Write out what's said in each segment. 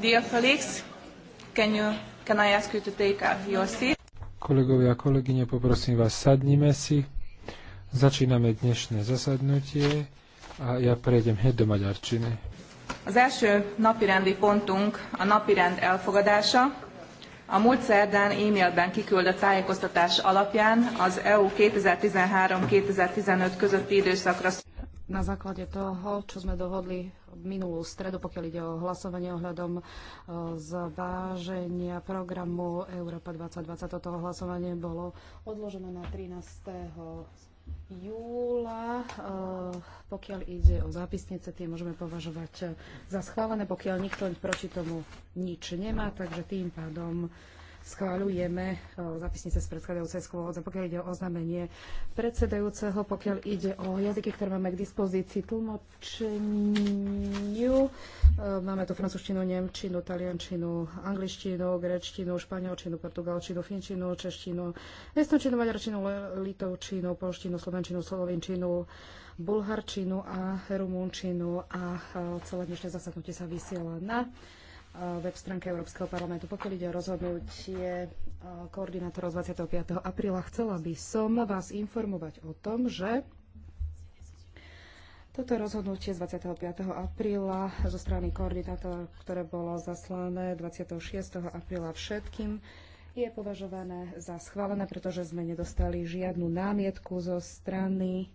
Dear colleagues, can, you, can I ask you to take your seat? Kolegovia a kolegyne, poprosím vás, sadnime si. Začíname dnešné zasadnutie a ja prejdem hneď do maďarčiny. Az első napirendi pontunk a napirend elfogadása. A múlt szerdán e-mailben kiküldött tájékoztatás alapján az EU 2013-2015 közötti időszakra na základe toho, čo sme dohodli minulú stredu, pokiaľ ide o hlasovanie ohľadom e, zváženia programu Európa 2020. Toto hlasovanie bolo odložené na 13. júla. E, pokiaľ ide o zápisnice, tie môžeme považovať za schválené, pokiaľ nikto proti tomu nič nemá, takže tým pádom schváľujeme e, zapisnice z predchádzajúcej schôdze, pokiaľ ide o oznámenie predsedajúceho, pokiaľ ide o jazyky, ktoré máme k dispozícii tlmočeniu. E, máme tu francúzštinu, nemčinu, taliančinu, angličtinu, grečtinu, španielčinu, portugalčinu, finčinu, češtinu, estončinu, maďarčinu, litovčinu, polštinu, slovenčinu, slovinčinu, bulharčinu a rumúnčinu a e, celé dnešné zasadnutie sa vysiela na Eh, web stránke Európskeho parlamentu. Pokiaľ ide o rozhodnutie eh, koordinátorov 25. apríla, chcela by som vás informovať o tom, že toto rozhodnutie z 25. apríla zo strany koordinátora, ktoré bolo zaslané 26. apríla všetkým, je považované za schválené, pretože sme nedostali žiadnu námietku zo strany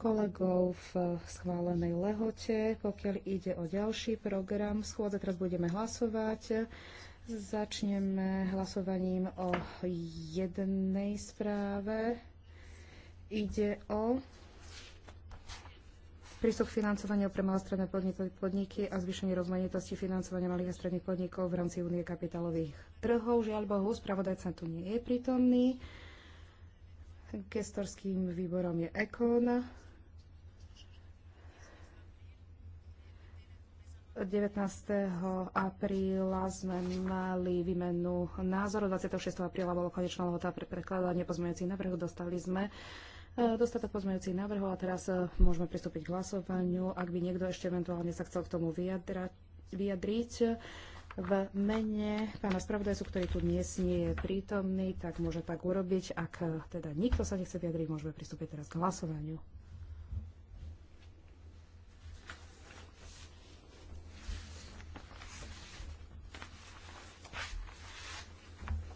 kolegov v schválenej lehote. Pokiaľ ide o ďalší program schôdze, teraz budeme hlasovať. Začneme hlasovaním o jednej správe. Ide o prístup k financovaniu pre malé stredné podniky a zvýšenie rozmanitosti financovania malých a stredných podnikov v rámci únie kapitálových trhov. Žiaľ Bohu, spravodajca tu nie je prítomný. Gestorským výborom je EKON. 19. apríla sme mali výmenu názoru, 26. apríla bolo konečná lehota pre prekladanie pozmeňujúcich návrhov, dostali sme e, dostatok pozmeňujúcich návrhov a teraz e, môžeme pristúpiť k hlasovaniu. Ak by niekto ešte eventuálne sa chcel k tomu vyjadrať, vyjadriť, v mene pána spravodajcu, ktorý tu dnes nie je prítomný, tak môže tak urobiť. Ak e, teda nikto sa nechce vyjadriť, môžeme pristúpiť teraz k hlasovaniu.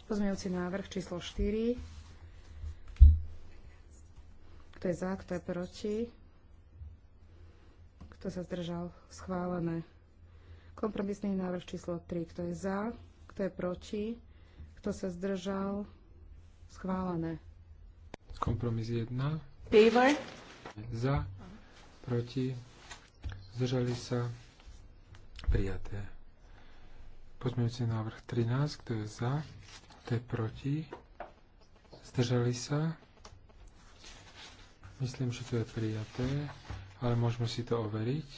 Pozmeňujúci návrh číslo 4. Kto je za, kto je proti? Kto sa zdržal? Schválené. Kompromisný návrh číslo 3. Kto je za, kto je proti? Kto sa zdržal? Schválené. Kompromis 1. Favor. Za, proti, zdržali sa, prijaté. Pozmeňujúci návrh 13, kto je za, kto je proti, zdržali sa. Myslím, že to je prijaté, ale môžeme si to overiť.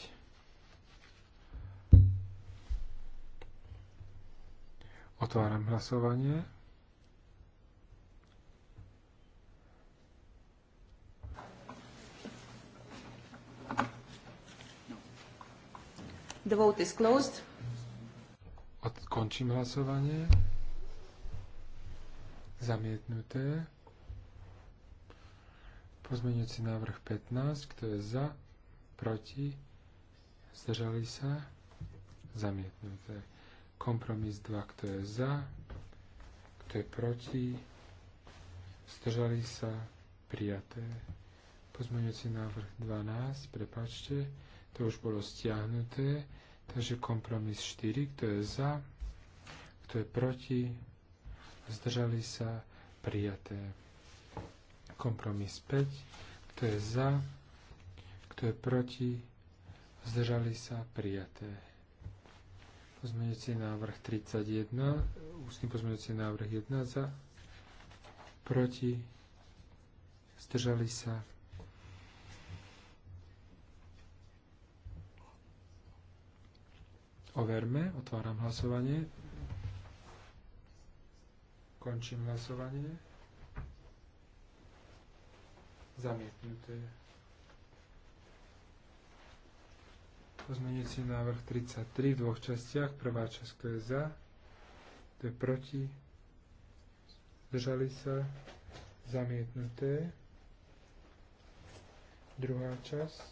Otváram hlasovanie. The vote is closed. Končím hlasovanie zamietnuté. Pozmeňujúci návrh 15, kto je za, proti, zdržali sa, zamietnuté. Kompromis 2, kto je za, kto je proti, zdržali sa, prijaté. Pozmeňujúci návrh 12, prepačte, to už bolo stiahnuté, takže kompromis 4, kto je za, kto je proti, zdržali sa, prijaté. Kompromis 5, kto je za, kto je proti, zdržali sa, prijaté. Pozmeňujúci návrh 31, ústny pozmeňujúci návrh 1 za, proti, zdržali sa, overme, otváram hlasovanie. Končím hlasovanie. Zamietnuté. si návrh 33 v dvoch častiach. Prvá časť, kto je za, kto je proti, zdržali sa, zamietnuté. Druhá časť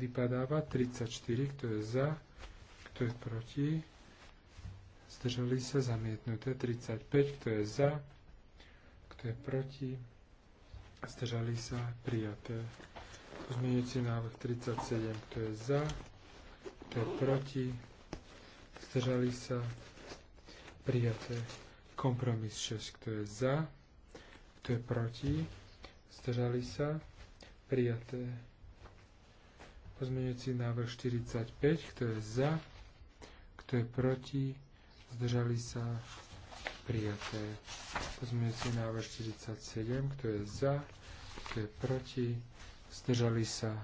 vypadáva 34, kto je za, kto je proti, zdržali sa, zamietnuté 35, kto je za, kto je proti, zdržali sa, prijaté. Pozmeňujúci návrh 37, kto je za, kto je proti, zdržali sa, prijaté. Kompromis 6, kto je za, kto je proti, zdržali sa, prijaté. Pozmeňujúci návrh 45, kto je za, kto je proti, zdržali sa, prijaté. Pozmeňujúci návrh 47, kto je za, kto je proti, zdržali sa,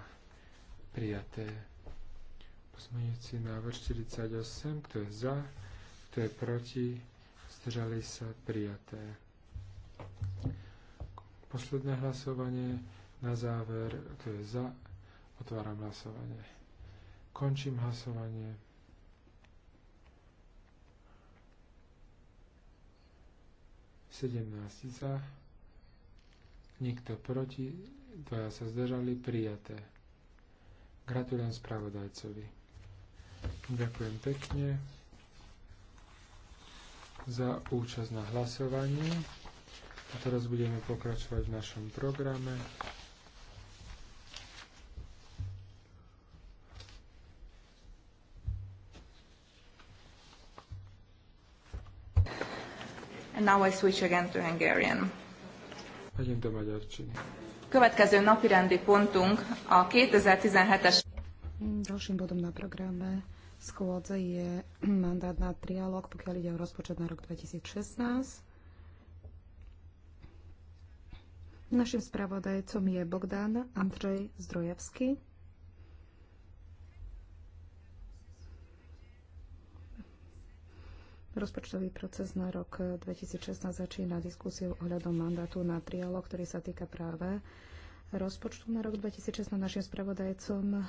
prijaté. Pozmeňujúci návrh 48, kto je za, kto je proti, zdržali sa, prijaté. Posledné hlasovanie na záver, kto je za, otváram hlasovanie. Končím hlasovanie. 17 za, nikto proti, dvaja sa zdržali, prijaté. Gratulujem spravodajcovi. Ďakujem pekne za účasť na hlasovaní. A teraz budeme pokračovať v našom programe. And now I switch again to Hungarian. Megyünk a magyarčiny. Következő napi rendi pontunk a 2017-es... Dalším bodom na programe schôdze je mandát na trialog, pokiaľ ide o rozpočet na rok 2016. Našim spravodajcom je Bogdan Andrej Zdrojevský. Rozpočtový proces na rok 2016 eh, začína diskusiu ohľadom mandátu na trialog, ktorý sa týka práve rozpočtu na rok 2016. Našim spravodajcom eh,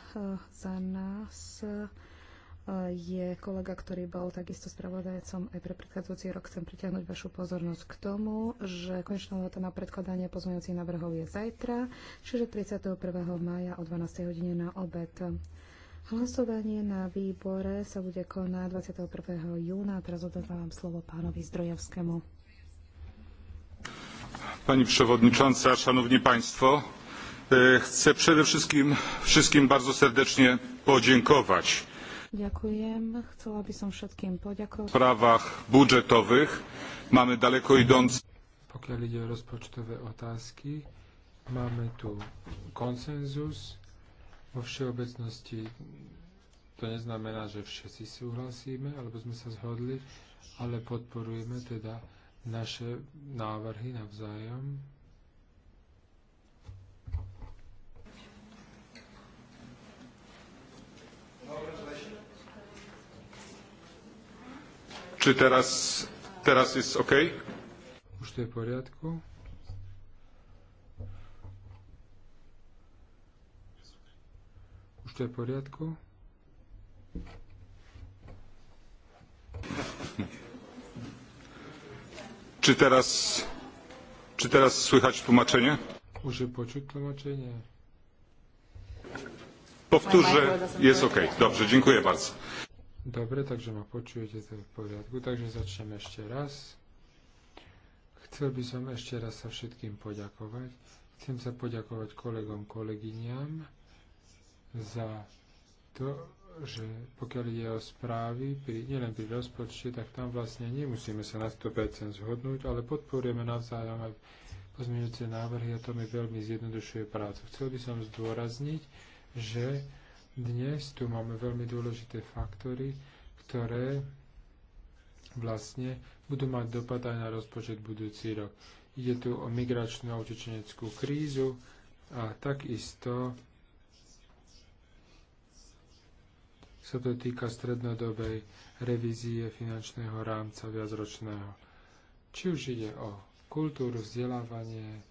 za nás eh, je kolega, ktorý bol takisto spravodajcom aj pre predchádzajúci rok. Chcem priťahnuť vašu pozornosť k tomu, že konečná lota na predkladanie pozmeňujúcich návrhov je zajtra, čiže 31. maja o 12. hodine na obed. Hlasovanie na výbore sa bude konať 21. júna. Teraz odovávam slovo pánovi Zdrojevskému. Pani przewodnicząca, szanowni państwo, e, chcę przede wszystkim wszystkim bardzo serdecznie podziękować. Dziękuję. Chcela by som všetkým poďakovať. V správach budžetových máme daleko idące. Pokiaľ ide rozpocztowe otaski. Mamy tu konsensus. Vo všeobecnosti to neznamená, že všetci súhlasíme, alebo sme sa zhodli, ale podporujeme teda naše návrhy navzájom. Či teraz, teraz jest OK? Už to je v poriadku. to je v poriadku? Czy teraz, czy teraz słychać tłumaczenie? Muszę poczuć tłumaczenie. Powtórzę, jest ok. Dobrze, dziękuję bardzo. Dobre, także ma počujete, to w porządku. także zaczniemy jeszcze raz. Chcę by som raz za wszystkim podziękować, Chcę sa kolegom, koleginiam za to, že pokiaľ ide o správy, pri, nielen pri rozpočte, tak tam vlastne nemusíme sa na 100% zhodnúť, ale podporujeme navzájom aj pozmeňujúce návrhy a to mi veľmi zjednodušuje prácu. Chcel by som zdôrazniť, že dnes tu máme veľmi dôležité faktory, ktoré vlastne budú mať dopad aj na rozpočet budúci rok. Ide tu o migračnú a utečeneckú krízu a takisto sa to týka strednodobej revízie finančného rámca viacročného. Či už ide o kultúru, vzdelávanie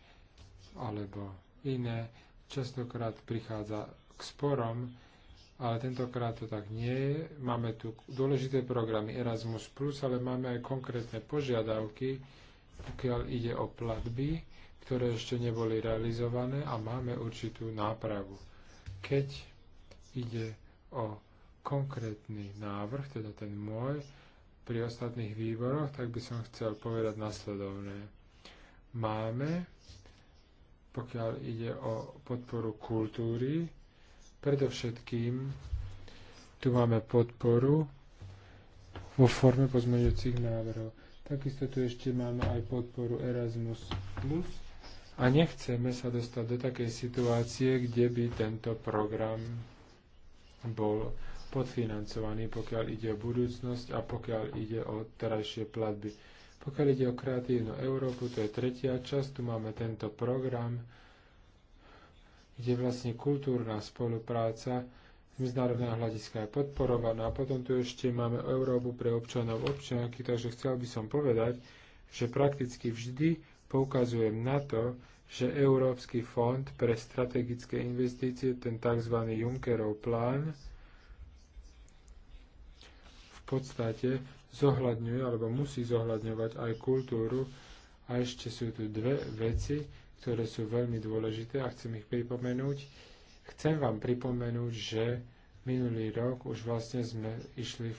alebo iné, častokrát prichádza k sporom, ale tentokrát to tak nie je. Máme tu dôležité programy Erasmus+, ale máme aj konkrétne požiadavky, pokiaľ ide o platby, ktoré ešte neboli realizované a máme určitú nápravu. Keď ide o konkrétny návrh, teda ten môj, pri ostatných výboroch, tak by som chcel povedať nasledovné. Máme, pokiaľ ide o podporu kultúry, predovšetkým tu máme podporu vo forme pozmeňujúcich návrhov. Takisto tu ešte máme aj podporu Erasmus+. Plus. A nechceme sa dostať do takej situácie, kde by tento program bol podfinancovaní, pokiaľ ide o budúcnosť a pokiaľ ide o terajšie platby. Pokiaľ ide o kreatívnu Európu, to je tretia časť, tu máme tento program, kde vlastne kultúrna spolupráca z medzinárodného hľadiska je podporovaná. A potom tu ešte máme Európu pre občanov občianky, takže chcel by som povedať, že prakticky vždy poukazujem na to, že Európsky fond pre strategické investície, ten tzv. Junckerov plán, podstate zohľadňuje alebo musí zohľadňovať aj kultúru. A ešte sú tu dve veci, ktoré sú veľmi dôležité a chcem ich pripomenúť. Chcem vám pripomenúť, že minulý rok už vlastne sme išli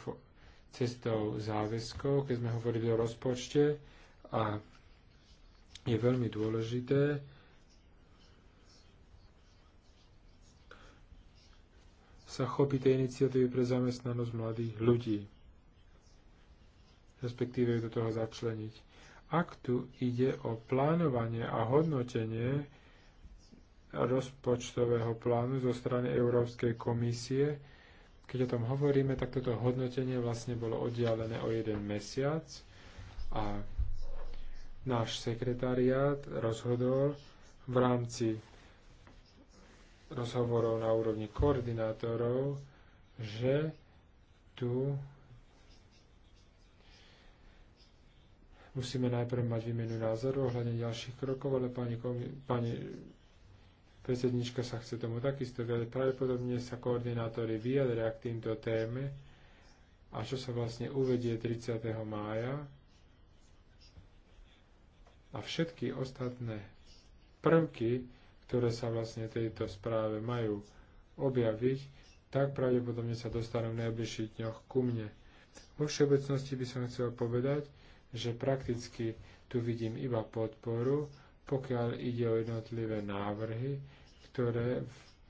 cestou záväzkov, keď sme hovorili o rozpočte a je veľmi dôležité, sa chopí tej iniciatívy pre zamestnanosť mladých ľudí respektíve do toho začleniť. Ak tu ide o plánovanie a hodnotenie rozpočtového plánu zo strany Európskej komisie, keď o tom hovoríme, tak toto hodnotenie vlastne bolo oddialené o jeden mesiac a náš sekretariát rozhodol v rámci rozhovorov na úrovni koordinátorov, že tu Musíme najprv mať výmenu názoru ohľadne ďalších krokov, ale pani, pani predsednička sa chce tomu takisto vyjadriť. Pravdepodobne sa koordinátori vyjadria k týmto téme a čo sa vlastne uvedie 30. mája a všetky ostatné prvky, ktoré sa vlastne tejto správe majú objaviť, tak pravdepodobne sa dostanú v najbližších dňoch ku mne. Vo všeobecnosti by som chcel povedať, že prakticky tu vidím iba podporu, pokiaľ ide o jednotlivé návrhy, ktoré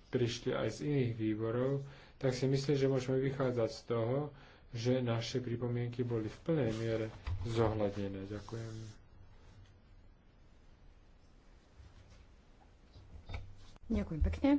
prišli aj z iných výborov, tak si myslím, že môžeme vychádzať z toho, že naše pripomienky boli v plnej miere zohľadnené. Ďakujem. Ďakujem pekne.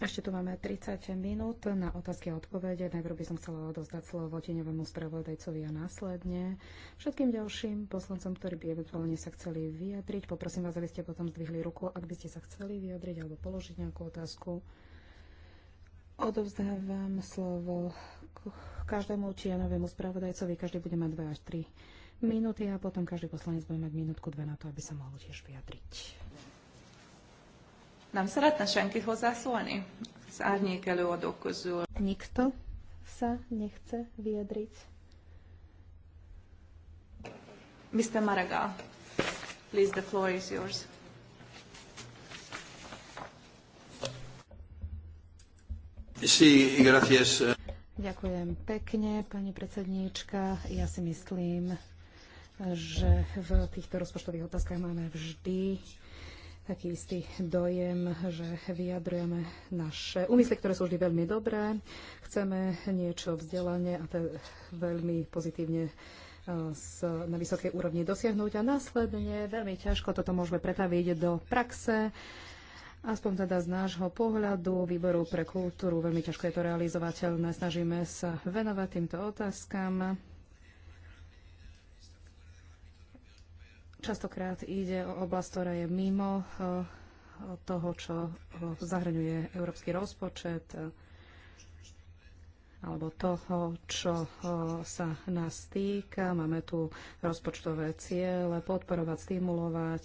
Ešte tu máme 30 minút na otázky a odpovede. Najprv by som chcela odozdať slovo tieňovému spravodajcovi a následne všetkým ďalším poslancom, ktorí by eventuálne sa chceli vyjadriť. Poprosím vás, aby ste potom zdvihli ruku, ak by ste sa chceli vyjadriť alebo položiť nejakú otázku. Odovzdávam slovo každému tieňovému spravodajcovi. Každý bude mať 2 až 3 minúty a potom každý poslanec bude mať minútku 2 na to, aby sa mohol tiež vyjadriť. Nem szeretne senki hozzászólni? Az árnyék előadók közül. Nikto sa nechce vyjadriť. Mr. Maraga, please, the floor is yours. Sí, gracias. Ďakujem pekne, pani predsedníčka. Ja si myslím, že v týchto rozpočtových otázkach máme vždy taký istý dojem, že vyjadrujeme naše úmysly, ktoré sú vždy veľmi dobré. Chceme niečo vzdelanie a to veľmi pozitívne eh, s, na vysokej úrovni dosiahnuť a následne veľmi ťažko toto môžeme pretaviť do praxe. Aspoň teda z nášho pohľadu výboru pre kultúru veľmi ťažko je to realizovateľné. Snažíme sa venovať týmto otázkam Častokrát ide o oblasť, ktorá je mimo e, toho, čo e, zahraňuje európsky rozpočet e, alebo toho, čo sa nás týka. Máme tu rozpočtové ciele, podporovať, stimulovať,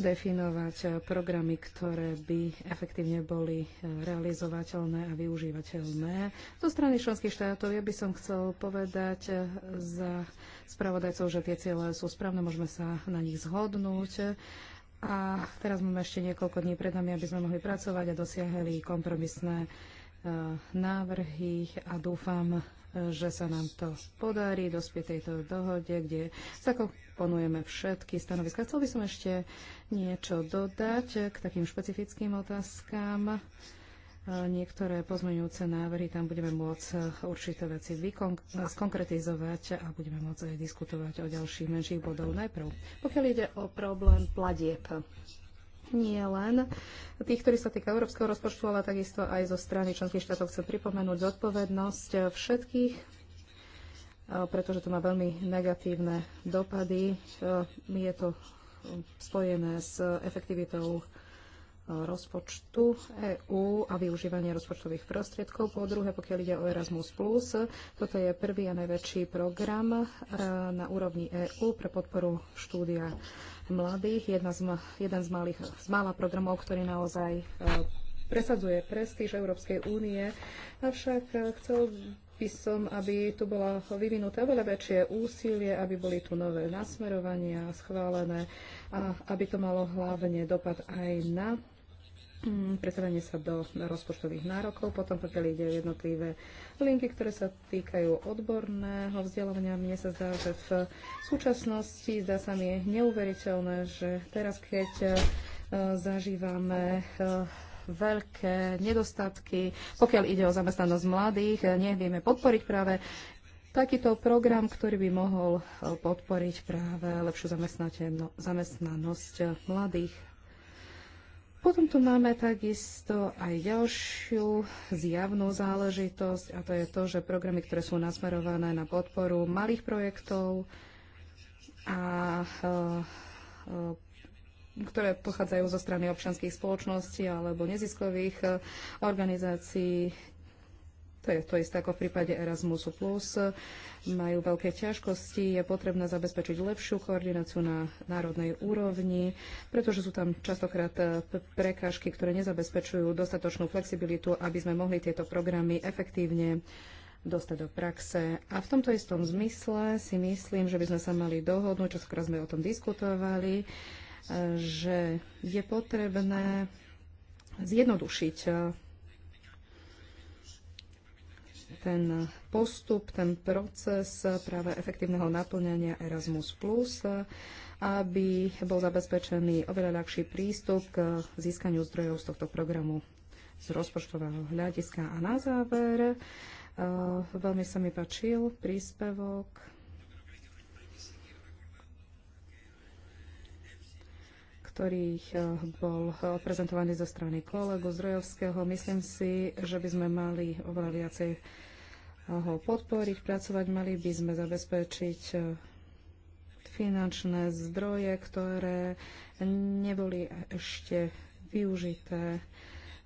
definovať programy, ktoré by efektívne boli realizovateľné a využívateľné. Zo strany členských štátov ja by som chcel povedať za spravodajcov, že tie ciele sú správne, môžeme sa na nich zhodnúť. A teraz máme ešte niekoľko dní pred nami, aby sme mohli pracovať a dosiahli kompromisné e, návrhy a dúfam, e, že sa nám to podarí dospieť tejto dohode, kde zakomponujeme všetky stanoviska. Chcel by som ešte niečo dodať k takým špecifickým otázkám. E, niektoré pozmeňujúce návrhy, tam budeme môcť e, určité veci skonkretizovať a budeme môcť aj diskutovať o ďalších menších bodov najprv. Pokiaľ ide o problém pladieb, nie len tých, ktorí sa týka európskeho rozpočtu, ale takisto aj zo strany členských štátov chcem pripomenúť zodpovednosť všetkých e, pretože to má veľmi negatívne dopady. Je to spojené s efektivitou rozpočtu EÚ a využívanie rozpočtových prostriedkov. Po druhé, pokiaľ ide o Erasmus+, toto je prvý a najväčší program e, na úrovni EÚ pre podporu štúdia mladých. Jedna z, jeden z, malých, z mála programov, ktorý naozaj e, presadzuje prestíž Európskej únie. Avšak e, chcel by som, aby tu bola vyvinuté veľa väčšie úsilie, aby boli tu nové nasmerovania schválené a aby to malo hlavne dopad aj na Mm, presadanie sa do rozpočtových nárokov, potom pokiaľ ide o jednotlivé linky, ktoré sa týkajú odborného vzdelávania. Mne sa zdá, že v súčasnosti zdá sa mi neuveriteľné, že teraz, keď e, zažívame e, veľké nedostatky, pokiaľ ide o zamestnanosť mladých, e, nevieme podporiť práve takýto program, ktorý by mohol podporiť práve lepšiu no, zamestnanosť mladých potom tu máme takisto aj ďalšiu zjavnú záležitosť a to je to, že programy, ktoré sú nasmerované na podporu malých projektov a, a, e, a e, ktoré pochádzajú zo strany občanských spoločností alebo neziskových e, organizácií, to je to isté ako v prípade Erasmusu+. Majú veľké ťažkosti, je potrebné zabezpečiť lepšiu koordináciu na národnej úrovni, pretože sú tam častokrát e, prekážky, ktoré nezabezpečujú dostatočnú flexibilitu, aby sme mohli tieto programy efektívne dostať do praxe. A v tomto istom zmysle si myslím, že by sme sa mali dohodnúť, čo skoro sme o tom diskutovali, e, že je potrebné zjednodušiť e, ten postup, ten proces práve efektívneho naplňania Erasmus+, aby bol zabezpečený oveľa ľahší prístup k získaniu zdrojov z tohto programu z rozpočtového hľadiska. A na záver, eh, veľmi sa mi páčil príspevok ktorý eh, bol prezentovaný zo strany kolegu Zdrojovského. Myslím si, že by sme mali oveľa viacej ho podporiť, pracovať, mali by sme zabezpečiť e, finančné zdroje, ktoré neboli ešte využité.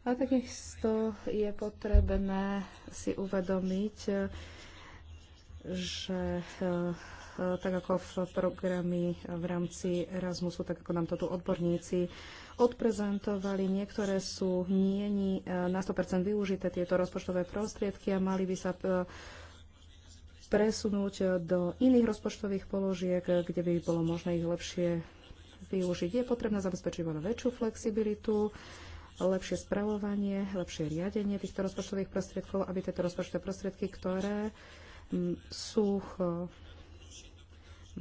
A takisto je potrebné si uvedomiť, e, že e, tak ako v programy v rámci Erasmusu, tak ako nám to tu odborníci odprezentovali. Niektoré sú nie na 100% využité tieto rozpočtové prostriedky a mali by sa e, presunúť e, do iných rozpočtových položiek, e, kde by bolo možné ich lepšie využiť. Je potrebné zabezpečiť väčšiu flexibilitu, lepšie spravovanie, lepšie riadenie týchto rozpočtových prostriedkov, aby tieto rozpočtové prostriedky, ktoré sú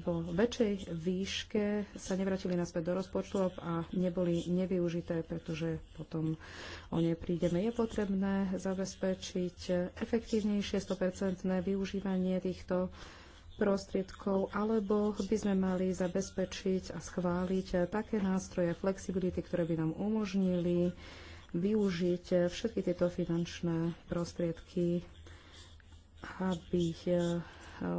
vo väčšej výške sa nevrátili naspäť do rozpočtov a neboli nevyužité, pretože potom o ne prídeme. Je potrebné zabezpečiť efektívnejšie 100% využívanie týchto prostriedkov, alebo by sme mali zabezpečiť a schváliť také nástroje flexibility, ktoré by nám umožnili využiť všetky tieto finančné prostriedky, aby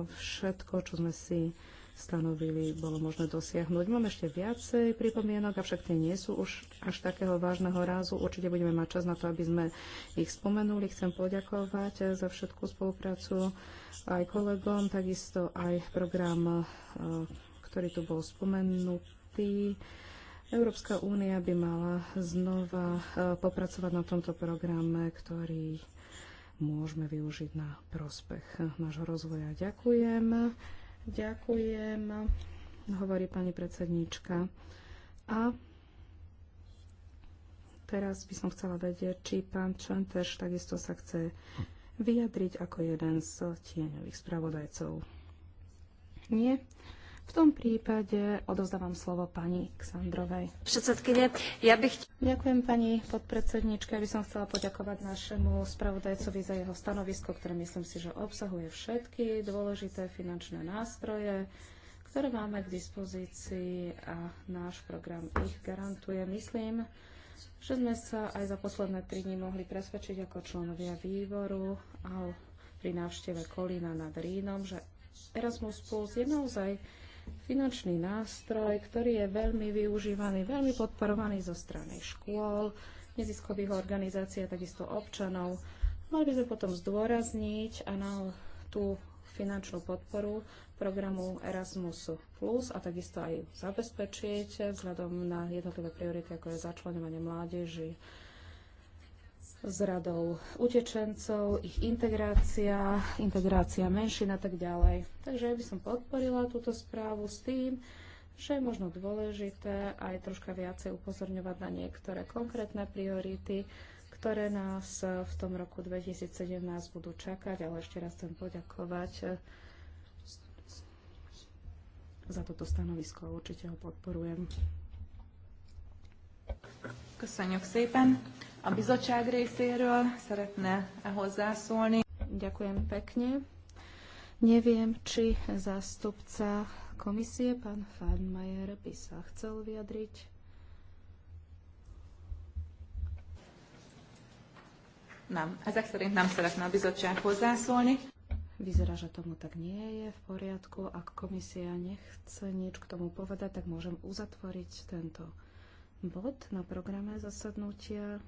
všetko, čo sme si stanovili, bolo možné dosiahnuť. Mám ešte viacej pripomienok, avšak tie nie sú už až takého vážneho rázu. Určite budeme mať čas na to, aby sme ich spomenuli. Chcem poďakovať eh, za všetkú spoluprácu aj kolegom, takisto aj program, eh, ktorý tu bol spomenutý. Európska únia by mala znova eh, popracovať na tomto programe, ktorý môžeme využiť na prospech nášho rozvoja. Ďakujem. Ďakujem, hovorí pani predsedníčka. A teraz by som chcela vedieť, či pán Čentež takisto sa chce vyjadriť ako jeden z tieňových spravodajcov. Nie? V tom prípade odozdávam slovo pani Ksandrovej. Predsedkyne, ja bych... Ďakujem pani podpredsedničke. Ja by som chcela poďakovať našemu spravodajcovi za jeho stanovisko, ktoré myslím si, že obsahuje všetky dôležité finančné nástroje, ktoré máme k dispozícii a náš program ich garantuje. Myslím, že sme sa aj za posledné tri dní mohli presvedčiť ako členovia výboru a pri návšteve Kolína nad Rínom, že Erasmus Plus je naozaj finančný nástroj, ktorý je veľmi využívaný, veľmi podporovaný zo strany škôl, neziskových organizácií a takisto občanov. Mali by sme potom zdôrazniť a na tú finančnú podporu programu Erasmus Plus a takisto aj zabezpečiť vzhľadom na jednotlivé priority, ako je začlenovanie mládeži, s radou utečencov, ich integrácia, integrácia menšin a tak ďalej. Takže ja by som podporila túto správu s tým, že je možno dôležité aj troška viacej upozorňovať na niektoré konkrétne priority, ktoré nás v tom roku 2017 budú čakať, ale ešte raz chcem poďakovať za toto stanovisko. Určite ho podporujem. Köszönjük szépen! a bizottság részéről szeretne -e hozzászólni. Ďakujem pekne. Neviem, či zástupca komisie, pán Fadmajer, by sa chcel vyjadriť. Nem, ezek szerint nem szeretne a bizottság hozzászólni. Vyzerá, že tomu tak nie je v poriadku. Ak komisia nechce nič k tomu povedať, tak môžem uzatvoriť tento bod na programe zasadnutia.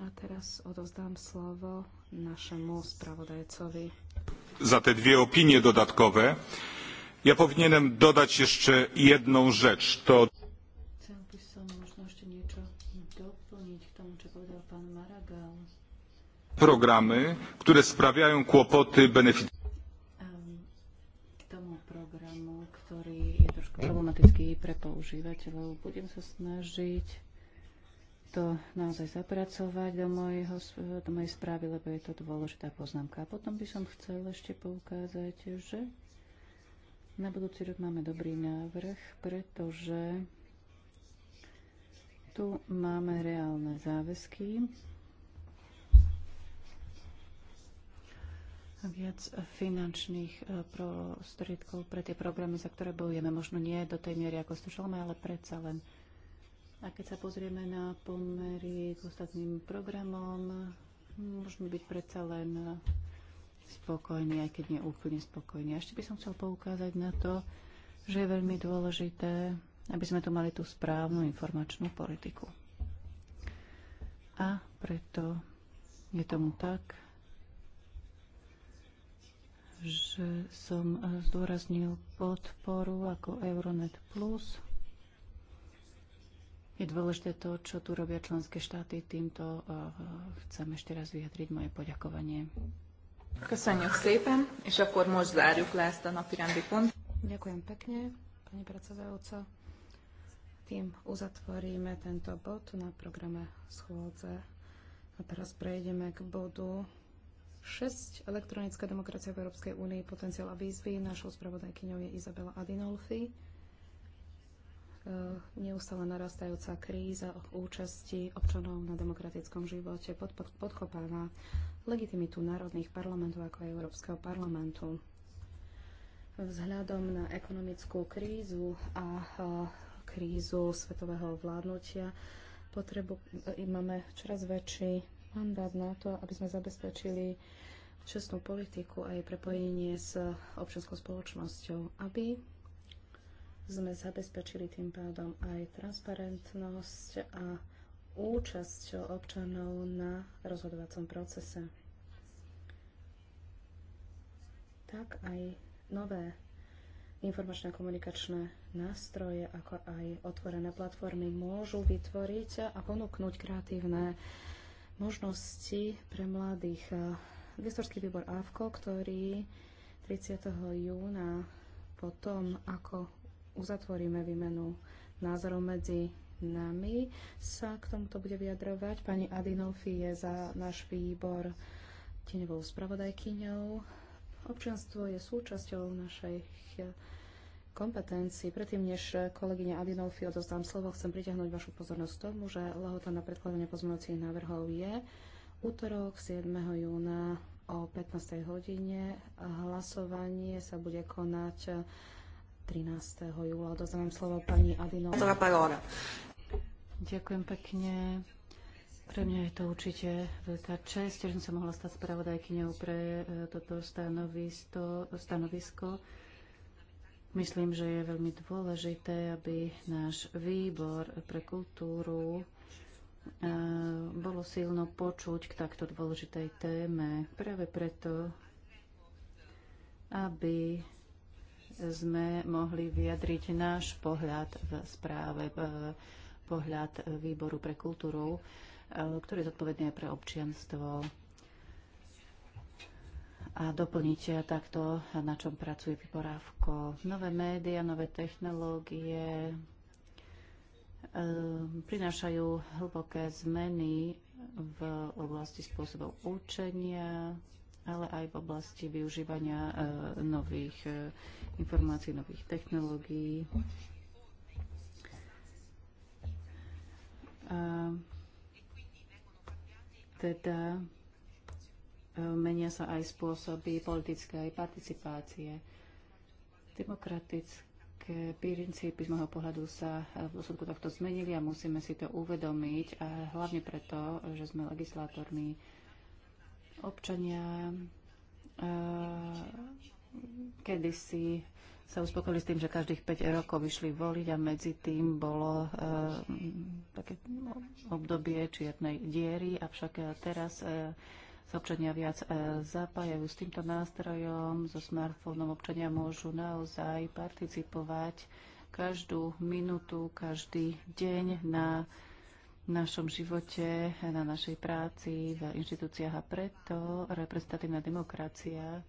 A teraz odozdám slovo našemu spravodajcovi. Za te dwie opinie dodatkowe. Ja powinienem dodać jeszcze jedną rzecz. To... k tomu, Maragal. Programy, które sprawiają kłopoty beneficjentom. pre používateľov. Budem sa snažiť to naozaj zapracovať do, mojho, do mojej správy, lebo je to dôležitá poznámka. A potom by som chcel ešte poukázať, že na budúci rok máme dobrý návrh, pretože tu máme reálne záväzky viac finančných e, prostriedkov pre tie programy, za ktoré bojujeme. Možno nie do tej miery, ako ste ale predsa len a keď sa pozrieme na pomery k ostatným programom, môžeme byť predsa len spokojní, aj keď nie úplne spokojní. A ešte by som chcel poukázať na to, že je veľmi dôležité, aby sme tu mali tú správnu informačnú politiku. A preto je tomu tak, že som zdôraznil podporu ako Euronet Plus je dôležité to, čo tu robia členské štáty. Týmto eh, chcem ešte raz vyjadriť moje poďakovanie. Köszönjük szépen, és akkor most zárjuk le ezt a pont. Ďakujem pekne, pani predsedajúca. Tým uzatvoríme tento bod na programe schôdze. A teraz prejdeme k bodu 6. Elektronická demokracia v Európskej únii, potenciál a výzvy. Našou spravodajkyňou je Izabela Adinolfi. E, neustále narastajúca kríza účasti občanov na demokratickom živote pod, pod, podkopáva legitimitu národných parlamentov ako aj Európskeho parlamentu. Vzhľadom na ekonomickú krízu a, a e, krízu svetového vládnutia potrebu, e, máme čoraz väčší mandát na to, aby sme zabezpečili čestnú politiku a jej prepojenie s občianskou spoločnosťou, aby sme zabezpečili tým pádom aj transparentnosť a účasť občanov na rozhodovacom procese. Tak aj nové informačné a komunikačné nástroje, ako aj otvorené platformy môžu vytvoriť a ponúknuť kreatívne možnosti pre mladých. Gestorský výbor AVKO, ktorý 30. júna potom, ako uzatvoríme výmenu názorov medzi nami, sa k tomuto bude vyjadrovať. Pani Adinofi je za náš výbor tenevou spravodajkyňou. Občianstvo je súčasťou našej kompetencií. Predtým, než kolegyňa Adinofi odozdám slovo, chcem pritiahnuť vašu pozornosť tomu, že lehota na predkladanie pozmeňujúcich návrhov je útorok 7. júna o 15. hodine. Hlasovanie sa bude konať 13. júla. Dozávam slovo pani Adinová. Ďakujem pekne. Pre mňa je to určite veľká čest, že som sa mohla stať spravodajkyňou pre e, toto stanovisko. Myslím, že je veľmi dôležité, aby náš výbor pre kultúru e, bolo silno počuť k takto dôležitej téme. Práve preto, aby sme mohli vyjadriť náš pohľad v správe, e, pohľad výboru pre kultúru, e, ktorý je zodpovedný aj pre občianstvo a doplniť takto, na čom pracuje vyporávko. Nové médiá, nové technológie e, prinášajú hlboké zmeny v oblasti spôsobov učenia, ale aj v oblasti využívania e, nových e, informácií, nových technológií. A teda e, menia sa aj spôsoby politické aj participácie. Demokratické princípy z môjho pohľadu sa v dôsledku tohto zmenili a musíme si to uvedomiť, a hlavne preto, že sme legislátormi Občania eh, kedysi sa uspokojili s tým, že každých 5 rokov vyšli voliť a medzi tým bolo e, také obdobie čiernej diery, avšak eh, teraz e, sa občania viac e, zapájajú s týmto nástrojom, so smartfónom občania môžu naozaj participovať každú minútu, každý deň na našom živote, na našej práci, v inštitúciách a preto reprezentatívna demokracia eh,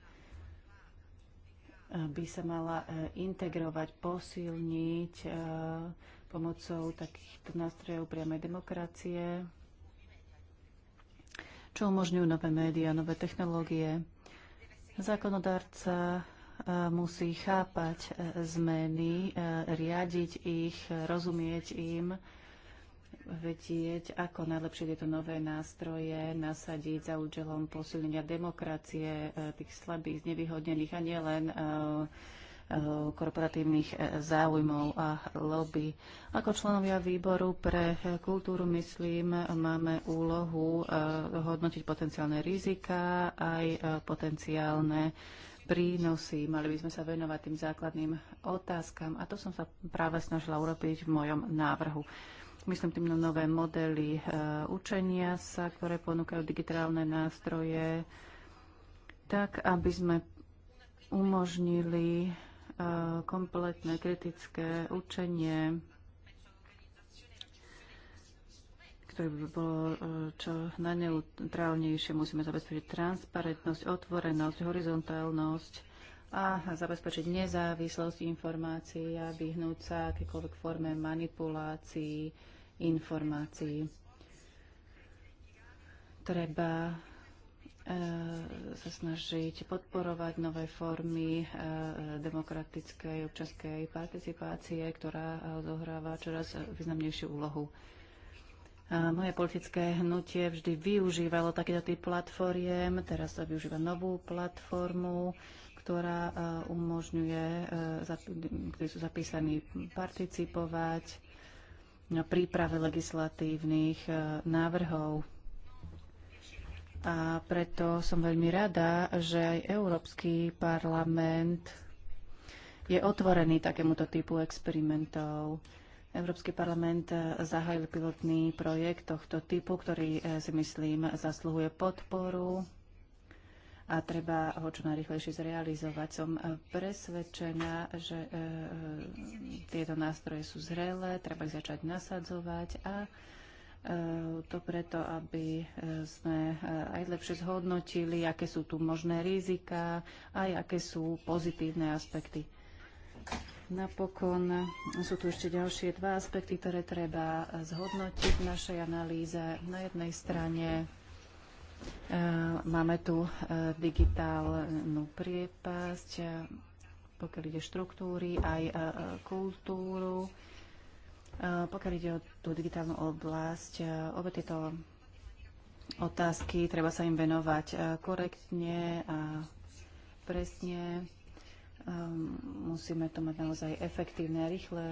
by sa mala eh, integrovať, posilniť eh, pomocou takýchto nástrojov priamej demokracie, čo umožňujú nové médiá, nové technológie. Zákonodárca musí chápať zmeny, riadiť ich, rozumieť im, vedieť, ako najlepšie tieto nové nástroje nasadiť za účelom posilnenia demokracie e, tých slabých, znevýhodnených a nielen e, e, korporatívnych záujmov a lobby. Ako členovia výboru pre kultúru, myslím, máme úlohu hodnotiť potenciálne rizika, aj potenciálne prínosy. Mali by sme sa venovať tým základným otázkam a to som sa práve snažila urobiť v mojom návrhu. Myslím tým na nové modely e, učenia sa, ktoré ponúkajú digitálne nástroje, tak aby sme umožnili e, kompletné kritické učenie, ktoré by bolo e, čo najneutrálnejšie. Musíme zabezpečiť transparentnosť, otvorenosť, horizontálnosť a zabezpečiť nezávislosť informácií a vyhnúť sa akékoľvek forme manipulácií informácií. Treba e, sa snažiť podporovať nové formy e, demokratickej občanskej participácie, ktorá e, zohráva čoraz významnejšiu úlohu. Moje politické hnutie vždy využívalo takéto typ platformiem, teraz sa využíva novú platformu, ktorá umožňuje, ktorí sú zapísaní, participovať príprave legislatívnych e, návrhov. A preto som veľmi rada, že aj Európsky parlament je otvorený takémuto typu experimentov. Európsky parlament e, zahájil pilotný projekt tohto typu, ktorý e, si myslím zasluhuje podporu a treba ho čo najrychlejšie zrealizovať. Som e, presvedčená, že e, e, tieto nástroje sú zrelé, treba ich začať nasadzovať a to preto, aby sme aj lepšie zhodnotili, aké sú tu možné rizika, aj aké sú pozitívne aspekty. Napokon sú tu ešte ďalšie dva aspekty, ktoré treba zhodnotiť v našej analýze. Na jednej strane Eh, máme tu eh, digitálnu priepasť, eh, pokiaľ ide štruktúry, aj kultúru. Pokiaľ ide o tú digitálnu oblasť, obe tieto otázky, treba sa im venovať korektne a presne. Musíme to mať naozaj efektívne a rýchle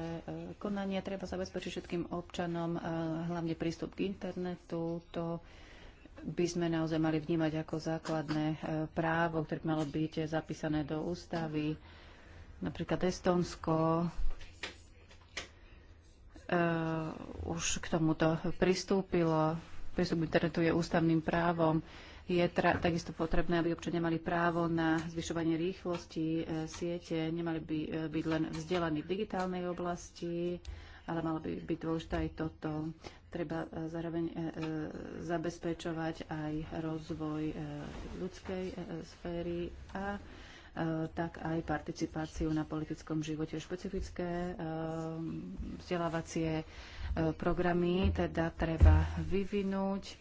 konanie. Treba zabezpečiť všetkým občanom hlavne prístup k internetu. To by sme naozaj mali vnímať ako základné e, právo, ktoré malo byť zapísané do ústavy. Napríklad Estonsko e, už k tomuto pristúpilo. Prístup internetu je ústavným právom. Je takisto potrebné, aby občania mali právo na zvyšovanie rýchlosti e, siete, nemali by e, byť len vzdelaní v digitálnej oblasti, ale malo by byť dôležité aj toto treba e, zároveň e, e, zabezpečovať aj rozvoj ľudskej sféry a tak aj participáciu na politickom živote. Špecifické vzdelávacie programy teda treba vyvinúť,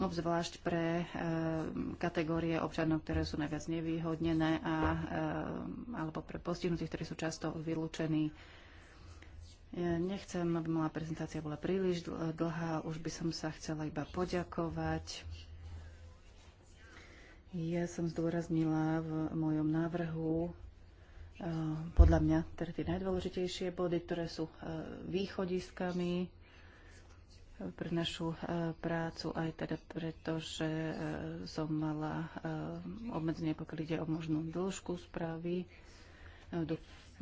obzvlášť pre kategórie občanov, ktoré sú najviac nevýhodnené a, alebo pre postihnutých, ktorí sú často vylúčení ja nechcem, aby moja prezentácia bola príliš dlhá, už by som sa chcela iba poďakovať. Ja som zdôraznila v mojom návrhu eh, podľa mňa teda tie najdôležitejšie body, ktoré sú eh, východiskami eh, pre našu prácu, aj teda preto, že som mala obmedzenie, pokiaľ ide o možnú dĺžku správy.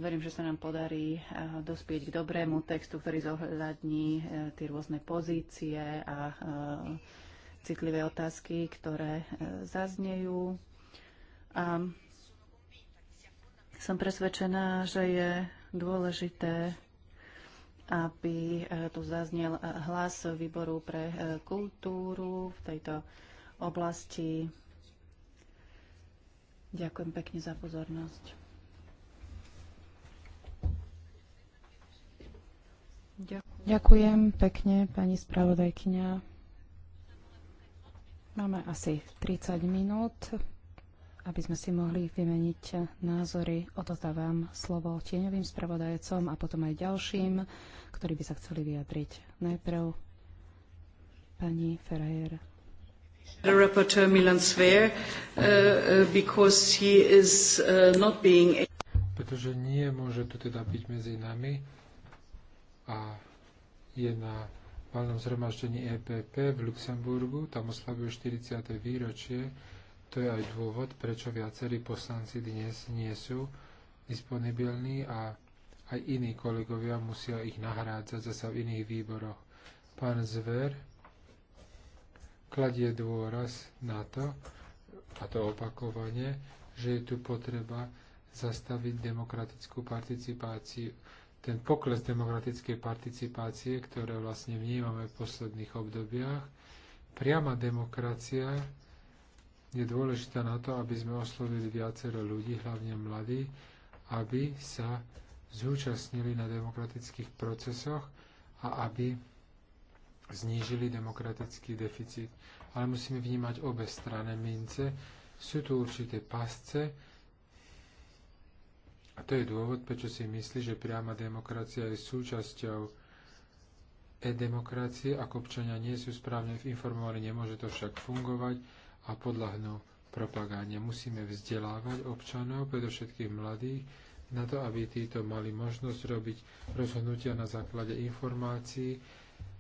Verím, že sa nám podarí eh, dospieť k dobrému textu, ktorý zohľadní eh, tie rôzne pozície a eh, citlivé otázky, ktoré zaznejú. A som presvedčená, že je dôležité, aby tu zaznel hlas výboru pre kultúru v tejto oblasti. Ďakujem pekne za pozornosť. Ďakujem pekne, pani spravodajkyňa. Máme asi 30 minút, aby sme si mohli vymeniť názory. Odozdávam slovo tieňovým spravodajcom a potom aj ďalším, ktorí by sa chceli vyjadriť. Najprv pani Ferrajer. The rapporteur Milan uh, uh, because he is uh, not being... Pretože nie môže tu teda byť medzi nami a je na valnom zhromaždení EPP v Luxemburgu, tam oslavujú 40. výročie. To je aj dôvod, prečo viacerí poslanci dnes nie sú disponibilní a aj iní kolegovia musia ich nahrádzať zase v iných výboroch. Pán Zver kladie dôraz na to, a to opakovane, že je tu potreba zastaviť demokratickú participáciu ten pokles demokratickej participácie, ktoré vlastne vnímame v posledných obdobiach, priama demokracia je dôležitá na to, aby sme oslovili viacero ľudí, hlavne mladí, aby sa zúčastnili na demokratických procesoch a aby znížili demokratický deficit. Ale musíme vnímať obe strany mince. Sú tu určité pasce, a to je dôvod, prečo si myslí, že priama demokracia je súčasťou e-demokracie, ak občania nie sú správne informovaní, nemôže to však fungovať a podľahnú propagáne. Musíme vzdelávať občanov, predovšetkým mladých, na to, aby títo mali možnosť robiť rozhodnutia na základe informácií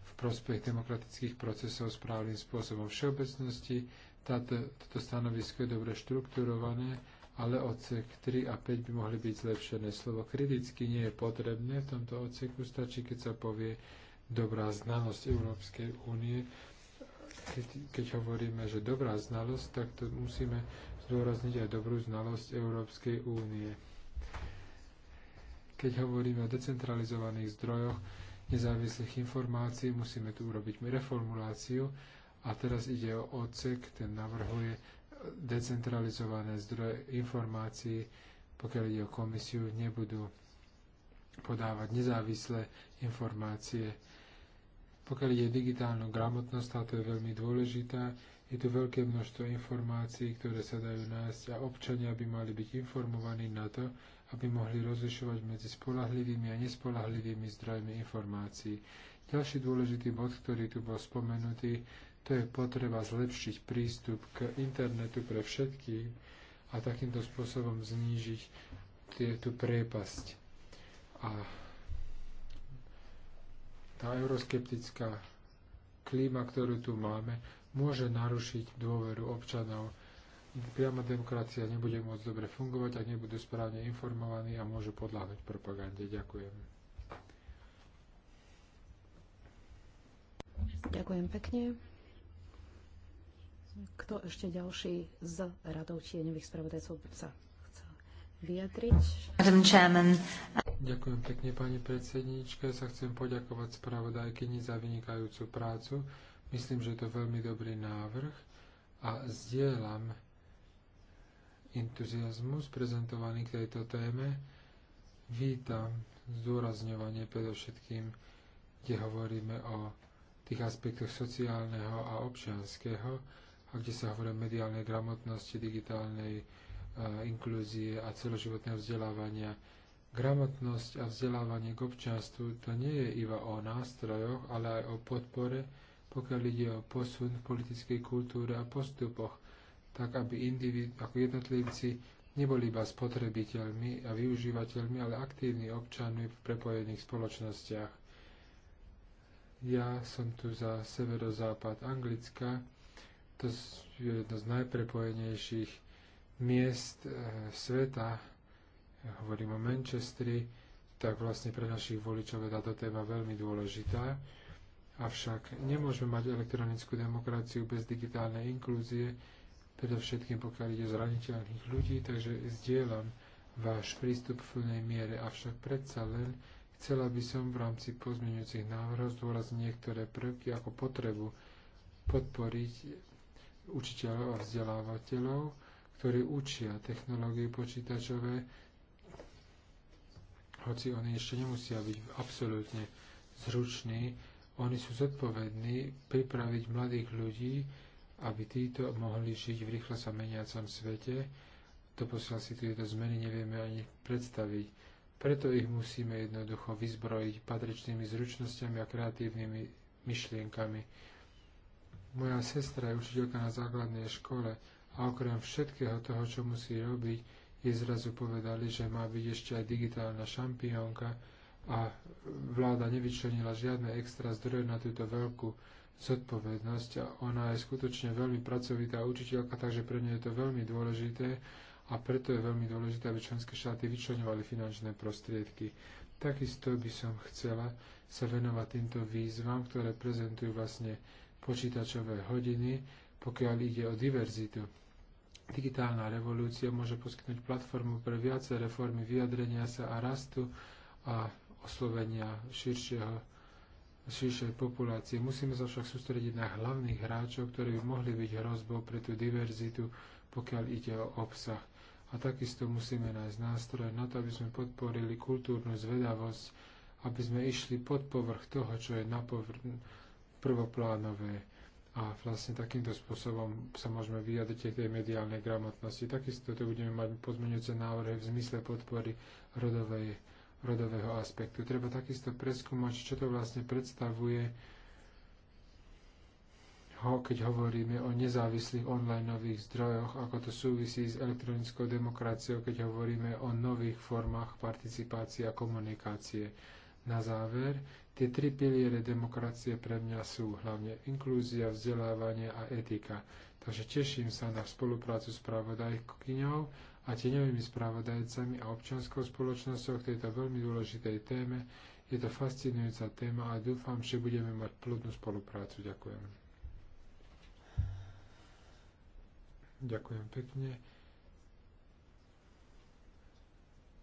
v prospech demokratických procesov správnym spôsobom všeobecnosti. Táto, toto stanovisko je dobre štrukturované ale odsek 3 a 5 by mohli byť zlepšené. Slovo kriticky nie je potrebné v tomto odseku, stačí keď sa povie dobrá znalosť Európskej únie. Keď, keď hovoríme, že dobrá znalosť, tak to musíme zdôrazniť aj dobrú znalosť Európskej únie. Keď hovoríme o decentralizovaných zdrojoch nezávislých informácií, musíme tu urobiť reformuláciu a teraz ide o odsek, ten navrhuje decentralizované zdroje informácií, pokiaľ ide o komisiu, nebudú podávať nezávislé informácie. Pokiaľ ide o digitálnu gramotnosť, táto je veľmi dôležitá. Je tu veľké množstvo informácií, ktoré sa dajú nájsť a občania by mali byť informovaní na to, aby mohli rozlišovať medzi spolahlivými a nespolahlivými zdrojmi informácií. Ďalší dôležitý bod, ktorý tu bol spomenutý, to je potreba zlepšiť prístup k internetu pre všetkých a takýmto spôsobom znížiť tú priepasť. A tá euroskeptická klíma, ktorú tu máme, môže narušiť dôveru občanov priama demokracia nebude môcť dobre fungovať, ak nebudú správne informovaní a môžu podľahnuť propagande. Ďakujem. Ďakujem pekne. Kto ešte ďalší z radov tieňových spravodajcov sa chce vyjadriť? Ďakujem pekne, pani Ja Sa chcem poďakovať spravodajkyni za vynikajúcu prácu. Myslím, že je to veľmi dobrý návrh a zdieľam entuziasmus prezentovaný k tejto téme. Vítam zdôrazňovanie predovšetkým, kde hovoríme o tých aspektoch sociálneho a občianského, a kde sa hovorí o mediálnej gramotnosti, digitálnej e, inklúzie a celoživotného vzdelávania. Gramotnosť a vzdelávanie k občanstvu to nie je iba o nástrojoch, ale aj o podpore, pokiaľ ide o posun v politickej kultúre a postupoch, tak aby individ, ako jednotlivci neboli iba spotrebiteľmi a využívateľmi, ale aktívni občanmi v prepojených spoločnostiach. Ja som tu za severozápad Anglicka. To je jedno z najprepojenejších miest e, sveta. Hovorím o Manchestri, tak vlastne pre našich voličov je táto téma veľmi dôležitá. Avšak nemôžeme mať elektronickú demokraciu bez digitálnej inklúzie, predovšetkým pokiaľ ide o zraniteľných ľudí, takže zdieľam váš prístup v plnej miere, avšak predsa len Chcela by som v rámci pozmeňujúcich návrhov zdôrazniť niektoré prvky ako potrebu podporiť učiteľov a vzdelávateľov, ktorí učia technológie počítačové, hoci oni ešte nemusia byť absolútne zruční, oni sú zodpovední pripraviť mladých ľudí, aby títo mohli žiť v rýchlo sa meniacom svete. posiaľ si tieto zmeny nevieme ani predstaviť preto ich musíme jednoducho vyzbrojiť patričnými zručnosťami a kreatívnymi myšlienkami. Moja sestra je učiteľka na základnej škole a okrem všetkého toho, čo musí robiť, jej zrazu povedali, že má byť ešte aj digitálna šampiónka a vláda nevyčlenila žiadne extra zdroje na túto veľkú zodpovednosť a ona je skutočne veľmi pracovitá učiteľka, takže pre ňu je to veľmi dôležité a preto je veľmi dôležité, aby členské štáty vyčlenovali finančné prostriedky. Takisto by som chcela sa venovať týmto výzvam, ktoré prezentujú vlastne počítačové hodiny, pokiaľ ide o diverzitu. Digitálna revolúcia môže poskytnúť platformu pre viaceré formy vyjadrenia sa a rastu a oslovenia širšieho, širšej populácie. Musíme sa však sústrediť na hlavných hráčov, ktorí by mohli byť hrozbou pre tú diverzitu, pokiaľ ide o obsah. A takisto musíme nájsť nástroje na to, aby sme podporili kultúrnu zvedavosť, aby sme išli pod povrch toho, čo je napovr- prvoplánové. A vlastne takýmto spôsobom sa môžeme vyjadriť aj tej mediálnej gramotnosti. Takisto to budeme mať pozmeňujúce návrhy v zmysle podpory rodovej, rodového aspektu. Treba takisto preskúmať, čo to vlastne predstavuje ho, keď hovoríme o nezávislých online nových zdrojoch, ako to súvisí s elektronickou demokraciou, keď hovoríme o nových formách participácie a komunikácie. Na záver, tie tri piliere demokracie pre mňa sú hlavne inklúzia, vzdelávanie a etika. Takže teším sa na spoluprácu s pravodajkyňou a tieňovými spravodajcami a občianskou spoločnosťou k tejto veľmi dôležitej téme. Je to fascinujúca téma a dúfam, že budeme mať plodnú spoluprácu. Ďakujem. Ďakujem pekne.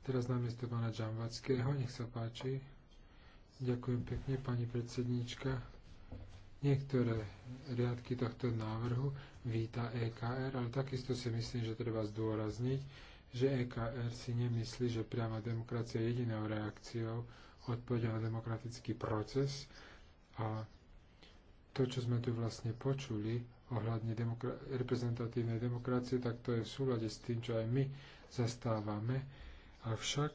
Teraz namiesto pána Džambackého, nech sa páči. Ďakujem pekne, pani predsedníčka. Niektoré riadky tohto návrhu víta EKR, ale takisto si myslím, že treba zdôrazniť, že EKR si nemyslí, že priama demokracia je jedinou reakciou odpovede na demokratický proces. A to, čo sme tu vlastne počuli, ohľadne demokra- reprezentatívnej demokracie, tak to je v súlade s tým, čo aj my zastávame. Avšak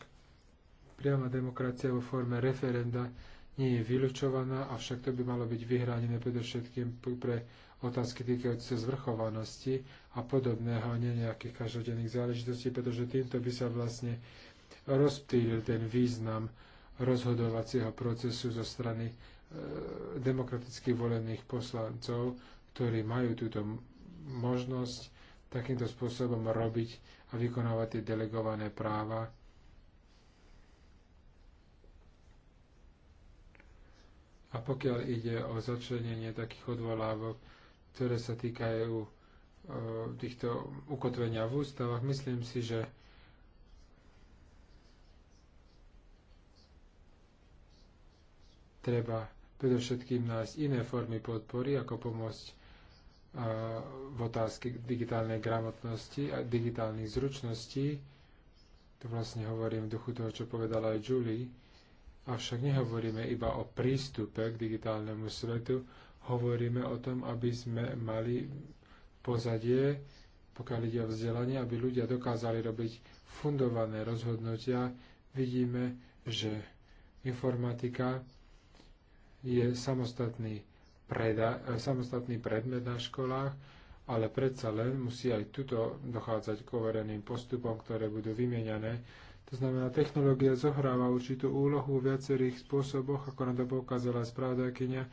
priama demokracia vo forme referenda nie je vylučovaná, avšak to by malo byť vyhranené predovšetkým pre otázky týkajúce sa zvrchovanosti a podobného, a nie nejakých každodenných záležitostí, pretože týmto by sa vlastne rozptýlil ten význam rozhodovacieho procesu zo strany e, demokraticky volených poslancov, ktorí majú túto možnosť takýmto spôsobom robiť a vykonávať tie delegované práva. A pokiaľ ide o začlenenie takých odvolávok, ktoré sa týkajú e, týchto ukotvenia v ústavách, myslím si, že treba predovšetkým nájsť iné formy podpory, ako pomôcť v otázky digitálnej gramotnosti a digitálnych zručností. Tu vlastne hovorím v duchu toho, čo povedala aj Julie. Avšak nehovoríme iba o prístupe k digitálnemu svetu, hovoríme o tom, aby sme mali pozadie, pokiaľ ide o vzdelanie, aby ľudia dokázali robiť fundované rozhodnutia. Vidíme, že informatika je samostatný preda- samostatný predmet na školách, ale predsa len musí aj tuto dochádzať k overeným postupom, ktoré budú vymieňané. To znamená, technológia zohráva určitú úlohu v viacerých spôsoboch, ako nám to poukázala správdajkynia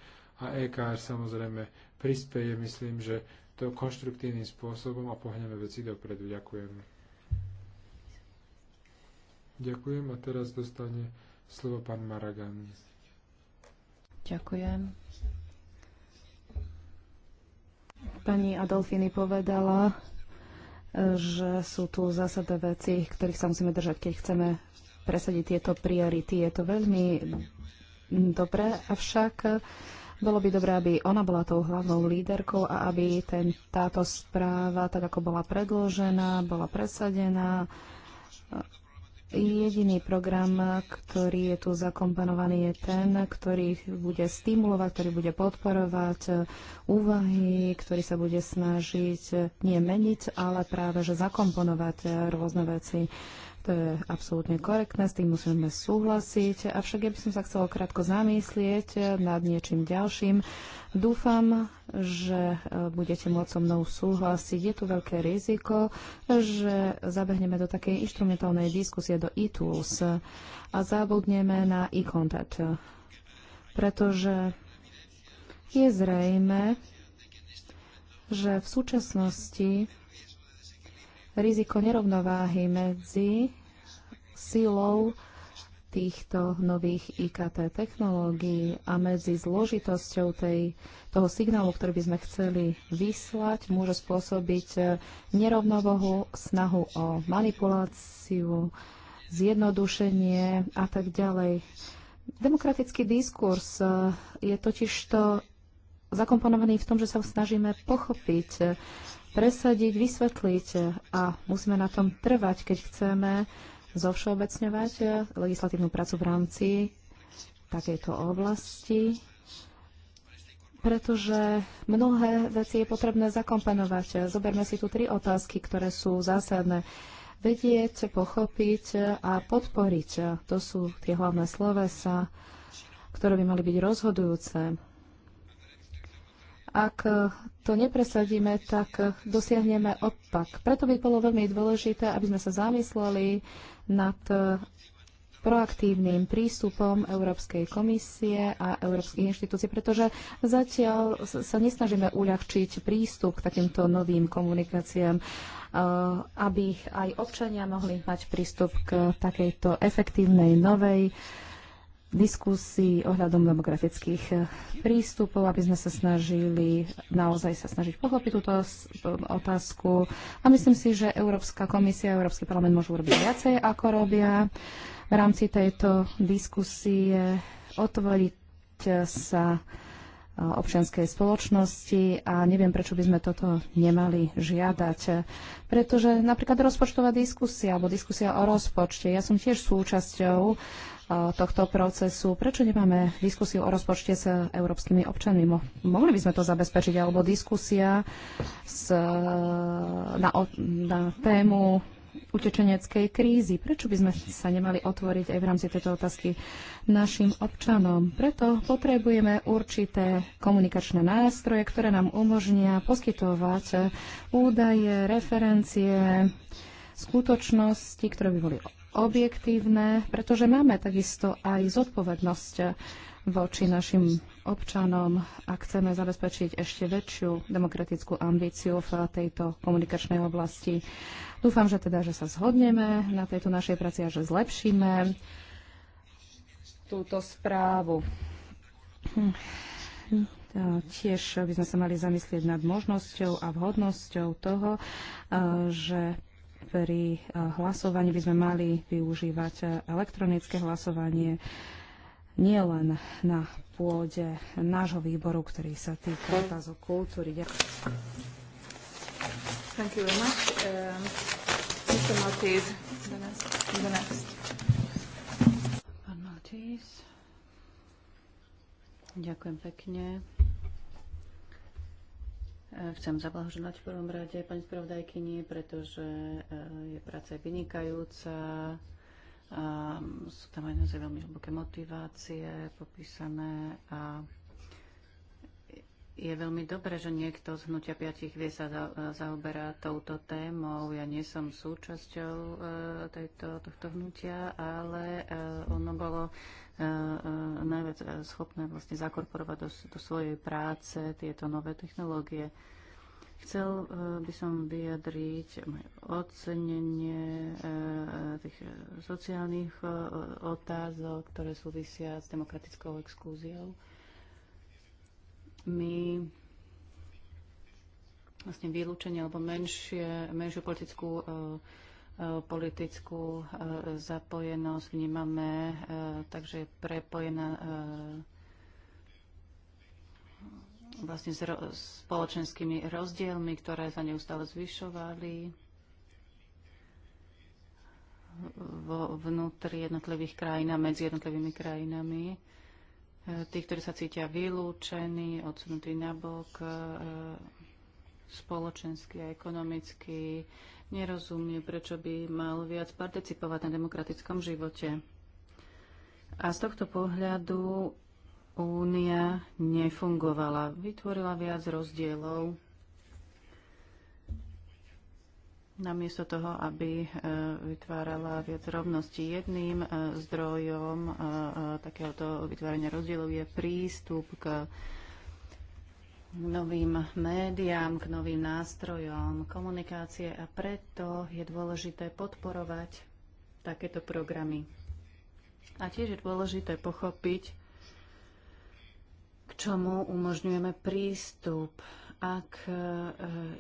a EKR samozrejme prispieje, myslím, že to konštruktívnym spôsobom a pohneme veci dopredu. Ďakujem. Ďakujem a teraz dostane slovo pán Maragan. Ďakujem. Pani Adolfini povedala, e, že sú tu zásadné veci, ktorých sa musíme držať, keď chceme presadiť tieto priority. Je to veľmi dobré, avšak bolo by dobré, aby ona bola tou hlavnou líderkou a aby ten, táto správa, tak ako bola predložená, bola presadená Jediný program, ktorý je tu zakomponovaný, je ten, ktorý bude stimulovať, ktorý bude podporovať eh, úvahy, ktorý sa bude snažiť eh, nie meniť, ale práve že zakomponovať eh, rôzne veci to je absolútne korektné, s tým musíme súhlasiť. Avšak ja by som sa chcela krátko zamyslieť nad niečím ďalším. Dúfam, že e, budete môcť so mnou súhlasiť. Je tu veľké riziko, že zabehneme do takej instrumentálnej diskusie do e-tools a zabudneme na e-contact. Pretože je zrejme, že v súčasnosti riziko nerovnováhy medzi silou týchto nových IKT technológií a medzi zložitosťou tej, toho signálu, ktorý by sme chceli vyslať, môže spôsobiť e, nerovnovohu, snahu o manipuláciu, zjednodušenie a tak ďalej. Demokratický diskurs e, je totiž to zakomponovaný v tom, že sa snažíme pochopiť e, presadiť, vysvetliť a musíme na tom trvať, keď chceme zovšeobecňovať eh, legislatívnu prácu v rámci takejto oblasti, pretože mnohé veci je potrebné zakomponovať. Zoberme si tu tri otázky, ktoré sú zásadné. Vedieť, pochopiť a podporiť. To sú tie hlavné slovesa, ktoré by mali byť rozhodujúce ak to nepresadíme, tak dosiahneme opak. Preto by bolo veľmi dôležité, aby sme sa zamysleli nad proaktívnym prístupom Európskej komisie a Európskej inštitúcie, pretože zatiaľ sa nesnažíme uľahčiť prístup k takýmto novým komunikáciám, eh, aby aj občania mohli mať prístup k takejto efektívnej novej diskusí ohľadom demografických eh, prístupov, aby sme sa snažili naozaj sa snažiť pochopiť túto otázku. A myslím si, že Európska komisia a Európsky parlament môžu urobiť viacej, ako robia v rámci tejto diskusie, otvoriť eh, sa eh, občianskej spoločnosti a neviem, prečo by sme toto nemali žiadať. Pretože napríklad rozpočtová diskusia alebo diskusia o rozpočte, ja som tiež súčasťou E, tohto procesu. Prečo nemáme diskusiu o rozpočte s európskymi občanmi? mohli by sme to zabezpečiť, alebo diskusia s, e, na, na tému utečeneckej krízy. Prečo by sme sa nemali otvoriť aj v rámci tejto otázky našim občanom? Preto potrebujeme určité komunikačné nástroje, ktoré nám umožnia poskytovať údaje, referencie, skutočnosti, ktoré by boli objektívne, pretože máme takisto aj zodpovednosť voči našim občanom a chceme zabezpečiť ešte väčšiu demokratickú ambíciu v tejto komunikačnej oblasti. Dúfam, že teda, že sa zhodneme na tejto našej práci a že zlepšíme túto správu. Hm. Tiež by sme sa mali zamyslieť nad možnosťou a vhodnosťou toho, že pri eh, hlasovaní by sme mali využívať eh, elektronické hlasovanie nielen na pôde nášho výboru, ktorý sa týka otázok kultúry. Ďakujem. Thank you very much. Um, Mr. Maltese, the next. The next. Maltese. Ďakujem pekne. E, chcem zablahoželať v prvom rade pani spravodajkyni, pretože e, je práca je vynikajúca. A sú tam aj naozaj veľmi hlboké motivácie popísané a je veľmi dobré, že niekto z hnutia piatich vie sa zaoberá touto témou. Ja nie som súčasťou e, tejto, tohto hnutia, ale ono bolo najviac schopné vlastne zakorporovať do, do svojej práce tieto nové technológie. Chcel e, by som vyjadriť ocenenie e, e, tých sociálnych otázok, ktoré súvisia s demokratickou exkluziou. My vlastne vylúčenie alebo menšie, menšiu politickú politickú e, zapojenosť vnímame, e, takže je prepojená e, vlastne s spoločenskými rozdielmi, ktoré sa neustále zvyšovali vo vnútri jednotlivých krajín a medzi jednotlivými krajinami. Tí, ktorí sa cítia vylúčení, odsunutí nabok, spoločensky a ekonomicky nerozumie, prečo by mal viac participovať na demokratickom živote. A z tohto pohľadu únia nefungovala. Vytvorila viac rozdielov namiesto toho, aby e, vytvárala viac rovnosti. Jedným e, zdrojom e, takéhoto vytvárania rozdielov je prístup k novým médiám, k novým nástrojom komunikácie a preto je dôležité podporovať takéto programy. A tiež je dôležité pochopiť, k čomu umožňujeme prístup. Ak e,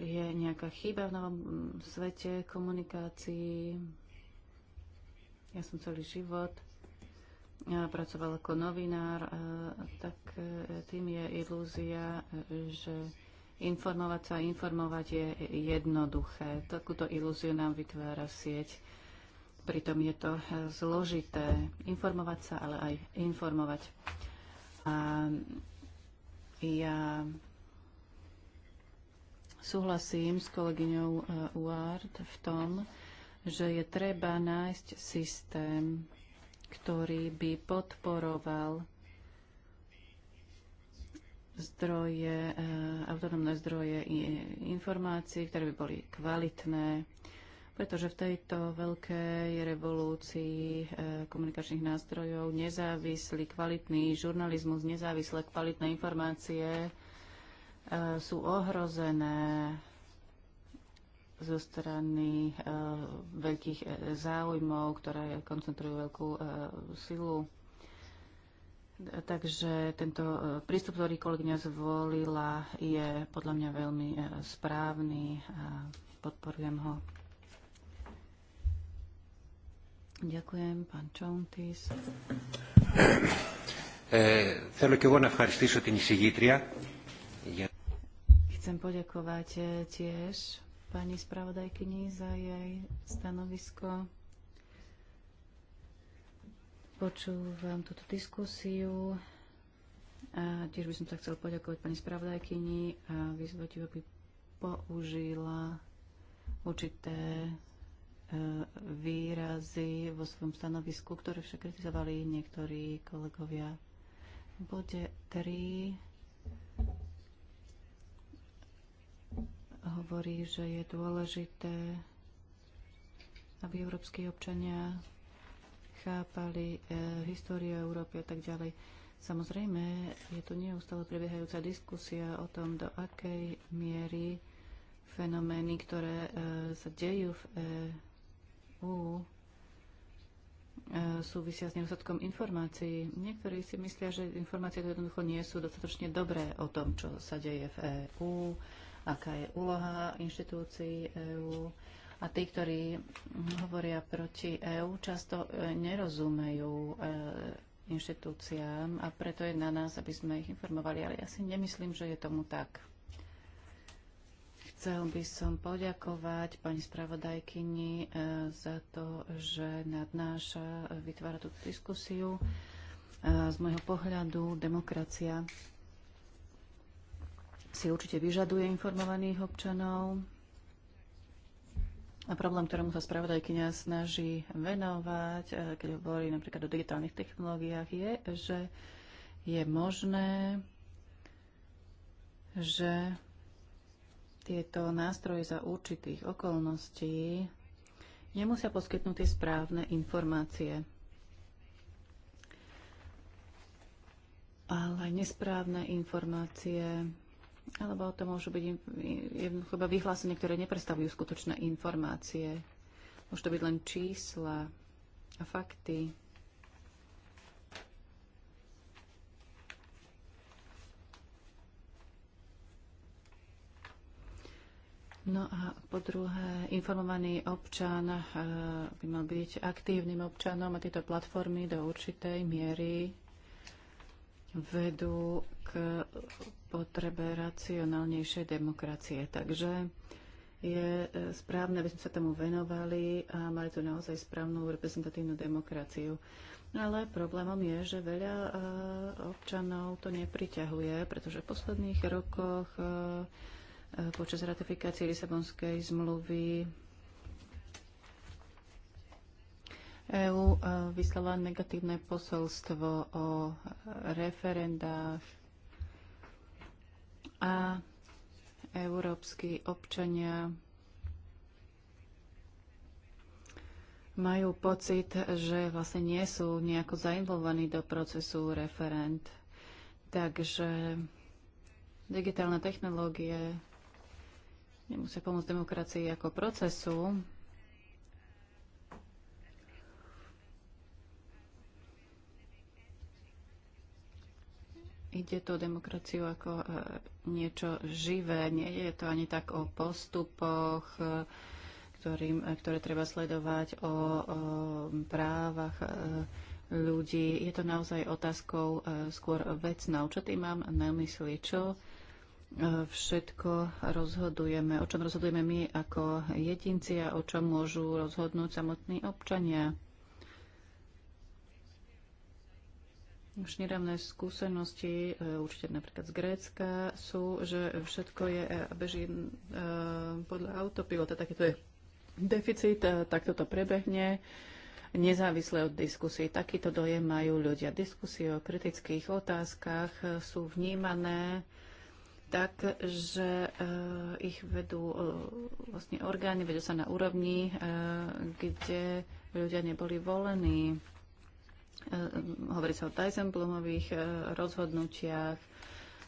je nejaká chyba v novom svete komunikácií, ja som celý život pracoval ako novinár, tak e, tým je ilúzia, e, že informovať sa a informovať je jednoduché. Takúto ilúziu nám vytvára sieť. Pritom je to e, zložité informovať sa, ale aj informovať. A ja súhlasím s kolegyňou Ward v tom, že je treba nájsť systém ktorý by podporoval zdroje, e, autonómne zdroje informácií, ktoré by boli kvalitné, pretože v tejto veľkej revolúcii e, komunikačných nástrojov nezávislý kvalitný žurnalizmus, nezávislé kvalitné informácie e, sú ohrozené zo strany e, veľkých e, záujmov, ktoré koncentrujú veľkú e, silu. Takže tento e, prístup, ktorý kolegyňa zvolila, je podľa mňa veľmi e, správny a podporujem ho. Ďakujem, pán Čontis. Eh, Chcem poďakovať e, tiež pani spravodajkyni za jej stanovisko. Počúvam túto diskusiu a tiež by som sa chcel poďakovať pani spravodajkyni a vyzvať ju, aby použila určité e, výrazy vo svojom stanovisku, ktoré však kritizovali niektorí kolegovia. bode 3 hovorí, že je dôležité, aby európsky občania chápali e, históriu Európy a tak ďalej. Samozrejme, je tu neustále prebiehajúca diskusia o tom, do akej miery fenomény, ktoré e, sa dejú v EÚ, e, eh, súvisia s nedostatkom informácií. Niektorí si myslia, že informácie jednoducho nie sú dostatočne dobré o tom, čo sa deje v EU. E, aká je úloha inštitúcií EÚ. A tí, ktorí hovoria proti EÚ, často e, nerozumejú e, inštitúciám a preto je na nás, aby sme ich informovali, ale ja si nemyslím, že je tomu tak. Chcel by som poďakovať pani spravodajkyni e, za to, že nadnáša, vytvára túto diskusiu. Z môjho pohľadu demokracia si určite vyžaduje informovaných občanov. A problém, ktorému sa spravodajkynia snaží venovať, e, keď hovorí napríklad o digitálnych technológiách, je, že je možné, že tieto nástroje za určitých okolností nemusia poskytnúť tie správne informácie. Ale nesprávne informácie alebo to môžu byť jednoducho iba ktoré neprestavujú skutočné informácie. Môžu to byť len čísla a fakty. No a po druhé, informovaný občan eh, by mal byť aktívnym občanom a tieto platformy do určitej miery vedú k potrebe racionálnejšej demokracie. Takže je e, správne, aby sme sa tomu venovali a mali tu naozaj správnu reprezentatívnu demokraciu. Ale problémom je, že veľa e, občanov to nepriťahuje, pretože v posledných rokoch e, počas ratifikácie Lisabonskej zmluvy EÚ e, vyslala negatívne posolstvo o referendách a európsky občania majú pocit, že vlastne nie sú nejako zainvolovaní do procesu referent. Takže digitálne technológie nemusia pomôcť demokracii ako procesu, Ide to o demokraciu ako e, niečo živé. Nie je to ani tak o postupoch, e, ktorým, e, ktoré treba sledovať, o, o právach ľudí. Je to naozaj otázkou skôr vecnou. Čo tým mám na mysli? Čo všetko rozhodujeme? O čom rozhodujeme my ako jedinci a o čom môžu rozhodnúť samotní občania? Už nedávne skúsenosti, e, určite napríklad z Grécka, sú, že všetko je e, beží e, podľa autopilota. Takýto je deficit, takto to prebehne, nezávisle od diskusí. Takýto dojem majú ľudia. Diskusie o kritických otázkach sú vnímané tak, že ich vedú vlastne orgány, vedú sa na úrovni, kde ľudia neboli volení Eh, hovorí sa o Tajzenblumových eh, rozhodnutiach,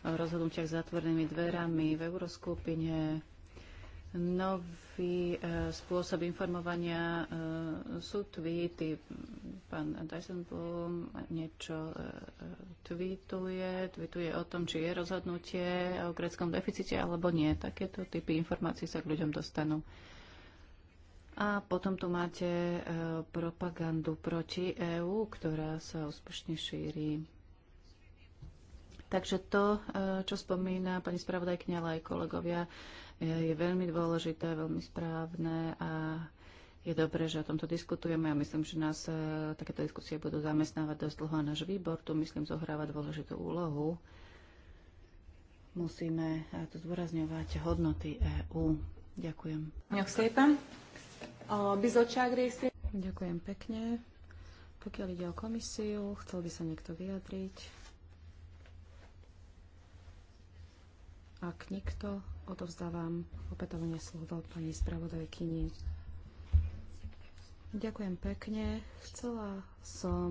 rozhodnutiach s zatvorenými dverami v euroskupine, nový eh, spôsob informovania sú tweety. Pán Dyson niečo tweetuje, tweetuje o tom, či je rozhodnutie o greckom deficite alebo nie. Takéto typy informácií sa k ľuďom dostanú. A potom tu máte e, propagandu proti EÚ, ktorá sa úspešne šíri. Takže to, e, čo spomína pani spravodajkňa, ale aj kolegovia, e, je veľmi dôležité, veľmi správne a je dobré, že o tomto diskutujeme a ja myslím, že nás takéto diskusie budú zamestnávať dosť dlho a náš výbor tu, myslím, zohráva dôležitú úlohu. Musíme tu zdôrazňovať hodnoty EÚ. Ďakujem. Ďakujem a bizottság Ďakujem pekne. Pokiaľ ide o komisiu, chcel by sa niekto vyjadriť. Ak nikto, odovzdávam opätovne slovo pani spravodajkyni. Ďakujem pekne. Chcela som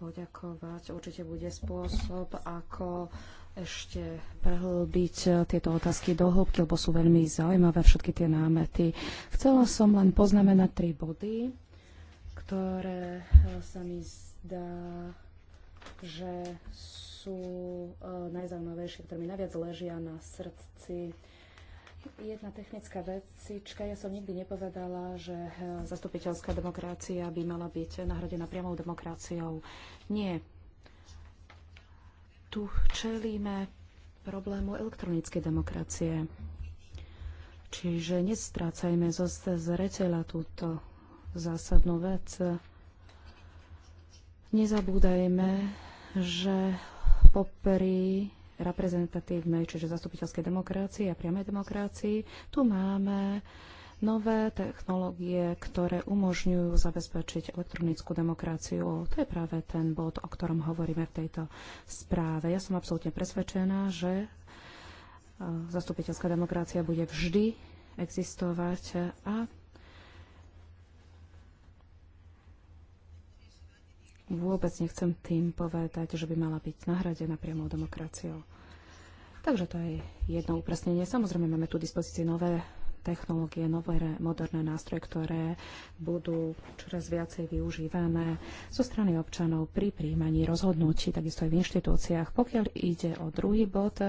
poďakovať. Určite bude spôsob, ako ešte prehlbiť eh, tieto otázky do hĺbky, lebo sú veľmi zaujímavé všetky tie námety. Chcela som len poznamenať tri body, ktoré eh, sa mi zdá, že sú eh, najzaujímavejšie, ktoré mi najviac ležia na srdci. Jedna technická vecička. Ja som nikdy nepovedala, že zastupiteľská demokracia by mala byť nahradená priamou demokraciou. Nie, tu čelíme problému elektronickej demokracie. Čiže nestrácajme zo zreteľa túto zásadnú vec. Nezabúdajme, že popri reprezentatívnej, čiže zastupiteľskej demokracii a priamej demokracii, tu máme nové technológie, ktoré umožňujú zabezpečiť elektronickú demokraciu. To je práve ten bod, o ktorom hovoríme v tejto správe. Ja som absolútne presvedčená, že e, zastupiteľská demokracia bude vždy existovať a vôbec nechcem tým povedať, že by mala byť nahradená priamou demokraciou. Takže to je jedno upresnenie. Samozrejme, máme tu dispozície nové technológie, nové moderné nástroje, ktoré budú čoraz viacej využívané zo strany občanov pri príjmaní rozhodnutí, takisto aj v inštitúciách. Pokiaľ ide o druhý bod,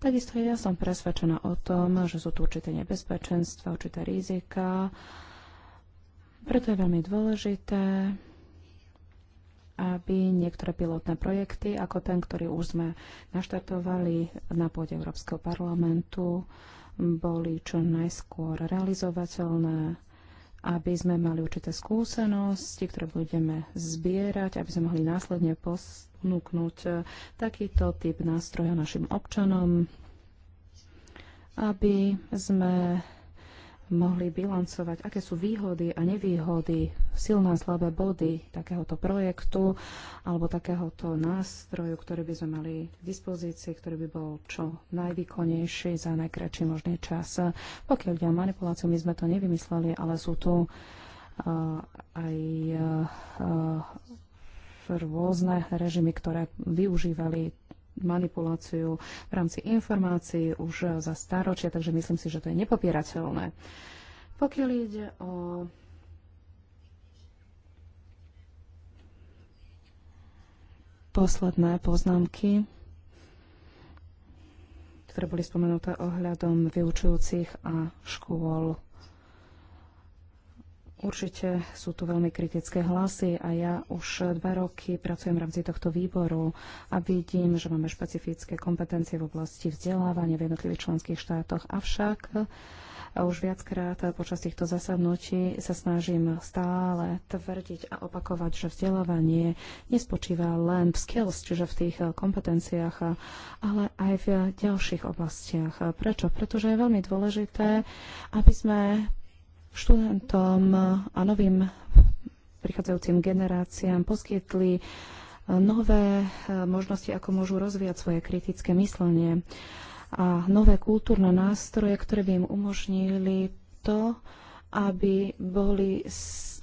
takisto ja som presvedčená o tom, že sú tu určité nebezpečenstva, určité rizika. Preto je veľmi dôležité aby niektoré pilotné projekty, ako ten, ktorý už sme naštartovali na pôde Európskeho parlamentu, boli čo najskôr realizovateľné, aby sme mali určité skúsenosti, ktoré budeme zbierať, aby sme mohli následne posnúknuť eh, takýto typ nástroja našim občanom, aby sme mohli bilancovať, aké sú výhody a nevýhody, silné a slabé body takéhoto projektu alebo takéhoto nástroju, ktorý by sme mali k dispozícii, ktorý by bol čo najvýkonnejší za najkračší možný čas. Pokiaľ ide o manipuláciu, my sme to nevymysleli, ale sú tu uh, aj uh, uh rôzne režimy, ktoré využívali manipuláciu v rámci informácií už za staročia, takže myslím si, že to je nepopierateľné. Pokiaľ ide o posledné poznámky, ktoré boli spomenuté ohľadom vyučujúcich a škôl Určite sú tu veľmi kritické hlasy a ja už dva roky pracujem v rámci tohto výboru a vidím, že máme špecifické kompetencie v oblasti vzdelávania v jednotlivých členských štátoch. Avšak a už viackrát počas týchto zasadnutí sa snažím stále tvrdiť a opakovať, že vzdelávanie nespočíva len v skills, čiže v tých kompetenciách, ale aj v ďalších oblastiach. Prečo? Pretože je veľmi dôležité, aby sme študentom a novým prichádzajúcim generáciám poskytli eh, nové eh, možnosti, ako môžu rozvíjať svoje kritické myslenie a nové kultúrne nástroje, ktoré by im umožnili to, aby boli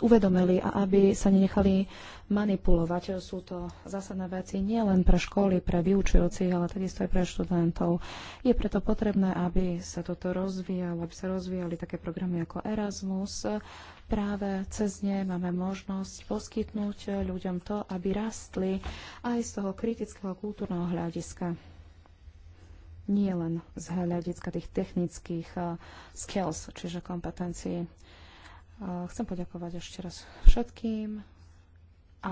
uvedomili a aby sa nenechali manipulovať. Sú to zásadné veci nielen pre školy, pre vyučujúcich, ale takisto aj pre študentov. Je preto potrebné, aby sa toto rozvíjalo, aby sa rozvíjali také programy ako Erasmus. Práve cez ne máme možnosť poskytnúť ľuďom to, aby rastli aj z toho kritického kultúrneho hľadiska nie len z hľadiska tých technických eh, skills, čiže kompetencií. Eh, chcem poďakovať ešte raz všetkým a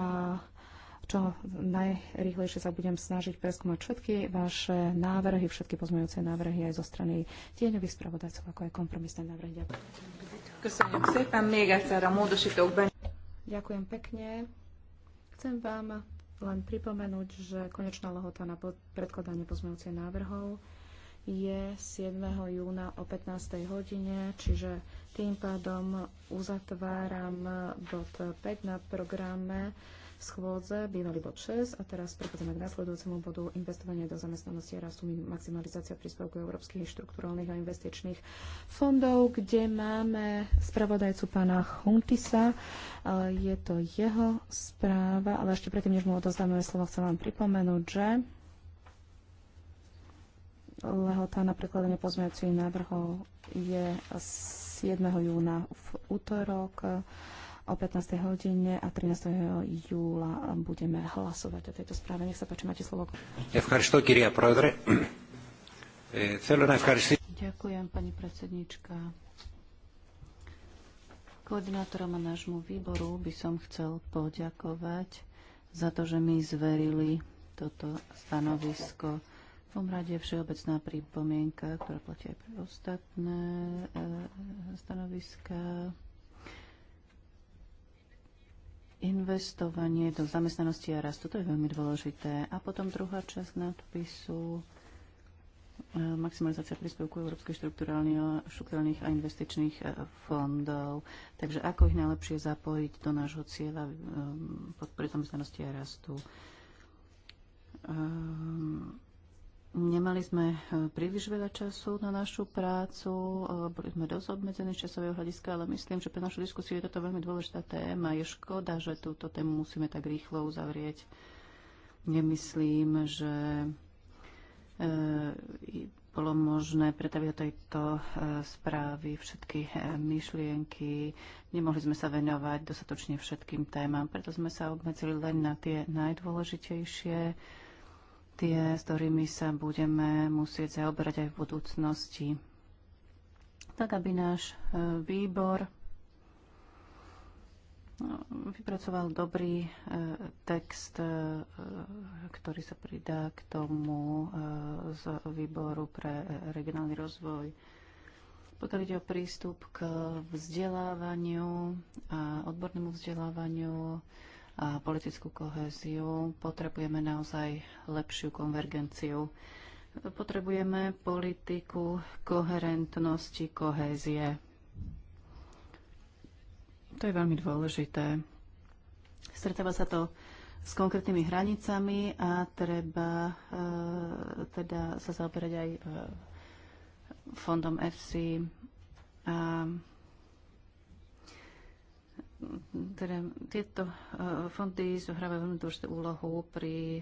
čo najrýchlejšie sa budem snažiť preskúmať všetky vaše návrhy, všetky pozmeňujúce návrhy aj zo strany tieňových spravodajcov, ako aj kompromisné návrhy. Ďakujem. Ďakujem pekne. Chcem vám len pripomenúť, že konečná lehota na predkladanie pozmeňujúcich návrhov je 7. júna o 15. hodine, čiže tým pádom uzatváram bod 5 na programe schôdze, bývalý bod 6 a teraz prechádzame k následujúcemu bodu investovanie do zamestnanosti a rastu maximalizácia príspevku európskych štruktúrálnych a investičných fondov, kde máme spravodajcu pána Huntisa. Je to jeho správa, ale ešte predtým, než mu odozdáme slovo, chcem vám pripomenúť, že lehota na prekladanie pozmeňujúcich návrhov je 7. júna v útorok o 15. hodine a 13. júla budeme hlasovať o tejto správe. Nech sa páči, máte slovo. E, Ďakujem, pani predsednička. Koordinátorom a nášmu výboru by som chcel poďakovať za to, že mi zverili toto stanovisko. V tom rade všeobecná pripomienka, ktorá platí aj pre ostatné e, stanoviska Investovanie do zamestnanosti a rastu, to je veľmi dôležité. A potom druhá časť nadpisu e, maximalizácia príspevku Európskych štruktúrálnych a investičných e, fondov. Takže ako ich najlepšie zapojiť do nášho cieľa e, podpory zamestnanosti a rastu. Ehm, Nemali sme e, príliš veľa času na našu prácu, e, boli sme dosť obmedzení z časového hľadiska, ale myslím, že pre našu diskusiu je toto veľmi dôležitá téma. Je škoda, že túto tému musíme tak rýchlo uzavrieť. Nemyslím, že e, bolo možné pretaviť do tejto správy všetky myšlienky. Nemohli sme sa venovať dostatočne všetkým témam, preto sme sa obmedzili len na tie najdôležitejšie tie, s ktorými sa budeme musieť zaoberať aj v budúcnosti. Tak, aby náš e, výbor e, vypracoval dobrý e, text, ktorý sa pridá k tomu z výboru pre regionálny rozvoj. Pokiaľ ide o prístup k vzdelávaniu a odbornému vzdelávaniu, a politickú kohéziu, potrebujeme naozaj lepšiu konvergenciu. Potrebujeme politiku koherentnosti, kohézie. To je veľmi dôležité. Stretáva sa to s konkrétnymi hranicami a treba e, teda sa zaoberať aj e, fondom FC a teda tieto e, fondy zohrávajú veľmi dôležitú úlohu pri e,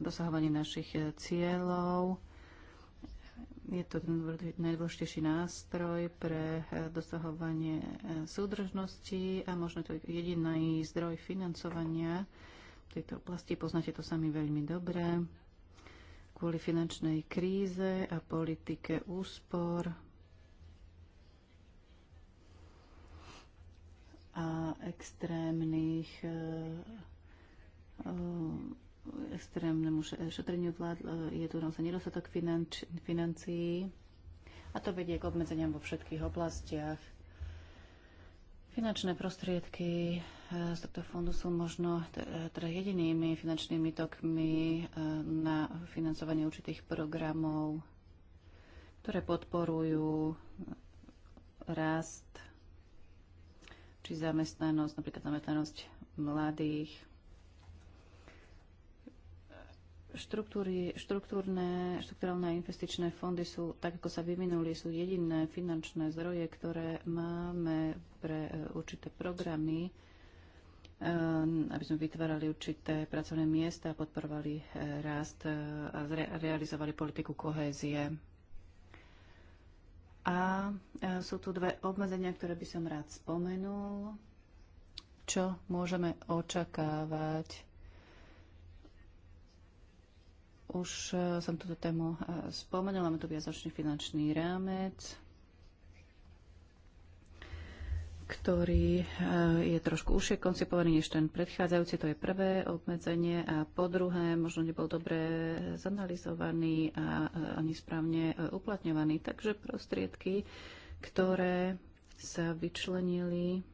dosahovaní našich e, cieľov. Je to ten najdôležitejší nástroj pre dosahovanie súdržnosti a možno to je jediný zdroj financovania v tejto oblasti. Poznáte to sami veľmi dobre. Kvôli finančnej kríze a politike úspor a extrémnych e, e, extrémnemu šetreniu vlád. E, je tu naozaj nedostatok financí, financií a to vedie k obmedzeniam vo všetkých oblastiach. Finančné prostriedky z tohto fondu sú možno teda jedinými finančnými tokmi na financovanie určitých programov, ktoré podporujú rast či zamestnanosť, napríklad zamestnanosť mladých, Štruktúry, štruktúrne, štruktúralné investičné fondy sú, tak ako sa vyvinuli, sú jediné finančné zdroje, ktoré máme pre e, určité programy, e, aby sme vytvárali určité pracovné miesta, podporovali e, rast a realizovali politiku kohézie. A e, sú tu dve obmedzenia, ktoré by som rád spomenul. Čo môžeme očakávať? Už e, som túto tému e, spomenula, máme tu viacročný finančný rámec ktorý eh, je trošku užšie koncipovaný než ten predchádzajúci, to je prvé obmedzenie a po druhé možno nebol dobre zanalizovaný a eh, ani správne eh, uplatňovaný. Takže prostriedky, ktoré sa vyčlenili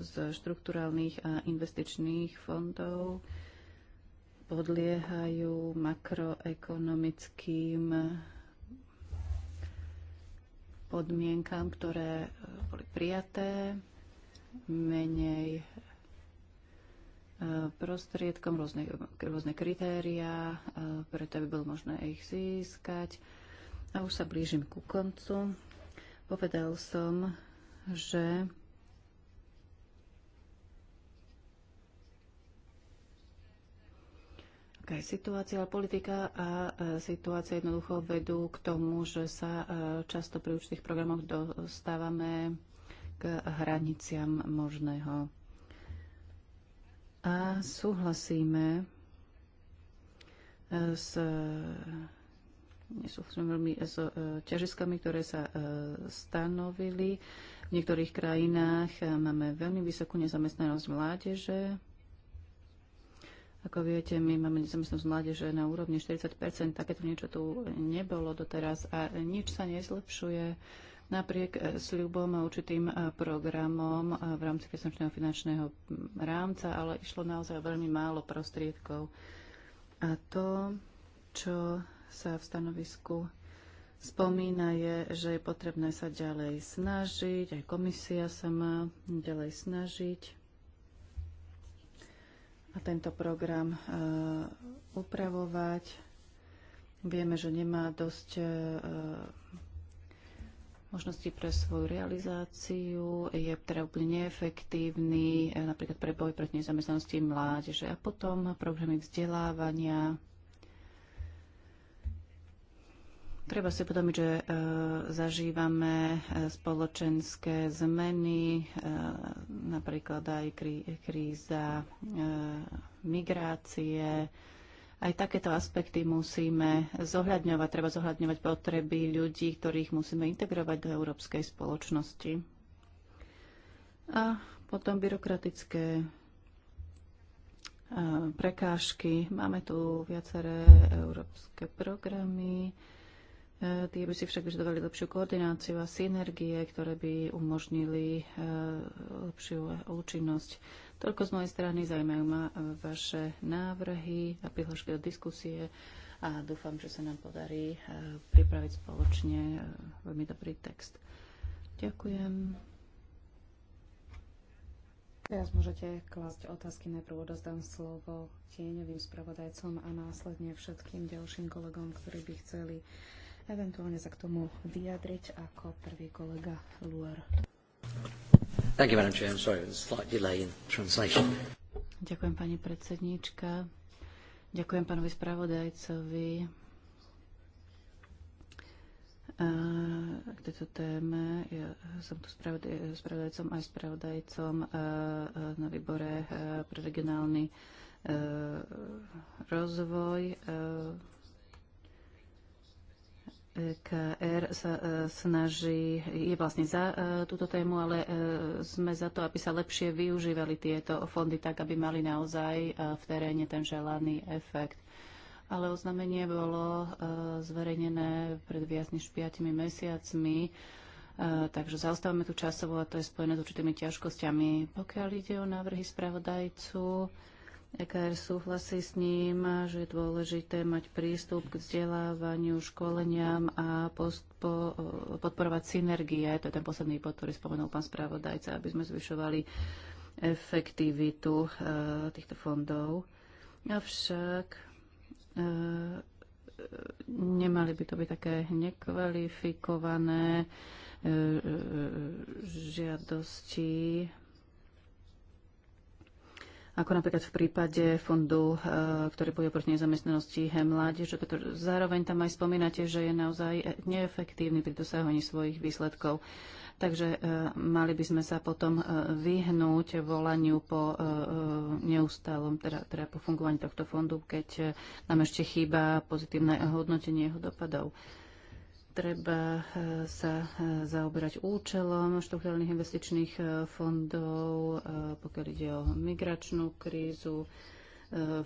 z štruktúrálnych a investičných fondov podliehajú makroekonomickým podmienkam, ktoré eh, boli prijaté, menej eh, prostriedkom, rôzne, rôzne kritériá, eh, preto by bolo možné ich získať. A už sa blížim ku koncu. Povedal som, že aká je situácia, ale politika a e, situácia jednoducho vedú k tomu, že sa e, často pri určitých programoch dostávame k hraniciam možného. A súhlasíme e, s nesúhlasím veľmi s ťažiskami, ktoré sa stanovili. V niektorých krajinách máme veľmi vysokú nezamestnanosť mládeže. Ako viete, my máme nezamestnosť mládeže na úrovni 40 takéto niečo tu nebolo doteraz a nič sa nezlepšuje napriek eh, sľubom a určitým eh, programom eh, v rámci kresnočného finančného mm, rámca, ale išlo naozaj veľmi málo prostriedkov. A to, čo sa v stanovisku spomína, je, že je potrebné sa ďalej snažiť, aj komisia sa má ďalej snažiť tento program e, upravovať. Vieme, že nemá dosť e, možnosti pre svoju realizáciu, je teda úplne neefektívny, e, napríklad pre boj proti nezamestnanosti mládeže a potom programy vzdelávania, Treba si podomiť, že e, zažívame e, spoločenské zmeny, e, napríklad aj krí, kríza e, migrácie. Aj takéto aspekty musíme zohľadňovať. Treba zohľadňovať potreby ľudí, ktorých musíme integrovať do európskej spoločnosti. A potom byrokratické e, prekážky. Máme tu viaceré európske programy E, tie by si však vyžadovali lepšiu koordináciu a synergie, ktoré by umožnili e, lepšiu účinnosť. Toľko z mojej strany zaujímajú ma e, vaše návrhy a prihlášky do diskusie a dúfam, že sa nám podarí pripraviť spoločne veľmi dobrý text. Ďakujem. Teraz môžete klásť otázky. Najprv odozdám slovo tieňovým spravodajcom a následne všetkým ďalším kolegom, ktorí by chceli eventuálne sa k tomu vyjadriť ako prvý kolega Luar. Thank you, Madam Chair. I'm sorry, there's a slight delay in translation. Ďakujem, pani predsedníčka. Ďakujem pánovi spravodajcovi eh, k tejto téme. Ja som tu spravodajcom aj spravodajcom eh, eh, na výbore pre regionálny rozvoj E KR sa e, snaží, je vlastne za e, túto tému, ale sme za to, aby sa lepšie využívali tieto fondy tak, aby mali naozaj v teréne ten želaný efekt. Ale oznámenie bolo zverejnené pred viac než 5 mesiacmi, takže zaostávame tu časovo a to je spojené s určitými ťažkosťami. Pokiaľ ide o návrhy spravodajcu, EKR súhlasí s ním, že je dôležité mať prístup k vzdelávaniu, školeniam a post, po, podporovať synergie. To je ten posledný bod, ktorý spomenul pán spravodajca, aby sme zvyšovali efektivitu e, týchto fondov. Avšak e, nemali by to byť také nekvalifikované e, e, e žiadosti ako napríklad v prípade fondu, e, ktorý bude proti nezamestnanosti mládeže, pretože zároveň tam aj spomínate, že je naozaj neefektívny pri dosahovaní svojich výsledkov. Takže e, mali by sme sa potom e, vyhnúť volaniu po neustálom, teda, teda po fungovaní tohto fondu, keď nám ešte chýba pozitívne hodnotenie jeho dopadov treba e, sa e, zaoberať účelom štruktúrnych investičných e, fondov, pokiaľ ide o migračnú krízu.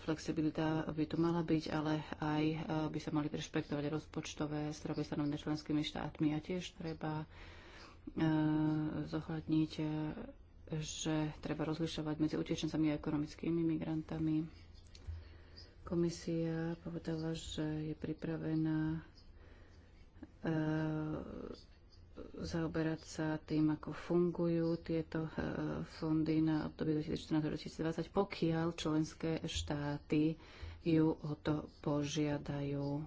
Flexibilita by tu mala byť, ale aj by sa mali rešpektovať rozpočtové stropy stanovené členskými štátmi a tiež treba zohľadniť, že treba rozlišovať medzi utečencami a ekonomickými migrantami. Komisia povedala, že je pripravená E, zaoberať sa tým, ako fungujú tieto e, fondy na obdobie 2014-2020, pokiaľ členské štáty ju o to požiadajú.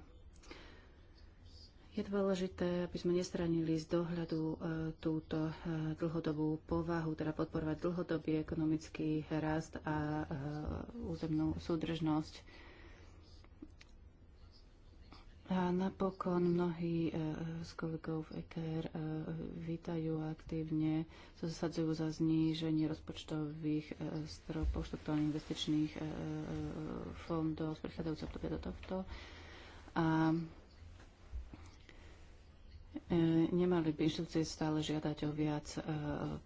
Je dôležité, aby sme nestranili z dohľadu e, túto dlhodobú povahu, teda podporovať dlhodobý ekonomický rast a územnú súdržnosť a napokon mnohí e, e, z kolegov v EKR e, vítajú aktívne, sa zasadzujú za zníženie rozpočtových stropov štruktúrnych investičných fondov z prichádzajúceho obdobia do tohto. A Nemali by inštitúcie stále žiadať o viac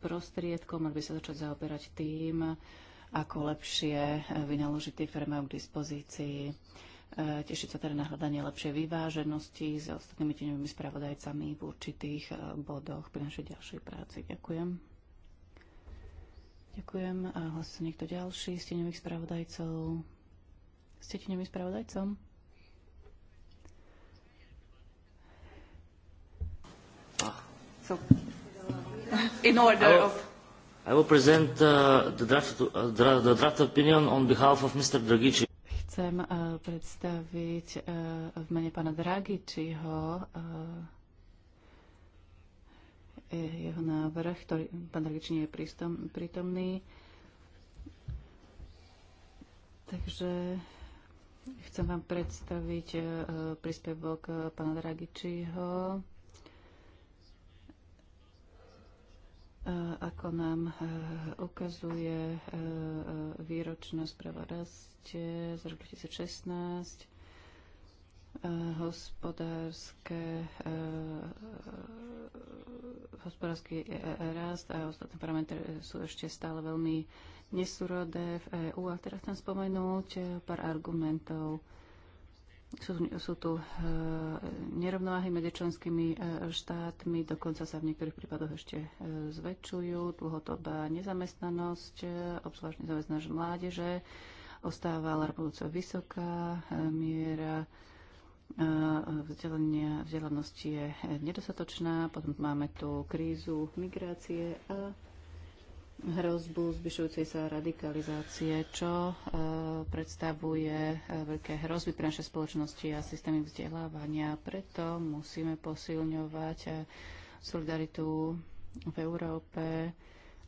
prostriedkov, mali by sa začať zaoberať tým, ako lepšie vynaložiť tie, firmy k dispozícii. E, tešiť sa teda na hľadanie lepšej vyváženosti s ostatnými tieňovými spravodajcami v určitých e, bodoch pri našej ďalšej práci. Ďakujem. Ďakujem. A hlasí sa niekto ďalší z tieňových spravodajcov? Ste tieňovým spravodajcom? So, in order of I will present uh, the, draft, uh, the draft opinion on behalf of Mr. Dragici chcem eh, predstaviť eh, v mene pána Dragičiho eh, jeho návrh, ktorý pán Dragič nie je prítomný. Takže chcem vám predstaviť príspevok pána Dragičiho Ako nám e, ukazuje e, e, výročná správa rastie z roku 2016, hospodárske, hospodársky rast a ostatné parametre sú ešte stále veľmi nesúrodé v EÚ. A teraz chcem spomenúť pár argumentov sú, sú tu e, nerovnováhy medzi členskými e, štátmi, dokonca sa v niektorých prípadoch ešte e, zväčšujú. Dlhodobá nezamestnanosť, e, obzvlášť nezamestnanosť mládeže, ostáva alarmujúco vysoká e, miera e, vzdelania, vzdelanosti je e, nedostatočná, potom máme tu krízu migrácie a hrozbu zvyšujúcej sa radikalizácie, čo e, predstavuje e, veľké hrozby pre naše spoločnosti a systémy vzdelávania. Preto musíme posilňovať e, solidaritu v Európe,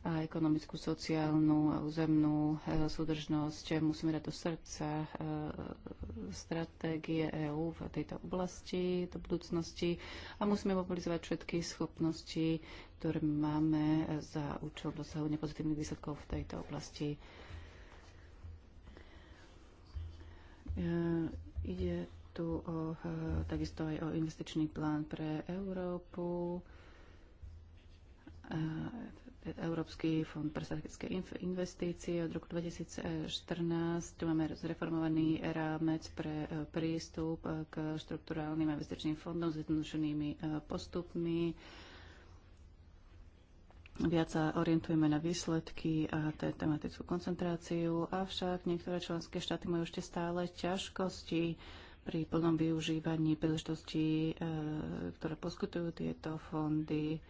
a ekonomickú, sociálnu a územnú e, súdržnosť. Musíme dať do srdca e, stratégie EÚ v tejto oblasti, do budúcnosti a musíme mobilizovať všetky schopnosti, ktoré máme e, za účel dosahovania pozitívnych výsledkov v tejto oblasti. Ide tu o, takisto aj o investičný plán pre Európu. Európsky fond pre strategické investície od roku 2014. Tu máme zreformovaný rámec pre e, prístup e, k štruktúrálnym investičným fondom s jednodušenými e, postupmi. Viac sa orientujeme na výsledky a tematickú koncentráciu, avšak niektoré členské štáty majú ešte stále ťažkosti pri plnom využívaní príležitostí, ktoré poskytujú tieto fondy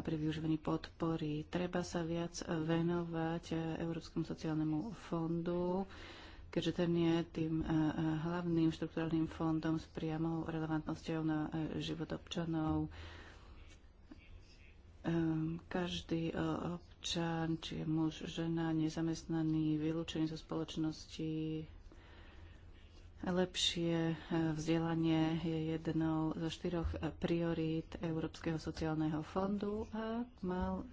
a pri využívaní podpory. Treba sa viac venovať eh, Európskom sociálnemu fondu, keďže ten je tým eh, eh, hlavným štruktúrnym fondom s priamou relevantnosťou na život občanov. Ehm, každý občan, či je muž, žena, nezamestnaný, vylúčený zo spoločnosti, Lepšie e, vzdelanie je jednou zo štyroch priorít Európskeho sociálneho fondu a mal,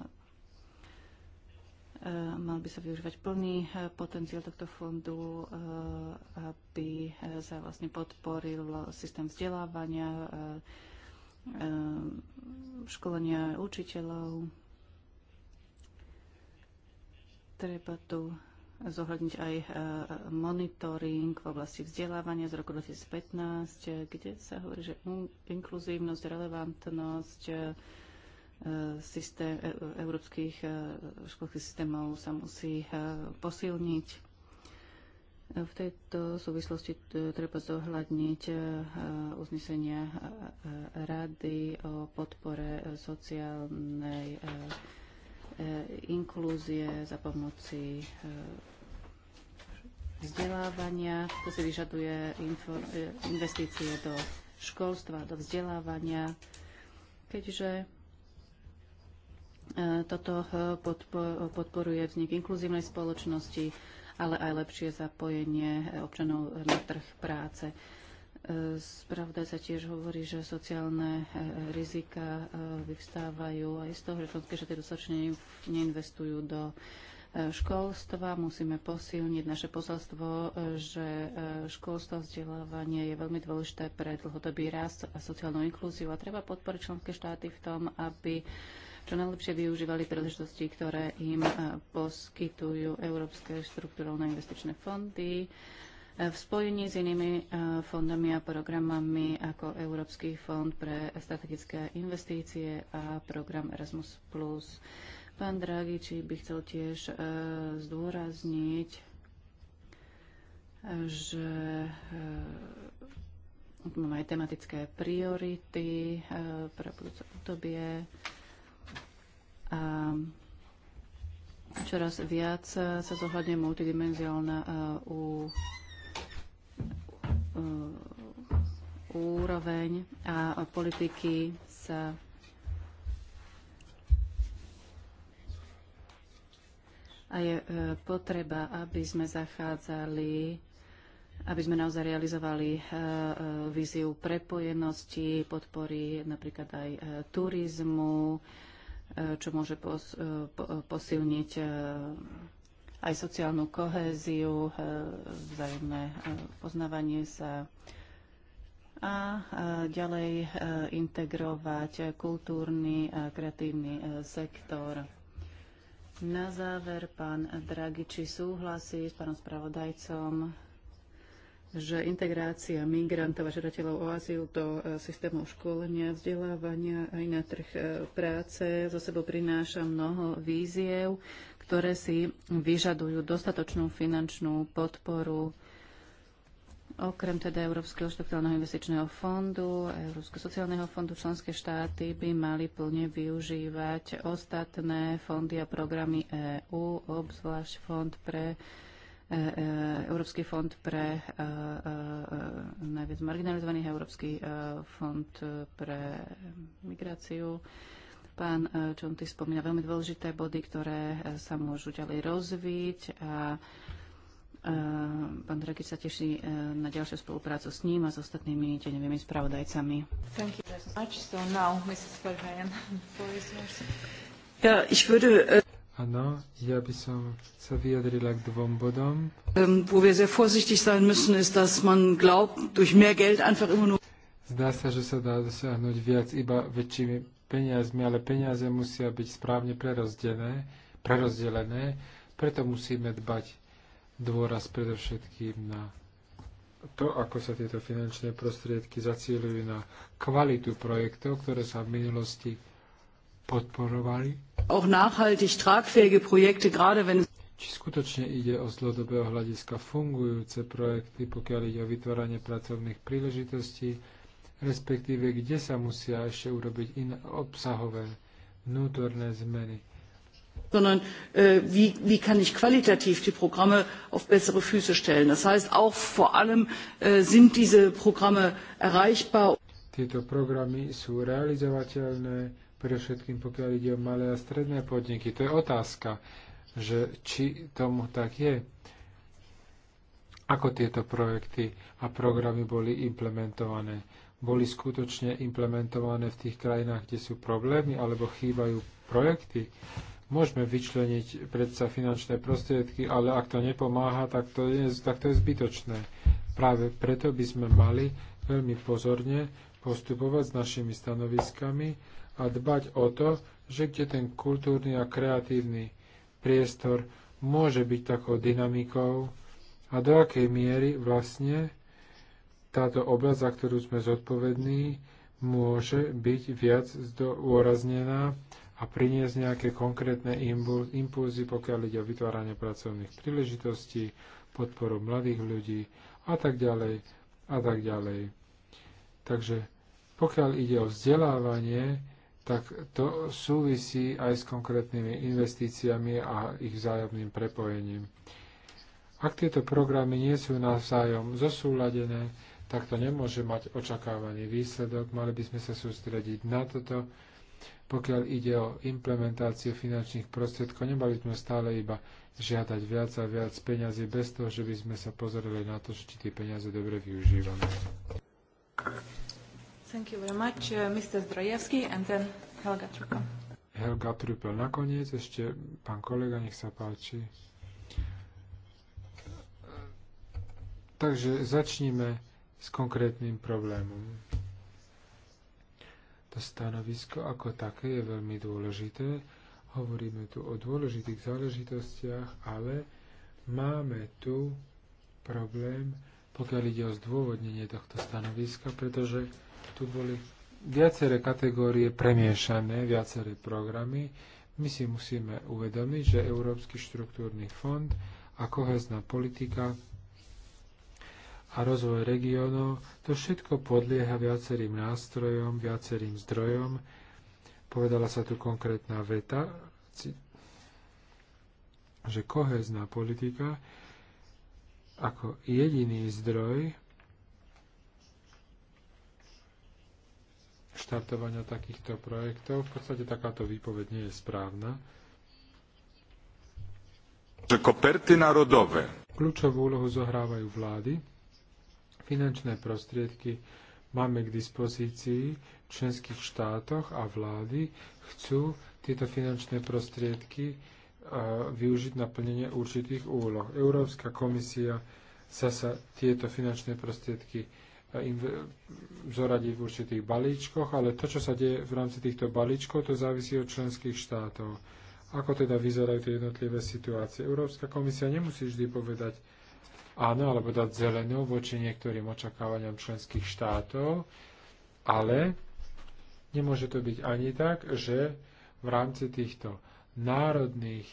e, mal by sa využívať plný e, potenciál tohto fondu, aby sa vlastne podporil systém vzdelávania, školenia učiteľov. Treba tu zohľadniť aj e, monitoring v oblasti vzdelávania z roku 2015, e, kde sa hovorí, že inkluzívnosť, relevantnosť e, systém, európskych školských systémov sa musí posilniť. V tejto súvislosti treba zohľadniť uznesenia rady o podpore sociálnej Eh, inklúzie za pomoci eh, vzdelávania. To si vyžaduje eh, investície do školstva, do vzdelávania. Keďže toto podporuje vznik inkluzívnej spoločnosti, ale aj lepšie zapojenie občanov na trh práce. Spravda sa tiež hovorí, že sociálne e, rizika e, vyvstávajú aj z toho, že členské štáty dostatočne neinvestujú do e, školstva. Musíme posilniť naše posolstvo, že školstvo a vzdelávanie je veľmi dôležité pre dlhodobý rast a sociálnu inklúziu a treba podporiť členské štáty v tom, aby čo najlepšie využívali príležitosti, ktoré im poskytujú Európske štrukturálne investičné fondy v spojení s inými eh, fondami a programami ako Európsky fond pre strategické investície a program Erasmus+. Pán Draghi, či by chcel tiež eh, zdôrazniť, že eh, máme aj tematické priority pre budúce obdobie. A čoraz viac sa zohľadňuje multidimenziálna uh, E, úroveň a politiky sa a je e, potreba, aby sme zachádzali, aby sme naozaj realizovali e, víziu prepojenosti, podpory napríklad aj turizmu, čo môže posilniť aj sociálnu kohéziu, e, vzájomné e, poznávanie sa a e, ďalej integrovať kultúrny a kreatívny sektor. Na záver, pán Draghi, či súhlasí s pánom spravodajcom, že integrácia migrantov a žiadateľov o azyl do systémov školenia, vzdelávania aj na trh práce zo sebou prináša mnoho víziev, ktoré si vyžadujú dostatočnú finančnú podporu Okrem teda Európskeho štruktúrneho investičného fondu, Európskeho sociálneho fondu, členské štáty by mali plne využívať ostatné fondy a programy EÚ, obzvlášť fond pre e e, Európsky fond pre e najviac marginalizovaných, Európsky fond pre migráciu, Pán Čonty e, spomína veľmi dôležité body, ktoré e, sa môžu ďalej rozviť a e, Pán Dragič sa teší na ďalšiu spoluprácu s ním a s ostatnými tenevými spravodajcami. So now, Verheyen, ja, würde, uh... ja by som sa vyjadrila k dvom bodom. Um, wo wir sehr vorsichtig sein müssen, ist, dass man glaubt, durch mehr Geld einfach immer nur... Zdá sa, že sa dá dosiahnuť viac iba väčšími peniazmi, ale peniaze musia byť správne prerozdelené, prerozdelené preto musíme dbať dôraz predovšetkým na to, ako sa tieto finančné prostriedky zacielujú na kvalitu projektov, ktoré sa v minulosti podporovali. Auch nachhaltig tragfähige Projekte, gerade wenn či skutočne ide o zlodobého hľadiska fungujúce projekty, pokiaľ ide o vytváranie pracovných príležitostí, respektíve kde sa musia ešte urobiť in obsahové vnútorné zmeny. sondern äh, wie, wie kann ich qualitativ die Programme auf bessere Füße stellen. Das heißt, auch vor allem äh, sind diese Programme erreichbar. Tieto programy sú realizovateľné, predovšetkým pokiaľ ide o malé a stredné podniky. To je otázka, že či tomu tak je ako tieto projekty a programy boli implementované boli skutočne implementované v tých krajinách, kde sú problémy alebo chýbajú projekty. Môžeme vyčleniť predsa finančné prostriedky, ale ak to nepomáha, tak to je, tak to je zbytočné. Práve preto by sme mali veľmi pozorne postupovať s našimi stanoviskami a dbať o to, že kde ten kultúrny a kreatívny priestor môže byť takou dynamikou a do akej miery vlastne táto oblasť, za ktorú sme zodpovední, môže byť viac zdôraznená a priniesť nejaké konkrétne impulzy, pokiaľ ide o vytváranie pracovných príležitostí, podporu mladých ľudí a tak ďalej a tak ďalej. Takže pokiaľ ide o vzdelávanie, tak to súvisí aj s konkrétnymi investíciami a ich vzájomným prepojením. Ak tieto programy nie sú navzájom zosúladené, tak to nemôže mať očakávaný výsledok. Mali by sme sa sústrediť na toto. Pokiaľ ide o implementáciu finančných prostriedkov, nemali sme stále iba žiadať viac a viac peňazí bez toho, že by sme sa pozerali na to, či tie peniaze dobre využívame. Thank you very much, uh, Mr. Zdrojevský, and then Helga Trupel. Helga Trupel nakoniec, ešte pán kolega, nech sa páči. Takže začníme s konkrétnym problémom. To stanovisko ako také je veľmi dôležité. Hovoríme tu o dôležitých záležitostiach, ale máme tu problém, pokiaľ ide o zdôvodnenie tohto stanoviska, pretože tu boli viaceré kategórie premiešané, viaceré programy. My si musíme uvedomiť, že Európsky štruktúrny fond a kohezná politika a rozvoj regiónov, to všetko podlieha viacerým nástrojom, viacerým zdrojom. Povedala sa tu konkrétna veta, že kohezná politika ako jediný zdroj štartovania takýchto projektov. V podstate takáto výpoveď nie je správna. Že koperty národové. Kľúčovú úlohu zohrávajú vlády, Finančné prostriedky máme k dispozícii v členských štátoch a vlády chcú tieto finančné prostriedky e, využiť na plnenie určitých úloh. Európska komisia sa, sa tieto finančné prostriedky e, zoradí v určitých balíčkoch, ale to, čo sa deje v rámci týchto balíčkov, to závisí od členských štátov. Ako teda vyzerajú tie jednotlivé situácie? Európska komisia nemusí vždy povedať, áno alebo dať zelenú voči niektorým očakávaniam členských štátov, ale nemôže to byť ani tak, že v rámci týchto národných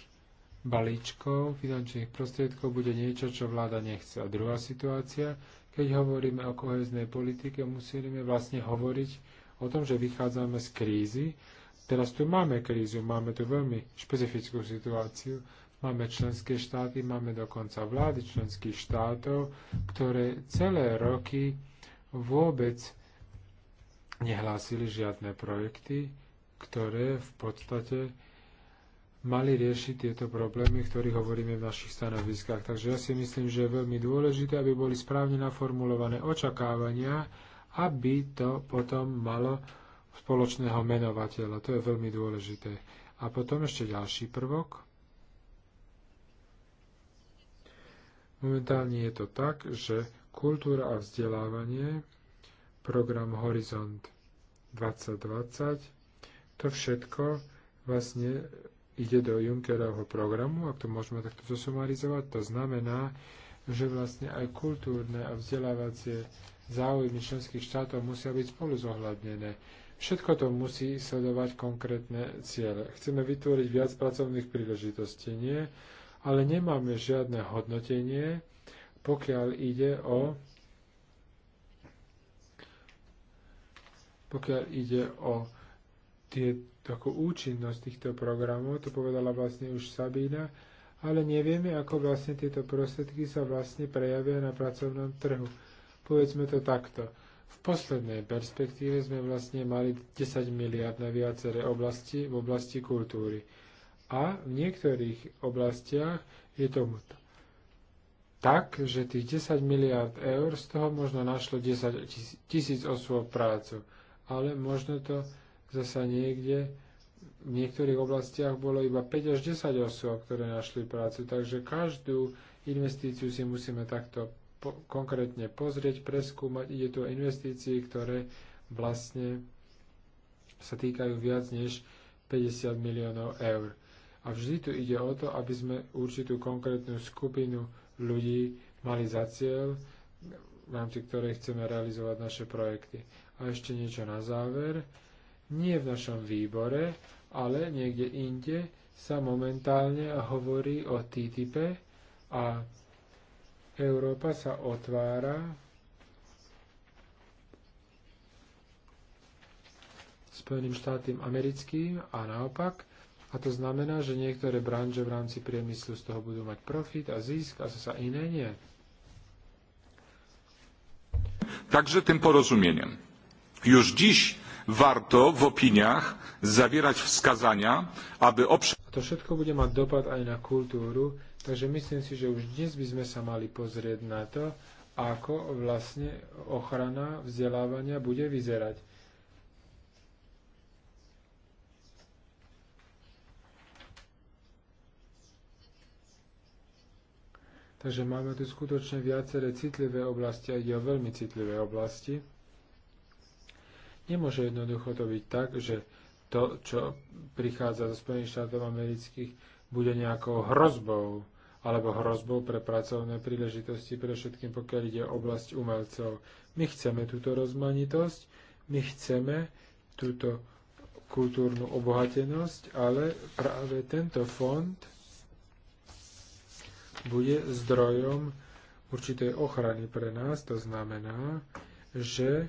balíčkov finančných prostriedkov bude niečo, čo vláda nechce. A druhá situácia, keď hovoríme o koheznej politike, musíme vlastne hovoriť o tom, že vychádzame z krízy. Teraz tu máme krízu, máme tu veľmi špecifickú situáciu, Máme členské štáty, máme dokonca vlády členských štátov, ktoré celé roky vôbec nehlásili žiadne projekty, ktoré v podstate mali riešiť tieto problémy, o ktorých hovoríme v našich stanoviskách. Takže ja si myslím, že je veľmi dôležité, aby boli správne naformulované očakávania, aby to potom malo spoločného menovateľa. To je veľmi dôležité. A potom ešte ďalší prvok. Momentálne je to tak, že kultúra a vzdelávanie, program Horizont 2020, to všetko vlastne ide do Junckerovho programu, ak to môžeme takto zosumarizovať, to znamená, že vlastne aj kultúrne a vzdelávacie záujmy členských štátov musia byť spolu zohľadnené. Všetko to musí sledovať konkrétne ciele. Chceme vytvoriť viac pracovných príležitostí, nie? ale nemáme žiadne hodnotenie, pokiaľ ide o pokiaľ ide o tie, takú účinnosť týchto programov, to povedala vlastne už Sabína, ale nevieme, ako vlastne tieto prostriedky sa vlastne prejavia na pracovnom trhu. Povedzme to takto. V poslednej perspektíve sme vlastne mali 10 miliard na viaceré oblasti v oblasti kultúry. A v niektorých oblastiach je tomu tak, že tých 10 miliard eur, z toho možno našlo 10 tisíc osôb prácu. Ale možno to zasa niekde v niektorých oblastiach bolo iba 5 až 10 osôb, ktoré našli prácu. Takže každú investíciu si musíme takto po- konkrétne pozrieť, preskúmať. Ide tu o investície, ktoré vlastne sa týkajú viac než 50 miliónov eur. A vždy tu ide o to, aby sme určitú konkrétnu skupinu ľudí mali za cieľ, v rámci ktorej chceme realizovať naše projekty. A ešte niečo na záver. Nie v našom výbore, ale niekde inde sa momentálne hovorí o TTIP a Európa sa otvára Spojeným štátom americkým a naopak a to znamená, že niektoré branže v rámci priemyslu z toho budú mať profit a zisk a sa iné nie. Także tym porozumieniem. Już dziś warto w opiniach zawierać wskazania, aby obszar... To všetko bude mať dopad aj na kultúru, takže myslím si, že už dnes by sme sa mali pozrieť na to, ako vlastne ochrana vzdelávania bude vyzerať Takže máme tu skutočne viaceré citlivé oblasti a ide o veľmi citlivé oblasti. Nemôže jednoducho to byť tak, že to, čo prichádza zo Spojených štátov amerických, bude nejakou hrozbou alebo hrozbou pre pracovné príležitosti, pre všetkým pokiaľ ide o oblasť umelcov. My chceme túto rozmanitosť, my chceme túto kultúrnu obohatenosť, ale práve tento fond bude zdrojom určitej ochrany pre nás. To znamená, že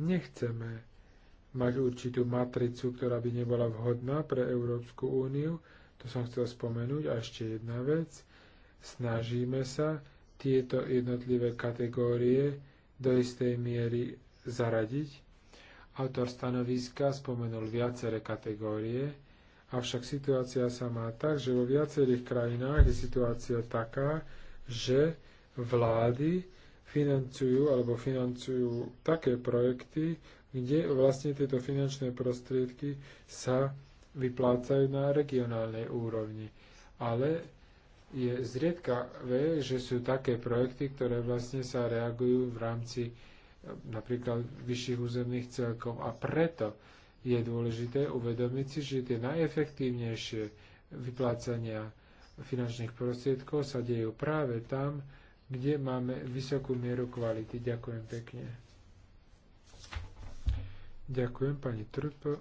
nechceme mať určitú matricu, ktorá by nebola vhodná pre Európsku úniu. To som chcel spomenúť. A ešte jedna vec. Snažíme sa tieto jednotlivé kategórie do istej miery zaradiť. Autor stanoviska spomenul viaceré kategórie, Avšak situácia sa má tak, že vo viacerých krajinách je situácia taká, že vlády financujú alebo financujú také projekty, kde vlastne tieto finančné prostriedky sa vyplácajú na regionálnej úrovni. Ale je zriedkavé, že sú také projekty, ktoré vlastne sa reagujú v rámci eh, napríklad vyšších územných celkov. A preto je dôležité uvedomiť si, že tie najefektívnejšie vyplácania finančných prostriedkov sa dejú práve tam, kde máme vysokú mieru kvality. Ďakujem pekne. Ďakujem pani Trp.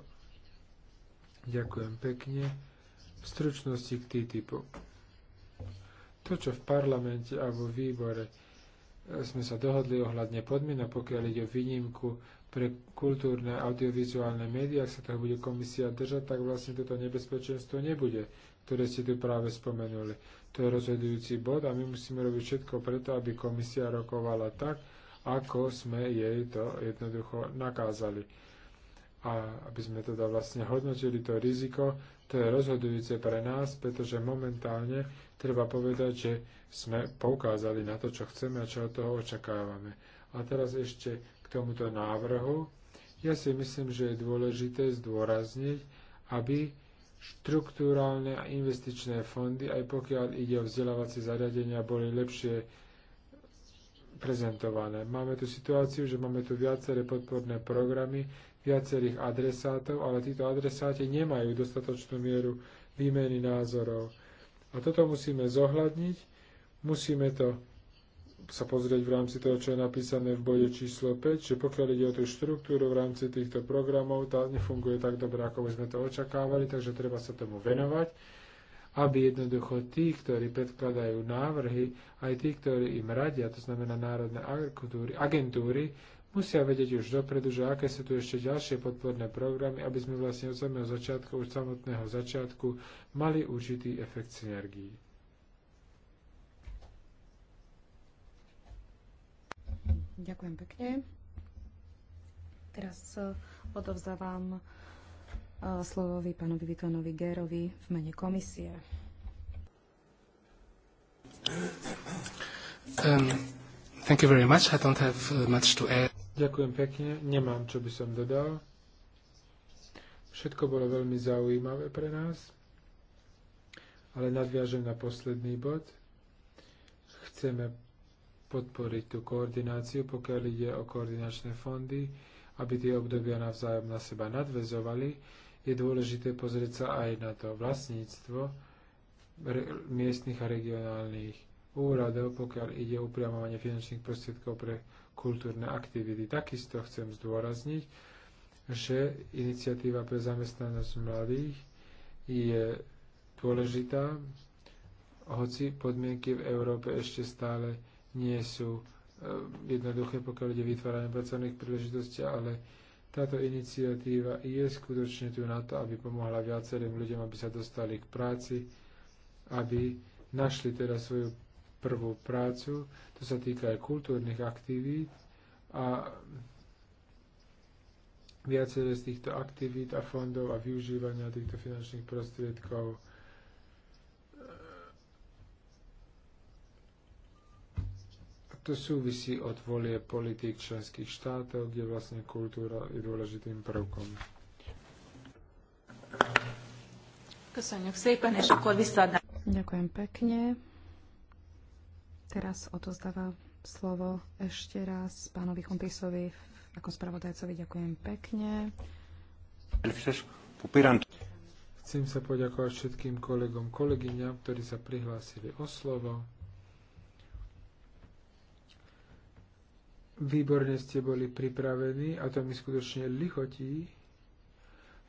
Ďakujem pekne. V stručnosti k TTIPu. To, čo v parlamente alebo výbore e, sme sa dohodli ohľadne podmienok, pokiaľ ide o výnimku pre kultúrne audiovizuálne médiá, ak sa toho bude komisia držať, tak vlastne toto nebezpečenstvo nebude, ktoré ste tu práve spomenuli. To je rozhodujúci bod a my musíme robiť všetko preto, aby komisia rokovala tak, ako sme jej to jednoducho nakázali. A aby sme teda vlastne hodnotili to riziko, to je rozhodujúce pre nás, pretože momentálne treba povedať, že sme poukázali na to, čo chceme a čo od toho očakávame. A teraz ešte k tomuto návrhu. Ja si myslím, že je dôležité zdôrazniť, aby štruktúrálne a investičné fondy, aj pokiaľ ide o vzdelávacie zariadenia, boli lepšie prezentované. Máme tu situáciu, že máme tu viaceré podporné programy, viacerých adresátov, ale títo adresáti nemajú dostatočnú mieru výmeny názorov. A toto musíme zohľadniť, musíme to sa pozrieť v rámci toho, čo je napísané v bode číslo 5, že pokiaľ ide o tú štruktúru v rámci týchto programov, tá nefunguje tak dobre, ako by sme to očakávali, takže treba sa tomu venovať, aby jednoducho tí, ktorí predkladajú návrhy, aj tí, ktorí im radia, to znamená národné agentúry, agentúry musia vedieť už dopredu, že aké sú tu ešte ďalšie podporné programy, aby sme vlastne od samého začiatku, už samotného začiatku mali určitý efekt synergii. Ďakujem pekne. Teraz e, odovzdávam e, slovovi pánovi Vitonovi Gerovi v mene komisie. Um, thank you very much. I don't have uh, much to add. Ďakujem pekne. Nemám, čo by som dodal. Všetko bolo veľmi zaujímavé pre nás. Ale nadviažem na posledný bod. Chceme podporiť tú koordináciu, pokiaľ ide o koordinačné fondy, aby tie obdobia navzájom na seba nadvezovali. Je dôležité pozrieť sa aj na to vlastníctvo miestnych a regionálnych úradov, pokiaľ ide o upriamovanie finančných prostriedkov pre kultúrne aktivity. Takisto chcem zdôrazniť, že iniciatíva pre zamestnanosť mladých je dôležitá, hoci podmienky v Európe ešte stále nie sú e, jednoduché, pokiaľ ide vytváranie pracovných príležitostí, ale táto iniciatíva je skutočne tu na to, aby pomohla viacerým ľuďom, aby sa dostali k práci, aby našli teda svoju prvú prácu. To sa týka aj kultúrnych aktivít a viaceré z týchto aktivít a fondov a využívania týchto finančných prostriedkov to súvisí od volie politik členských štátov, kde vlastne kultúra je dôležitým prvkom. Ďakujem pekne. Teraz odozdávam slovo ešte raz pánovi Chuntisovi ako spravodajcovi. Ďakujem pekne. Chcem sa poďakovať všetkým kolegom, kolegyňam, ktorí sa prihlásili o slovo. Výborne ste boli pripravení a to mi skutočne lichotí,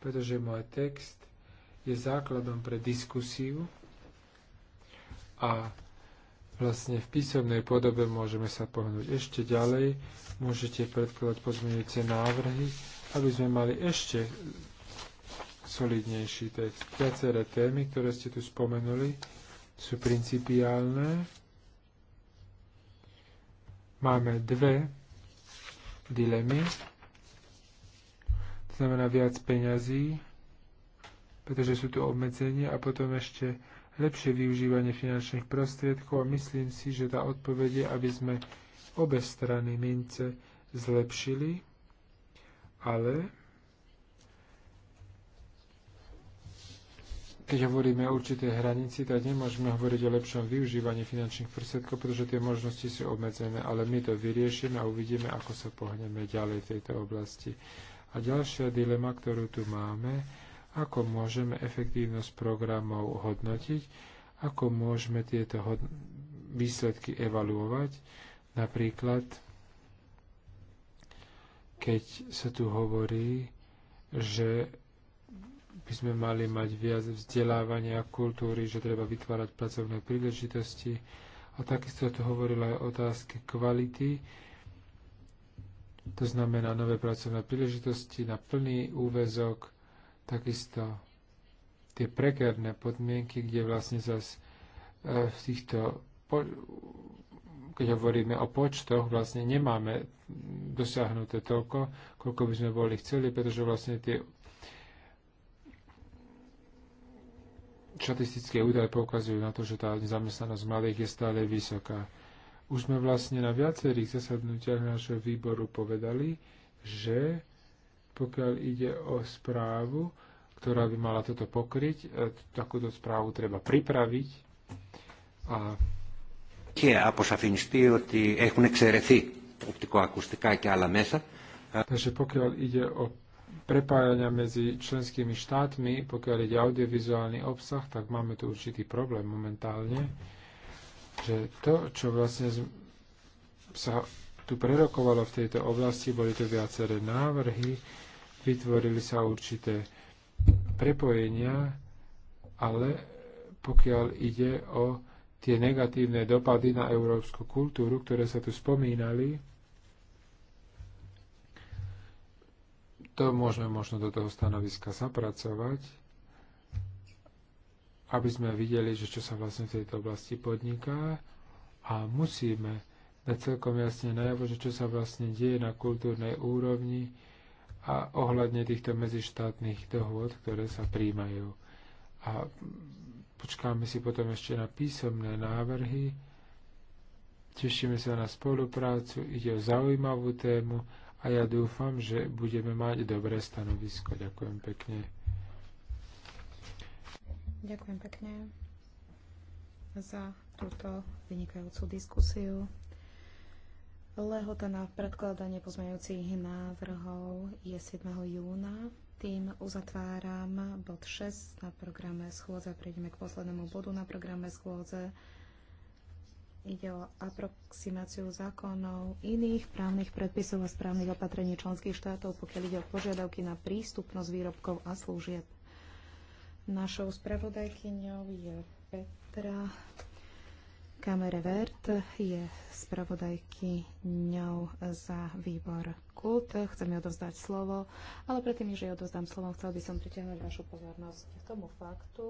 pretože môj text je základom pre diskusiu a vlastne v písomnej podobe môžeme sa pohnúť ešte ďalej. Môžete predkladať pozmeňujúce návrhy, aby sme mali ešte solidnejší text. Viaceré témy, ktoré ste tu spomenuli, sú principiálne máme dve dilemy. To znamená viac peňazí, pretože sú tu obmedzenia a potom ešte lepšie využívanie finančných prostriedkov a myslím si, že tá odpoveď je, aby sme obe strany mince zlepšili, ale keď hovoríme o určitej hranici, tak nemôžeme hovoriť o lepšom využívaní finančných prostriedkov, pretože tie možnosti sú obmedzené, ale my to vyriešime a uvidíme, ako sa pohneme ďalej v tejto oblasti. A ďalšia dilema, ktorú tu máme, ako môžeme efektívnosť programov hodnotiť, ako môžeme tieto výsledky evaluovať, napríklad keď sa tu hovorí, že by sme mali mať viac vzdelávania a kultúry, že treba vytvárať pracovné príležitosti. A takisto to hovorila aj otázky kvality, to znamená nové pracovné príležitosti na plný úvezok, takisto tie prekerné podmienky, kde vlastne zase v týchto, keď hovoríme o počtoch, vlastne nemáme dosiahnuté toľko, koľko by sme boli chceli, pretože vlastne tie štatistické údaje poukazujú na to, že tá nezamestnanosť mladých je stále vysoká. Už sme vlastne na viacerých zasadnutiach nášho výboru povedali, že pokiaľ ide o správu, ktorá by mala toto pokryť, e, takúto správu treba pripraviť a και ότι έχουν εξαιρεθεί οπτικοακουστικά και άλλα μέσα. Takže pokiaľ ide o prepájania medzi členskými štátmi, pokiaľ ide audiovizuálny obsah, tak máme tu určitý problém momentálne, že to, čo vlastne sa tu prerokovalo v tejto oblasti, boli to viaceré návrhy, vytvorili sa určité prepojenia, ale pokiaľ ide o tie negatívne dopady na európsku kultúru, ktoré sa tu spomínali, to môžeme možno do toho stanoviska zapracovať, aby sme videli, že čo sa vlastne v tejto oblasti podniká a musíme dať celkom jasne najavo, že čo sa vlastne deje na kultúrnej úrovni a ohľadne týchto medzištátnych dohôd, ktoré sa príjmajú. A počkáme si potom ešte na písomné návrhy. Tešíme sa na spoluprácu, ide o zaujímavú tému a ja dúfam, že budeme mať dobré stanovisko. Ďakujem pekne. Ďakujem pekne za túto vynikajúcu diskusiu. Lehota na predkladanie pozmeňujúcich návrhov je 7. júna. Tým uzatváram bod 6 na programe schôdze. Prejdeme k poslednému bodu na programe schôdze Ide o aproximáciu zákonov iných právnych predpisov a správnych opatrení členských štátov, pokiaľ ide o požiadavky na prístupnosť výrobkov a služieb. Našou spravodajkyňou je Petra Kamerevert, je spravodajkyňou za výbor kult. Chcem jej odovzdať slovo, ale predtým, že jej odovzdám slovo, chcel by som pritiahnuť vašu pozornosť k tomu faktu,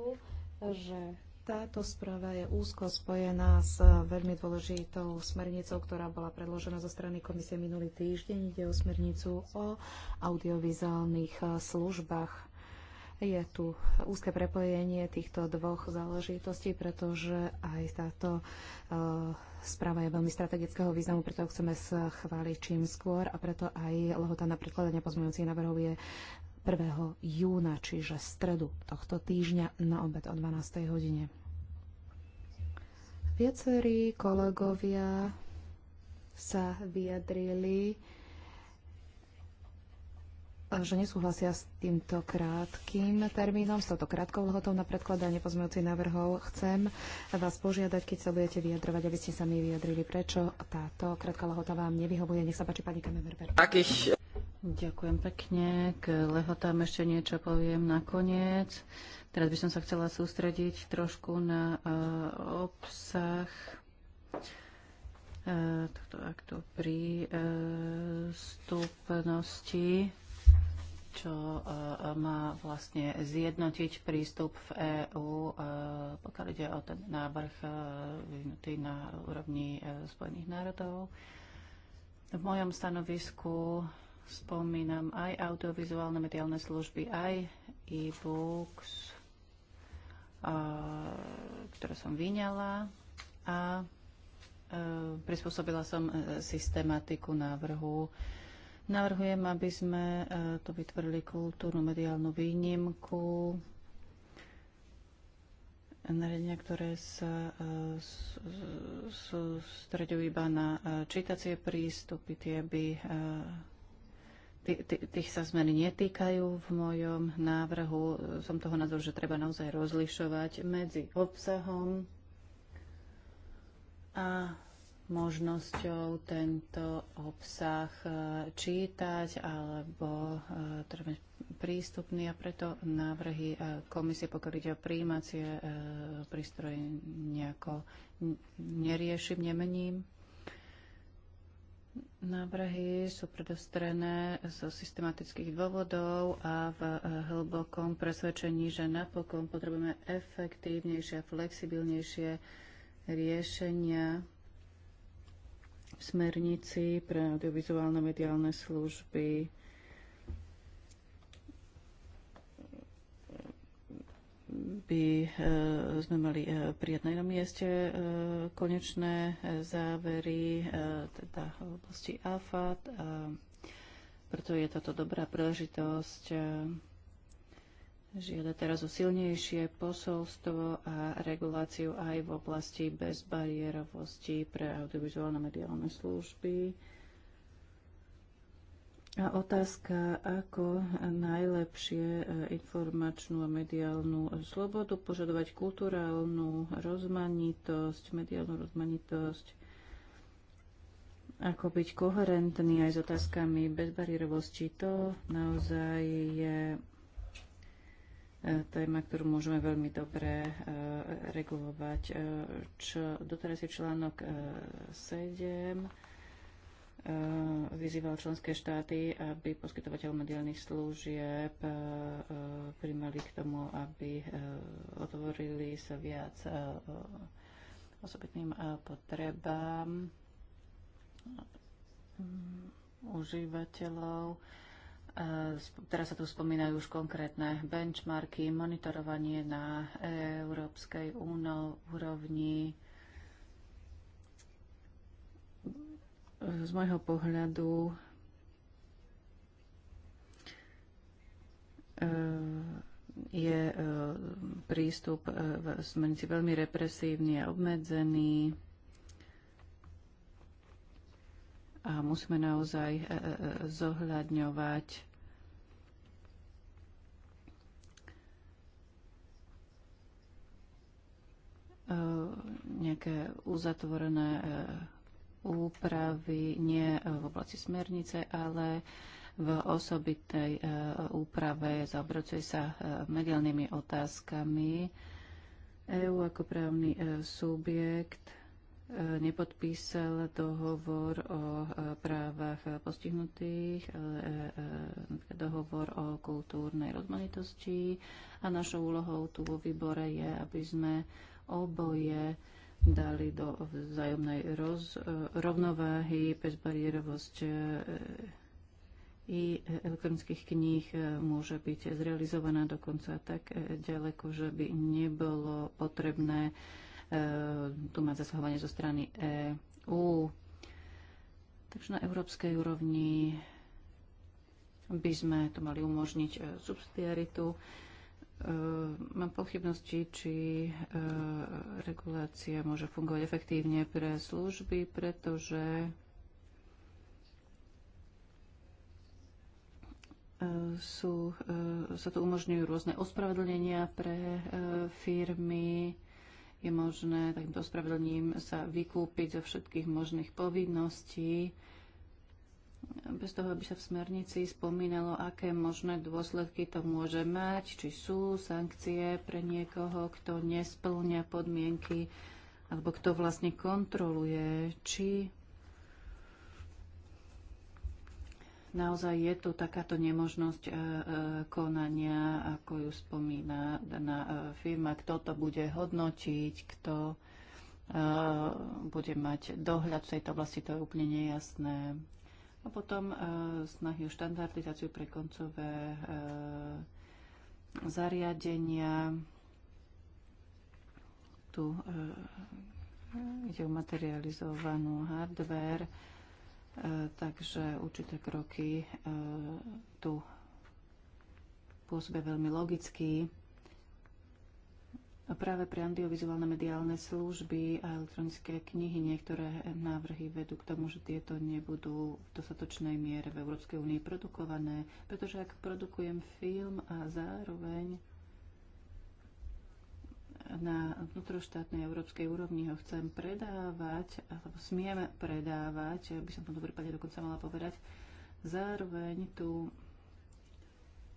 že táto správa je úzko spojená s eh, veľmi dôležitou smernicou, ktorá bola predložená zo strany komisie minulý týždeň. Ide o smernicu o audiovizuálnych eh, službách. Je tu úzke prepojenie týchto dvoch záležitostí, pretože aj táto eh, správa je veľmi strategického významu, preto ho chceme schváliť čím skôr a preto aj lehota na predkladanie pozmeňujúcich návrhov je 1. júna, čiže stredu tohto týždňa na obed o 12. hodine. Viacerí kolegovia sa vyjadrili, že nesúhlasia s týmto krátkým termínom, s touto krátkou lhotou na predkladanie pozmejúcich návrhov. Chcem vás požiadať, keď sa budete vyjadrovať, aby ste sa mi vyjadrili, prečo táto krátka lhota vám nevyhovuje. Nech sa páči, pani Kameverber. Ďakujem pekne. K lehotám ešte niečo poviem nakoniec. Teraz by som sa chcela sústrediť trošku na uh, obsah uh, tohto aktu prístupnosti, e, uh, čo má vlastne zjednotiť prístup v EÚ, pokiaľ ide o ten návrh vyvinutý na úrovni Spojených národov. V mojom stanovisku spomínam aj audiovizuálne mediálne služby, aj e-books, ktoré som vyňala a e, prispôsobila som e, systematiku návrhu. Navrhujem, aby sme e, to vytvorili kultúrnu mediálnu výnimku, nariadenia, ktoré sa sústreďujú iba na čítacie prístupy, tie by tých sa zmeny netýkajú v mojom návrhu. Som toho názoru, že treba naozaj rozlišovať medzi obsahom a možnosťou tento obsah e, čítať alebo e, treba prístupný a preto návrhy e, komisie, pokiaľ ide o príjímacie prístroje, nejako neriešim, nemením. Návrhy sú predostrené zo systematických dôvodov a v eh, hlbokom presvedčení, že napokon potrebujeme efektívnejšie a flexibilnejšie riešenia v smernici pre audiovizuálne mediálne služby by eh, sme mali eh, prijať na jednom mieste eh, konečné závery, teda v oblasti AFAT, A preto je toto dobrá príležitosť žiada teraz o silnejšie posolstvo a reguláciu aj v oblasti bezbariérovosti pre audiovizuálne mediálne služby a otázka, ako najlepšie e, informačnú a mediálnu slobodu požadovať kulturálnu rozmanitosť, mediálnu rozmanitosť, ako byť koherentný aj s otázkami bezbarierovosti, to naozaj je e, téma, ktorú môžeme veľmi dobre e, regulovať. Čo, doteraz je článok 7 E, vyzýval členské štáty, aby poskytovateľ mediálnych služieb e, e, primali k tomu, aby otvorili sa viac osobitným potrebám mm, užívateľov. Teraz sa tu spomínajú už konkrétne benchmarky, monitorovanie na európskej úrovni z môjho pohľadu e, je e, prístup e, v smernici veľmi represívny a obmedzený a musíme naozaj zohľadňovať nejaké uzatvorené úpravy nie eh, v oblasti smernice, ale v osobitej eh, úprave zaobracuje sa eh, mediálnymi otázkami. EÚ ako právny subjekt nepodpísal dohovor o právach postihnutých, dohovor o kultúrnej rozmanitosti a našou úlohou tu vo výbore je, aby sme oboje dali do vzájomnej roz, rovnováhy, bezbariérovosť e, i elektronických kníh e, môže byť zrealizovaná dokonca tak e, ďaleko, že by nebolo potrebné tu mať zasahovanie zo strany EÚ. Takže na európskej úrovni by sme to mali umožniť subsidiaritu. Ehm, mám pochybnosti, či ehm, regulácia môže fungovať efektívne pre služby, pretože ehm, sú, sa tu umožňujú rôzne ospravedlnenia pre firmy. Je možné takýmto ospravedlním sa vykúpiť zo všetkých možných povinností bez toho, aby sa v smernici spomínalo, aké možné dôsledky to môže mať, či sú sankcie pre niekoho, kto nesplňa podmienky, alebo kto vlastne kontroluje, či naozaj je tu takáto nemožnosť e, e, konania, ako ju spomína daná e, firma, kto to bude hodnotiť, kto bude mať dohľad v tejto oblasti, to je úplne nejasné. A potom e, snahy o štandardizáciu pre koncové e, zariadenia. Tu e, ide o materializovanú hardware, takže určité kroky tu pôsobia veľmi logicky práve pre audiovizuálne mediálne služby a elektronické knihy niektoré návrhy vedú k tomu, že tieto nebudú v dostatočnej miere v Európskej únii produkované, pretože ak produkujem film a zároveň na vnútroštátnej európskej úrovni ho chcem predávať, alebo smiem predávať, by som v tomto prípade dokonca mala povedať, zároveň tu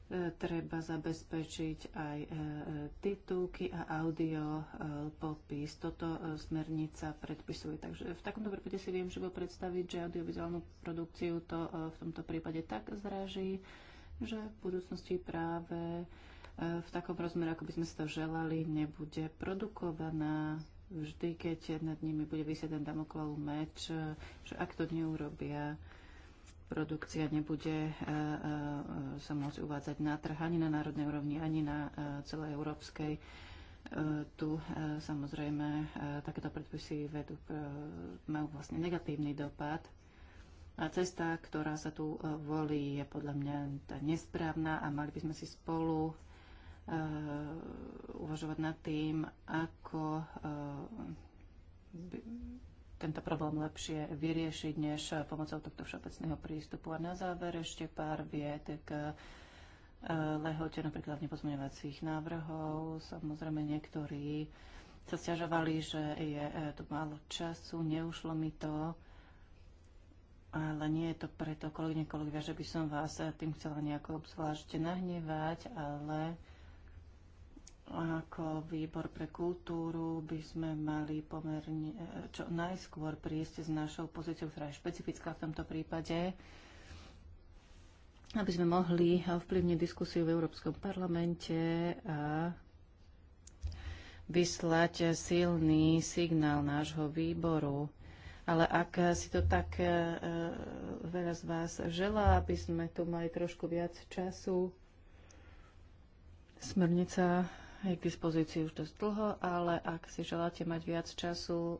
E, treba zabezpečiť aj e, titulky a audio e, popis. Toto smernica predpisuje. Takže v takomto prípade si viem živo predstaviť, že audiovizuálnu produkciu to v tomto prípade tak zraží, že v budúcnosti práve v takom rozmere, ako by sme si to želali, nebude produkovaná vždy, keď nad nimi bude vysieť ten damoklov meč, že ak to neurobia, produkcia nebude e, e, sa môcť uvádzať na trh ani na národnej úrovni, ani na e, celej európskej. Tu samozrejme takéto predpisy vedú, majú vlastne negatívny dopad. A cesta, ktorá sa tu volí, je podľa mňa tá nesprávna a mali by sme si spolu uvažovať nad tým, ako tento problém lepšie vyriešiť než pomocou tohto všeobecného prístupu. A na záver ešte pár viet k e, lehote napríklad nepozmeňovacích návrhov. Samozrejme niektorí sa stiažovali, že je e, tu málo času, neušlo mi to, ale nie je to preto, kolegyne, kolegovia, že by som vás e, tým chcela nejako obzvlášť nahnevať, ale ako výbor pre kultúru by sme mali pomerne e, čo najskôr prísť s našou pozíciou, ktorá je špecifická v tomto prípade, aby sme mohli ovplyvniť diskusiu v Európskom parlamente a vyslať silný signál nášho výboru. Ale ak si to tak e, veľa z vás želá, aby sme tu mali trošku viac času, smernica je k dispozícii už dosť dlho, ale ak si želáte mať viac času, ehm,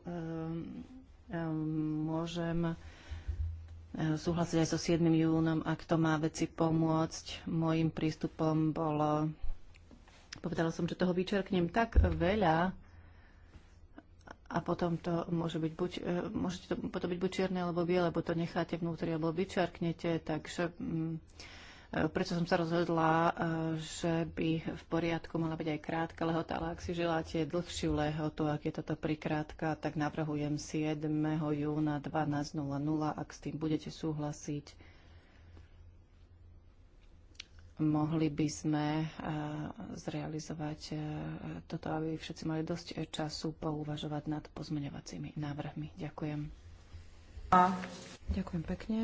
ehm, môžem eh, súhlasiť aj so 7. júnom, ak to má veci pomôcť. Mojím prístupom bolo, povedala som, že toho vyčerknem tak veľa, a potom to môže byť buď, eh, môžete to potom byť buď čierne alebo biele, lebo to necháte vnútri, alebo vyčarknete, takže mm, E, preto som sa rozhodla, e, že by v poriadku mala byť aj krátka lehota, ale ak si želáte dlhšiu lehotu, ak je toto prikrátka, tak navrhujem 7. júna 12.00, ak s tým budete súhlasiť mohli by sme e, zrealizovať toto, aby všetci mali dosť času pouvažovať nad pozmeňovacími návrhmi. Ďakujem. A. Ďakujem pekne.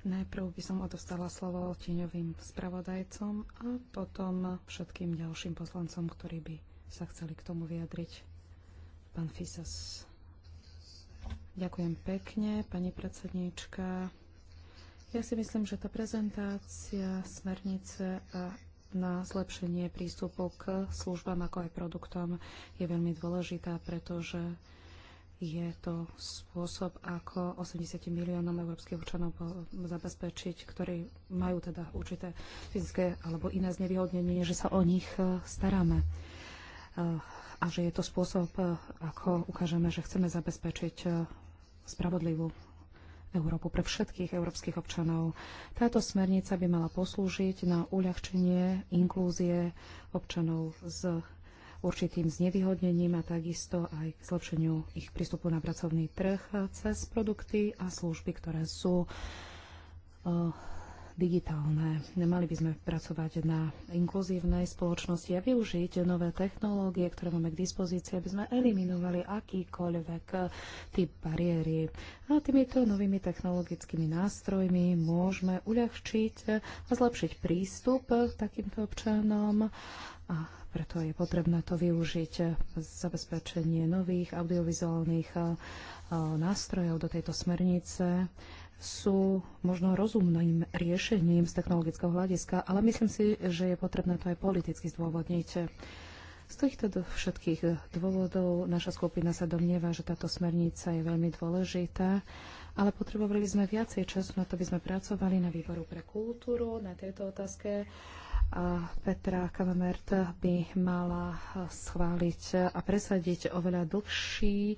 Najprv by som odostala slovo tieňovým spravodajcom a potom všetkým ďalším poslancom, ktorí by sa chceli k tomu vyjadriť. Pán Fisas. Ďakujem pekne, pani predsedníčka. Ja si myslím, že tá prezentácia smernice a na zlepšenie prístupu k službám ako aj produktom je veľmi dôležitá, pretože je to spôsob, ako 80 miliónom európskych občanov zabezpečiť, ktorí majú teda určité fyzické alebo iné znevýhodnenie, že sa o nich e, staráme. E, a že je to spôsob, e, ako ukážeme, že chceme zabezpečiť spravodlivú Európu pre všetkých európskych občanov. Táto smernica by mala poslúžiť na uľahčenie inklúzie občanov z určitým znevýhodnením a takisto aj k zlepšeniu ich prístupu na pracovný trh cez produkty a služby, ktoré sú e, digitálne. Mali by sme pracovať na inkluzívnej spoločnosti a využiť nové technológie, ktoré máme k dispozícii, aby sme eliminovali akýkoľvek typ bariéry. A týmito novými technologickými nástrojmi môžeme uľahčiť a zlepšiť prístup k takýmto občanom a preto je potrebné to využiť zabezpečenie nových audiovizuálnych nástrojov do tejto smernice sú možno rozumným riešením z technologického hľadiska, ale myslím si, že je potrebné to aj politicky zdôvodniť. Z týchto všetkých dôvodov naša skupina sa domnieva, že táto smernica je veľmi dôležitá, ale potrebovali sme viacej času na to, aby sme pracovali na výboru pre kultúru, na tejto otázke Petra Kavamert by mala schváliť a presadiť oveľa dlhší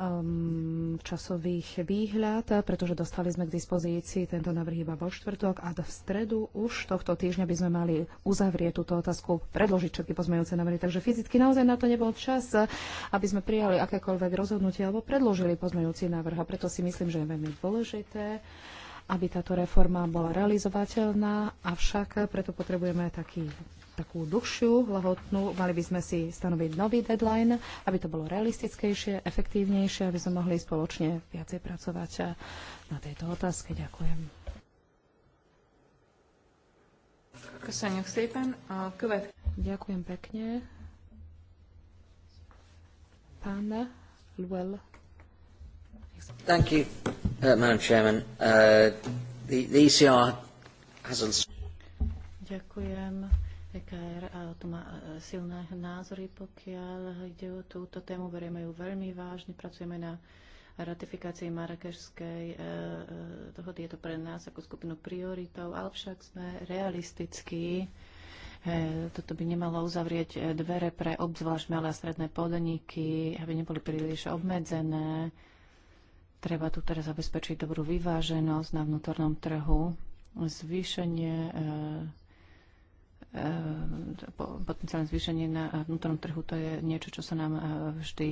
um, časových výhľad, pretože dostali sme k dispozícii tento návrh iba vo štvrtok a v stredu už tohto týždňa by sme mali uzavrieť túto otázku, predložiť všetky pozmejúce návrhy. Takže fyzicky naozaj na to nebol čas, aby sme prijali akékoľvek rozhodnutie alebo predložili pozmejúci návrh. A preto si myslím, že je veľmi dôležité, aby táto reforma bola realizovateľná, avšak preto potrebujeme taký takú dlhšiu, lahotnú. Mali by sme si stanoviť nový deadline, aby to bolo realistickejšie, efektívnejšie, aby sme mohli spoločne viacej pracovať na tejto otázke. Ďakujem. Ďakujem pekne. Pán Luel. Thank you. Uh, Madam Chairman, uh, the, the ECR has... Ďakujem. EKR a tu má uh, silné názory, pokiaľ ide o túto tému. Berieme ju veľmi vážne, pracujeme na ratifikácii Marrakešskej uh, dohody. Je to pre nás ako skupinu prioritov, ale však sme realistickí. Toto by nemalo uzavrieť dvere pre obzvlášť malé a stredné podniky, aby neboli príliš obmedzené Treba tu teraz zabezpečiť dobrú vyváženosť na vnútornom trhu, zvýšenie eh, eh, potenciálne zvýšenie na vnútornom trhu, to je niečo, čo sa nám eh, vždy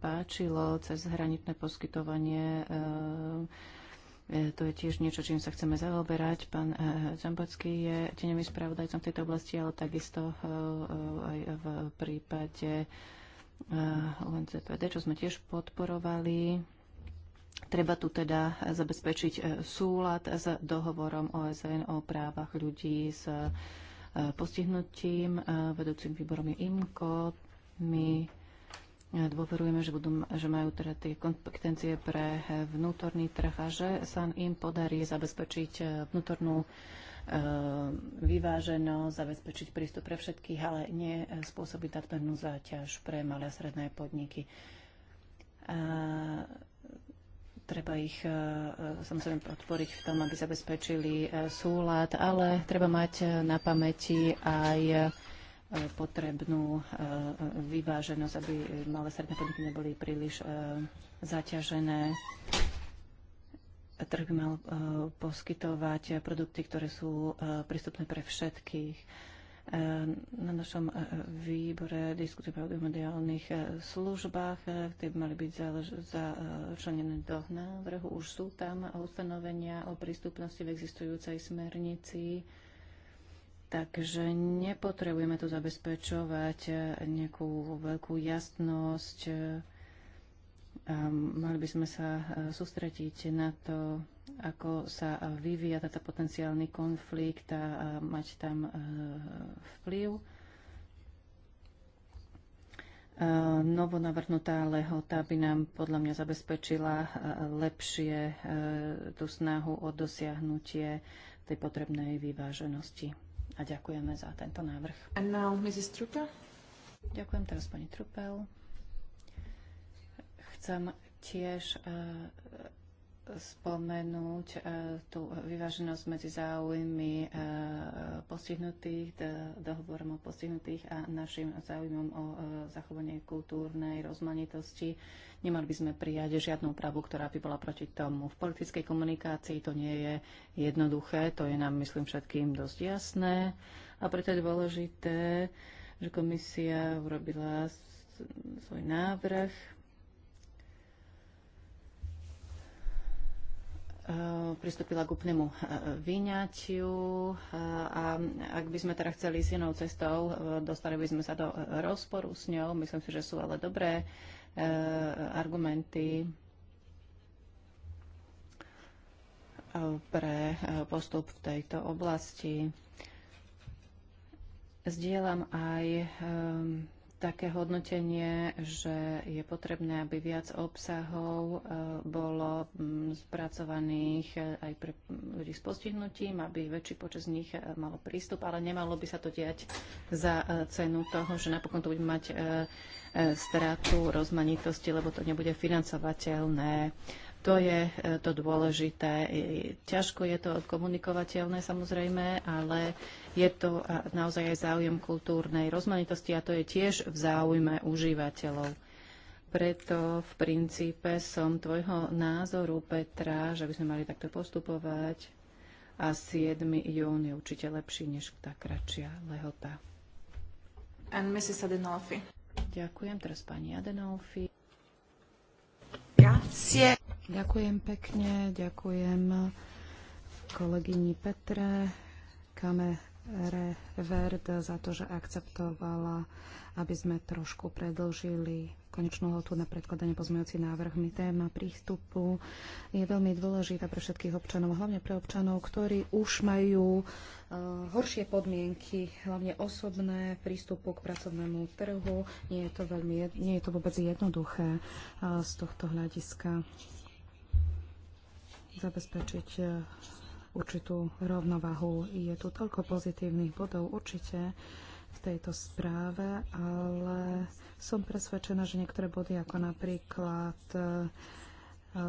páčilo, cez hranitné poskytovanie. To je tiež niečo, čím sa chceme zaoberať. Pán Zambocký je tenový spravodajcom v tejto oblasti, ale takisto aj v prípade UNCPD, čo sme tiež podporovali Treba tu teda zabezpečiť e, súlad s dohovorom OSN o právach ľudí s e, postihnutím. E, vedúcim výborom je IMCO. My dôverujeme, že, budú, že majú teda tie kompetencie pre vnútorný trh a že sa im podarí zabezpečiť vnútornú vyváženo, zabezpečiť prístup pre všetkých, ale nie spôsobiť nadmernú záťaž pre malé a stredné podniky. Treba ich e, e, samozrejme podporiť v tom, aby zabezpečili e, súlad, ale treba mať na pamäti aj potrebnú vyváženosť, aby malé stredné podniky neboli príliš zaťažené. Trh by mal poskytovať produkty, ktoré sú prístupné pre všetkých Eh, na našom eh, výbore diskutujeme o mediálnych eh, službách, ktoré by mali byť začlenené do návrhu. Už sú tam ustanovenia o prístupnosti v existujúcej smernici, takže nepotrebujeme tu zabezpečovať nejakú veľkú jasnosť mali by sme sa e, sústrediť na to, ako sa vyvíja tento potenciálny konflikt a mať tam e, vplyv. E, novonavrhnutá lehota by nám podľa mňa zabezpečila lepšie tú snahu o dosiahnutie tej potrebnej vyváženosti. A ďakujeme za tento návrh. And now, Mrs. Ďakujem teraz pani Trupel. Chcem tiež e, spomenúť e, tú vyváženosť medzi záujmy e, postihnutých, dohovorom o postihnutých a našim záujmom o zachovanie kultúrnej rozmanitosti. Nemali by sme prijať žiadnu úpravu, ktorá by bola proti tomu. V politickej komunikácii to nie je jednoduché, to je nám, myslím, všetkým dosť jasné a preto je dôležité, že komisia urobila svoj návrh E, pristúpila k úplnému e, vyňatiu e, a ak by sme teda chceli ísť inou cestou, dostali by sme sa do rozporu s ňou. Myslím si, že sú ale dobré argumenty pre postup v tejto oblasti. Zdieľam aj také hodnotenie, že je potrebné, aby viac obsahov e, bolo mm, spracovaných e, aj pre ľudí s postihnutím, aby väčší počet z nich e, malo prístup, ale nemalo by sa to diať za cenu toho, že napokon to bude mať stratu rozmanitosti, lebo to nebude financovateľné. To je to dôležité. Ťažko je to komunikovateľné, samozrejme, ale je to naozaj aj záujem kultúrnej rozmanitosti a to je tiež v záujme užívateľov. Preto v princípe som tvojho názoru, Petra, že by sme mali takto postupovať a 7. jún je určite lepší než tá kratšia lehota. And Mrs. Adenolfi. Ďakujem teraz pani Adenolfi. Grazie. Ďakujem pekne, ďakujem kolegyni Petre, Kame Revert za to, že akceptovala, aby sme trošku predlžili konečnú hotu na predkladanie pozmejúcich návrhmi. Téma prístupu je veľmi dôležitá pre všetkých občanov, hlavne pre občanov, ktorí už majú uh, horšie podmienky, hlavne osobné prístupu k pracovnému trhu. Nie je to, veľmi, nie je to vôbec jednoduché uh, z tohto hľadiska zabezpečiť uh, určitú rovnovahu. Je tu toľko pozitívnych bodov určite v tejto správe, ale som presvedčená, že niektoré body, ako napríklad e, e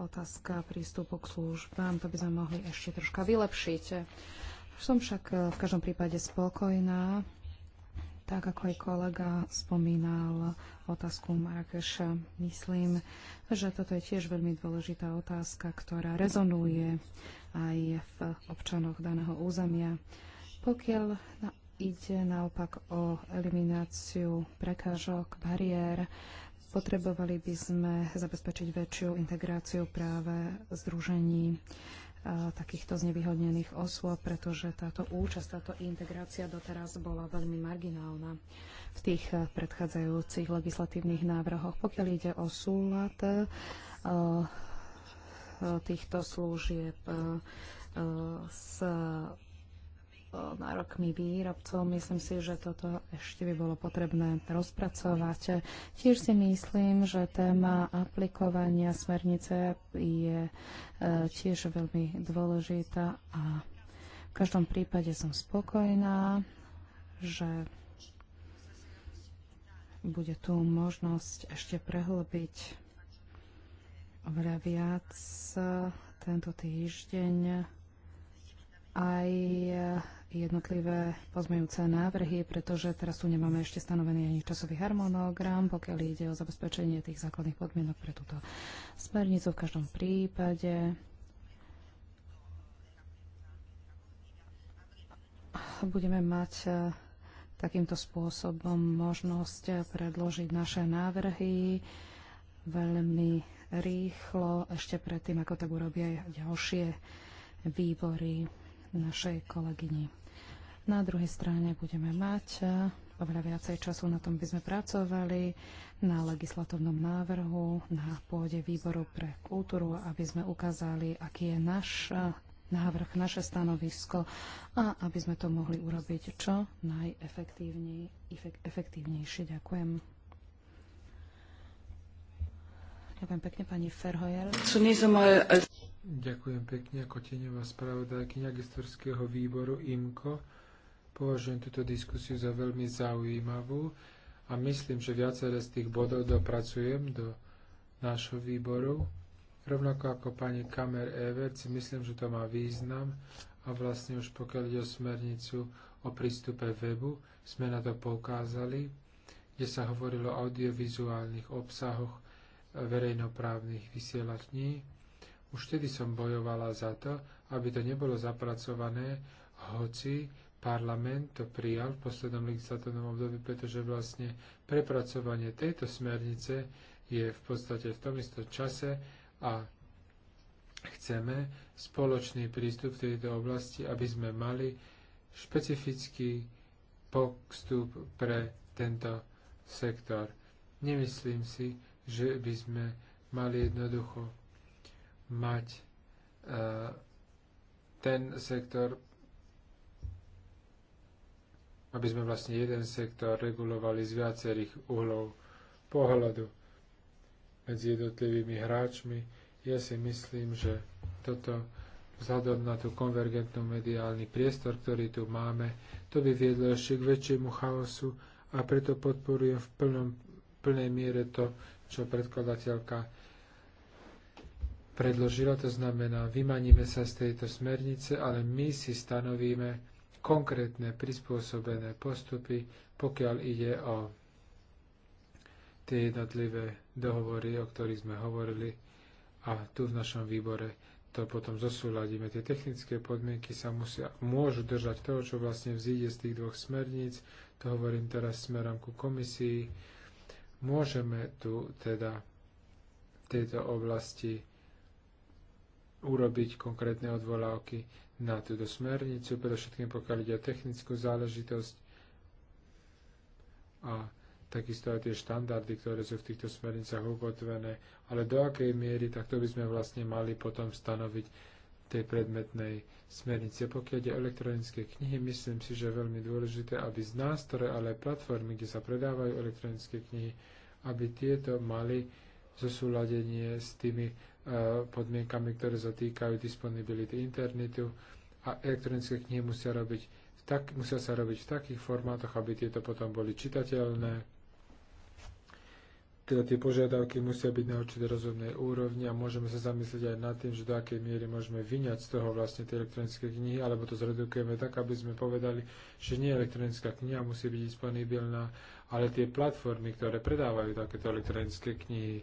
otázka prístupu k službám, to by sme mohli ešte troška vylepšiť. Som však v každom prípade spokojná tak ako aj kolega spomínal otázku Marrakeša. Myslím, že toto je tiež veľmi dôležitá otázka, ktorá rezonuje aj v občanoch daného územia. Pokiaľ ide naopak o elimináciu prekážok, bariér, potrebovali by sme zabezpečiť väčšiu integráciu práve združení takýchto znevýhodnených osôb, pretože táto účasť, táto integrácia doteraz bola veľmi marginálna v tých e, predchádzajúcich legislatívnych návrhoch. Pokiaľ ide o súlad e, e, týchto služieb s nárokmi výrobcov. Myslím si, že toto ešte by bolo potrebné rozpracovať. Tiež si myslím, že téma aplikovania smernice je e, tiež veľmi dôležitá a v každom prípade som spokojná, že bude tu možnosť ešte prehlbiť oveľa viac tento týždeň aj jednotlivé pozmejúce návrhy, pretože teraz tu nemáme ešte stanovený ani časový harmonogram, pokiaľ ide o zabezpečenie tých základných podmienok pre túto smernicu. V každom prípade budeme mať e, takýmto spôsobom možnosť predložiť naše návrhy veľmi rýchlo, ešte predtým, ako tak urobia ďalšie výbory našej kolegyni. Na druhej strane budeme mať e, oveľa viacej času, na tom by sme pracovali, na legislatívnom návrhu, na pôde výboru pre kultúru, aby sme ukázali, aký je náš e, návrh, naše stanovisko a aby sme to mohli urobiť čo najefektívnejšie. Ďakujem. Ďakujem pekne, pani Ferhojer. Ďakujem pekne ako teňová spravodajkyňa gestorského výboru IMKO Považujem túto diskusiu za veľmi zaujímavú a myslím, že viaceré z tých bodov dopracujem do nášho výboru. Rovnako ako pani Kamer Evert myslím, že to má význam a vlastne už pokiaľ ide o smernicu o prístupe webu, sme na to poukázali, kde sa hovorilo o audiovizuálnych obsahoch verejnoprávnych vysielatní, Už vtedy som bojovala za to, aby to nebolo zapracované, hoci parlament to prijal v poslednom legislatívnom období, pretože vlastne prepracovanie tejto smernice je v podstate v tom istom čase a chceme spoločný prístup v tejto oblasti, aby sme mali špecifický postup pre tento sektor. Nemyslím si, že by sme mali jednoducho mať uh, ten sektor aby sme vlastne jeden sektor regulovali z viacerých uhlov pohľadu medzi jednotlivými hráčmi. Ja si myslím, že toto vzhľadom na tú konvergentnú mediálny priestor, ktorý tu máme, to by viedlo ešte k väčšiemu chaosu a preto podporujem v plnom, plnej miere to, čo predkladateľka predložila. To znamená, vymaníme sa z tejto smernice, ale my si stanovíme konkrétne prispôsobené postupy, pokiaľ ide o tie jednotlivé dohovory, o ktorých sme hovorili a tu v našom výbore to potom zosúladíme. Tie technické podmienky sa musia, môžu držať toho, čo vlastne vzíde z tých dvoch smerníc. To hovorím teraz smerom ku komisii. Môžeme tu teda v tejto oblasti urobiť konkrétne odvolávky na túto smernicu, predovšetkým pokiaľ ide o technickú záležitosť a takisto aj tie štandardy, ktoré sú v týchto smernicách ukotvené, ale do akej miery, tak to by sme vlastne mali potom stanoviť tej predmetnej smernice. Pokiaľ ide elektronické knihy, myslím si, že je veľmi dôležité, aby z nástroje, ale aj platformy, kde sa predávajú elektronické knihy, aby tieto mali zosúladenie s tými podmienkami, ktoré sa týkajú disponibility internetu a elektronické knihy musia, robiť v tak, musia sa robiť v takých formátoch, aby tieto potom boli čitateľné. Teda tie požiadavky musia byť na určite rozumnej úrovni a môžeme sa zamyslieť aj nad tým, že do akej miery môžeme vyňať z toho vlastne tie elektronické knihy, alebo to zredukujeme tak, aby sme povedali, že nie elektronická kniha musí byť disponibilná, ale tie platformy, ktoré predávajú takéto elektronické knihy,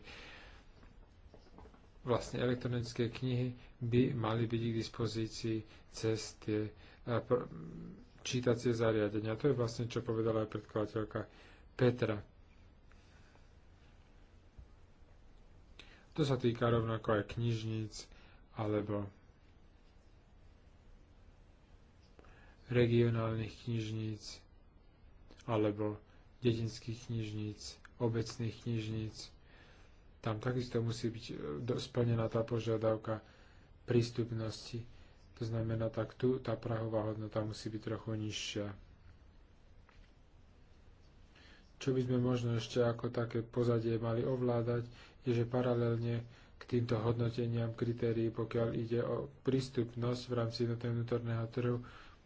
vlastne elektronické knihy by mali byť k dispozícii cez tie čítacie zariadenia. To je vlastne, čo povedala aj predkladateľka Petra. To sa týka rovnako aj knižníc alebo regionálnych knižníc alebo dedinských knižníc, obecných knižníc tam takisto musí byť e, splnená tá požiadavka prístupnosti. To znamená, tak tu tá prahová hodnota musí byť trochu nižšia. Čo by sme možno ešte ako také pozadie mali ovládať, je, že paralelne k týmto hodnoteniam kritérií, pokiaľ ide o prístupnosť v rámci jednotného vnútorného trhu,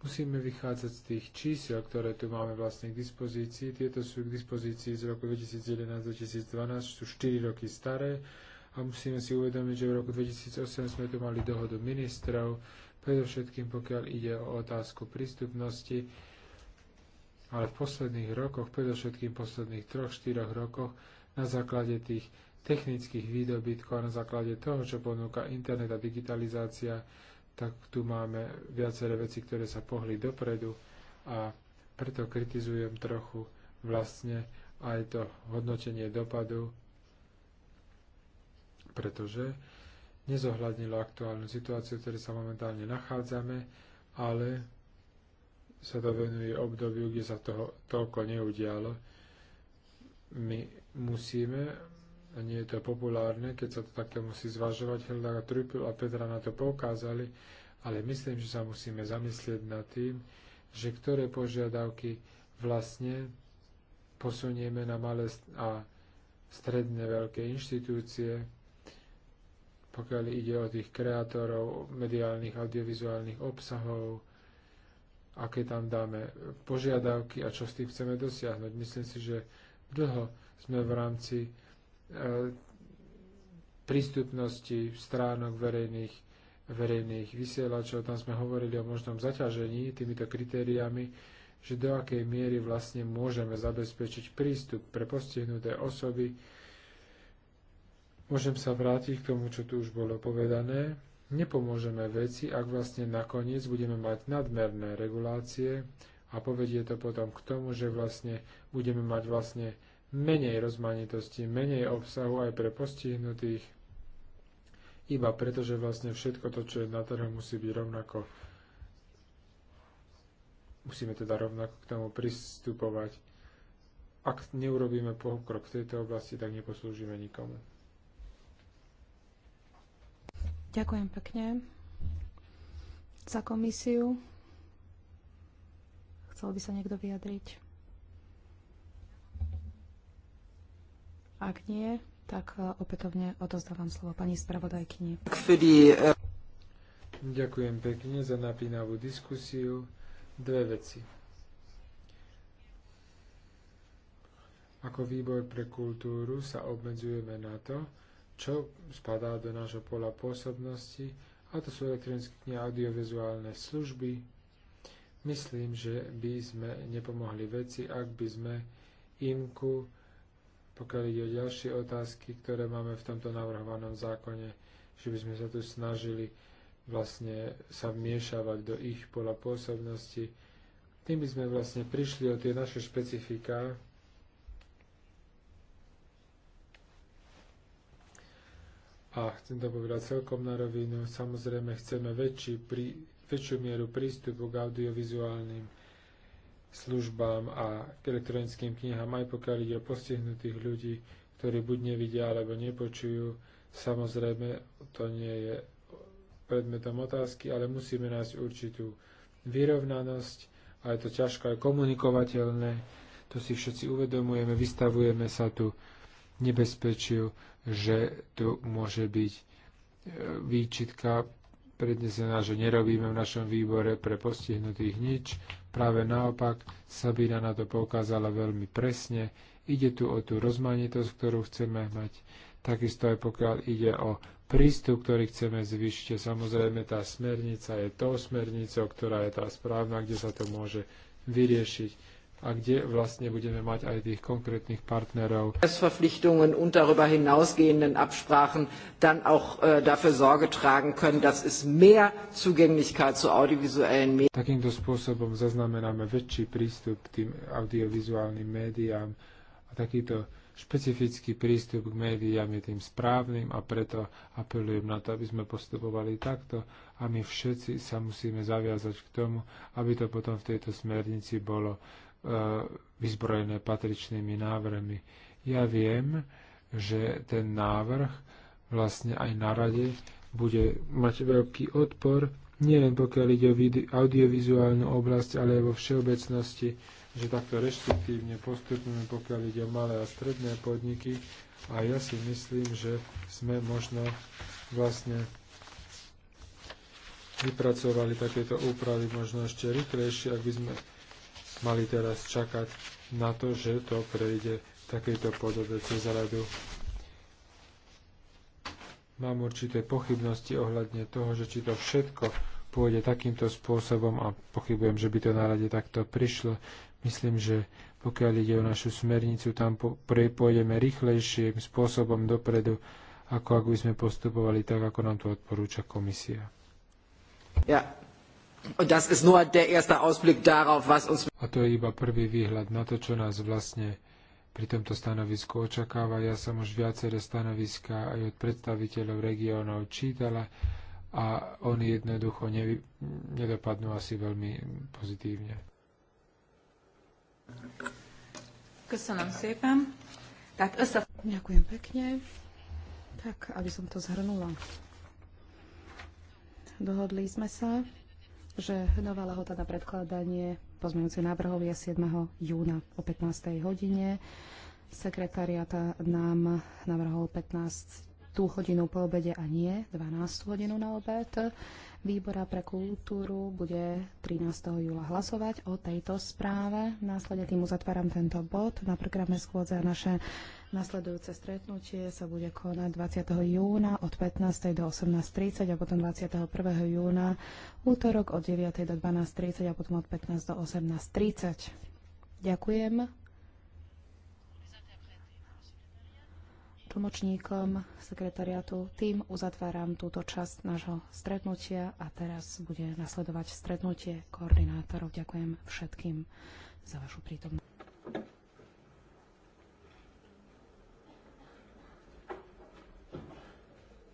Musíme vychádzať z tých čísel, ktoré tu máme vlastne k dispozícii. Tieto sú k dispozícii z roku 2011-2012, sú 4 roky staré a musíme si uvedomiť, že v roku 2008 sme tu mali dohodu ministrov, predovšetkým pokiaľ ide o otázku prístupnosti, ale v posledných rokoch, predovšetkým v posledných 3-4 rokoch, na základe tých technických výdobytkov a na základe toho, čo ponúka internet a digitalizácia, tak tu máme viaceré veci, ktoré sa pohli dopredu a preto kritizujem trochu vlastne aj to hodnotenie dopadu, pretože nezohľadnilo aktuálnu situáciu, v ktorej sa momentálne nachádzame, ale sa to venuje obdobiu, kde sa toho toľko neudialo. My musíme a nie je to populárne, keď sa to takto musí zvažovať. a Trupil a Petra na to poukázali, ale myslím, že sa musíme zamyslieť nad tým, že ktoré požiadavky vlastne posunieme na malé a stredne veľké inštitúcie, pokiaľ ide o tých kreatorov mediálnych, audiovizuálnych obsahov, aké tam dáme požiadavky a čo s tým chceme dosiahnuť. Myslím si, že dlho sme v rámci E, prístupnosti stránok verejných, verejných vysielačov. Tam sme hovorili o možnom zaťažení týmito kritériami, že do akej miery vlastne môžeme zabezpečiť prístup pre postihnuté osoby. Môžem sa vrátiť k tomu, čo tu už bolo povedané. Nepomôžeme veci, ak vlastne nakoniec budeme mať nadmerné regulácie a povedie to potom k tomu, že vlastne budeme mať vlastne menej rozmanitosti, menej obsahu aj pre postihnutých, iba preto, že vlastne všetko to, čo je na trhu, musí byť rovnako musíme teda rovnako k tomu pristupovať. Ak neurobíme pokrok v tejto oblasti, tak neposlúžime nikomu. Ďakujem pekne za komisiu. Chcel by sa niekto vyjadriť? Ak nie, tak e, opätovne odozdávam slovo pani spravodajkyni. Ďakujem pekne za napínavú diskusiu. Dve veci. Ako výbor pre kultúru sa obmedzujeme na to, čo spadá do nášho pola pôsobnosti, a to sú elektronické knihy audiovizuálne služby. Myslím, že by sme nepomohli veci, ak by sme imku pokiaľ ide o ďalšie otázky, ktoré máme v tomto navrhovanom zákone, že by sme sa tu snažili vlastne sa vmiešavať do ich pola pôsobnosti. Tým by sme vlastne prišli o tie naše špecifiká, A chcem to povedať celkom na rovinu, samozrejme chceme väčší, pri, väčšiu mieru prístupu k audiovizuálnym službám a k elektronickým knihám, aj pokiaľ ide o postihnutých ľudí, ktorí buď nevidia alebo nepočujú. Samozrejme, to nie je predmetom otázky, ale musíme nájsť určitú vyrovnanosť a je to ťažko aj komunikovateľné. To si všetci uvedomujeme, vystavujeme sa tu nebezpečiu, že tu môže byť e, výčitka prednesená, že nerobíme v našom výbore pre postihnutých nič. Práve naopak, Sabina na to poukázala veľmi presne. Ide tu o tú rozmanitosť, ktorú chceme mať. Takisto aj pokiaľ ide o prístup, ktorý chceme zvyšiť. Samozrejme, tá smernica je tou smernicou, ktorá je tá správna, kde sa to môže vyriešiť a kde vlastne budeme mať aj tých konkrétnych partnerov. Verpflichtungen und darüber hinausgehenden Absprachen dann auch äh, dafür Sorge tragen können, dass es mehr Zugänglichkeit zu audiovisuellen Medien. Takýmto spôsobom zaznamenáme väčší prístup k tým audiovizuálnym médiám a takýto špecifický prístup k médiám je tým správnym a preto apelujem na to, aby sme postupovali takto a my všetci sa musíme zaviazať k tomu, aby to potom v tejto smernici bolo E, vyzbrojené patričnými návrhmi. Ja viem, že ten návrh vlastne aj na rade bude mať veľký odpor, nielen pokiaľ ide o audiovizuálnu oblasť, ale aj vo všeobecnosti, že takto reštriktívne postupujeme, pokiaľ ide o malé a stredné podniky. A ja si myslím, že sme možno vlastne vypracovali takéto úpravy možno ešte rýchlejšie, ak by sme mali teraz čakať na to, že to prejde v takejto podobe cez radu. Mám určité pochybnosti ohľadne toho, že či to všetko pôjde takýmto spôsobom a pochybujem, že by to na rade takto prišlo. Myslím, že pokiaľ ide o našu smernicu, tam pôjdeme rýchlejším spôsobom dopredu, ako ak by sme postupovali tak, ako nám to odporúča komisia. Ja, a to je iba prvý výhľad na to, čo nás vlastne pri tomto stanovisku očakáva. Ja som už viaceré stanoviska aj od predstaviteľov regiónov čítala a oni jednoducho nevy, nedopadnú asi veľmi pozitívne. Ďakujem pekne. Tak, aby som to zhrnula. Dohodli sme sa, že nová lehota na predkladanie pozmeňujúce návrhov je 7. júna o 15. hodine. Sekretariata nám navrhol 15 tú hodinu po obede a nie 12 hodinu na obed. Výbora pre kultúru bude 13. júla hlasovať o tejto správe. Následne tým uzatváram tento bod. Na programe schôdze naše Nasledujúce stretnutie sa bude konať 20. júna od 15. do 18.30 a potom 21. júna útorok od 9. do 12.30 a potom od 15. do 18.30. Ďakujem. tlmočníkom sekretariatu. Tým uzatváram túto časť nášho stretnutia a teraz bude nasledovať stretnutie koordinátorov. Ďakujem všetkým za vašu prítomnosť.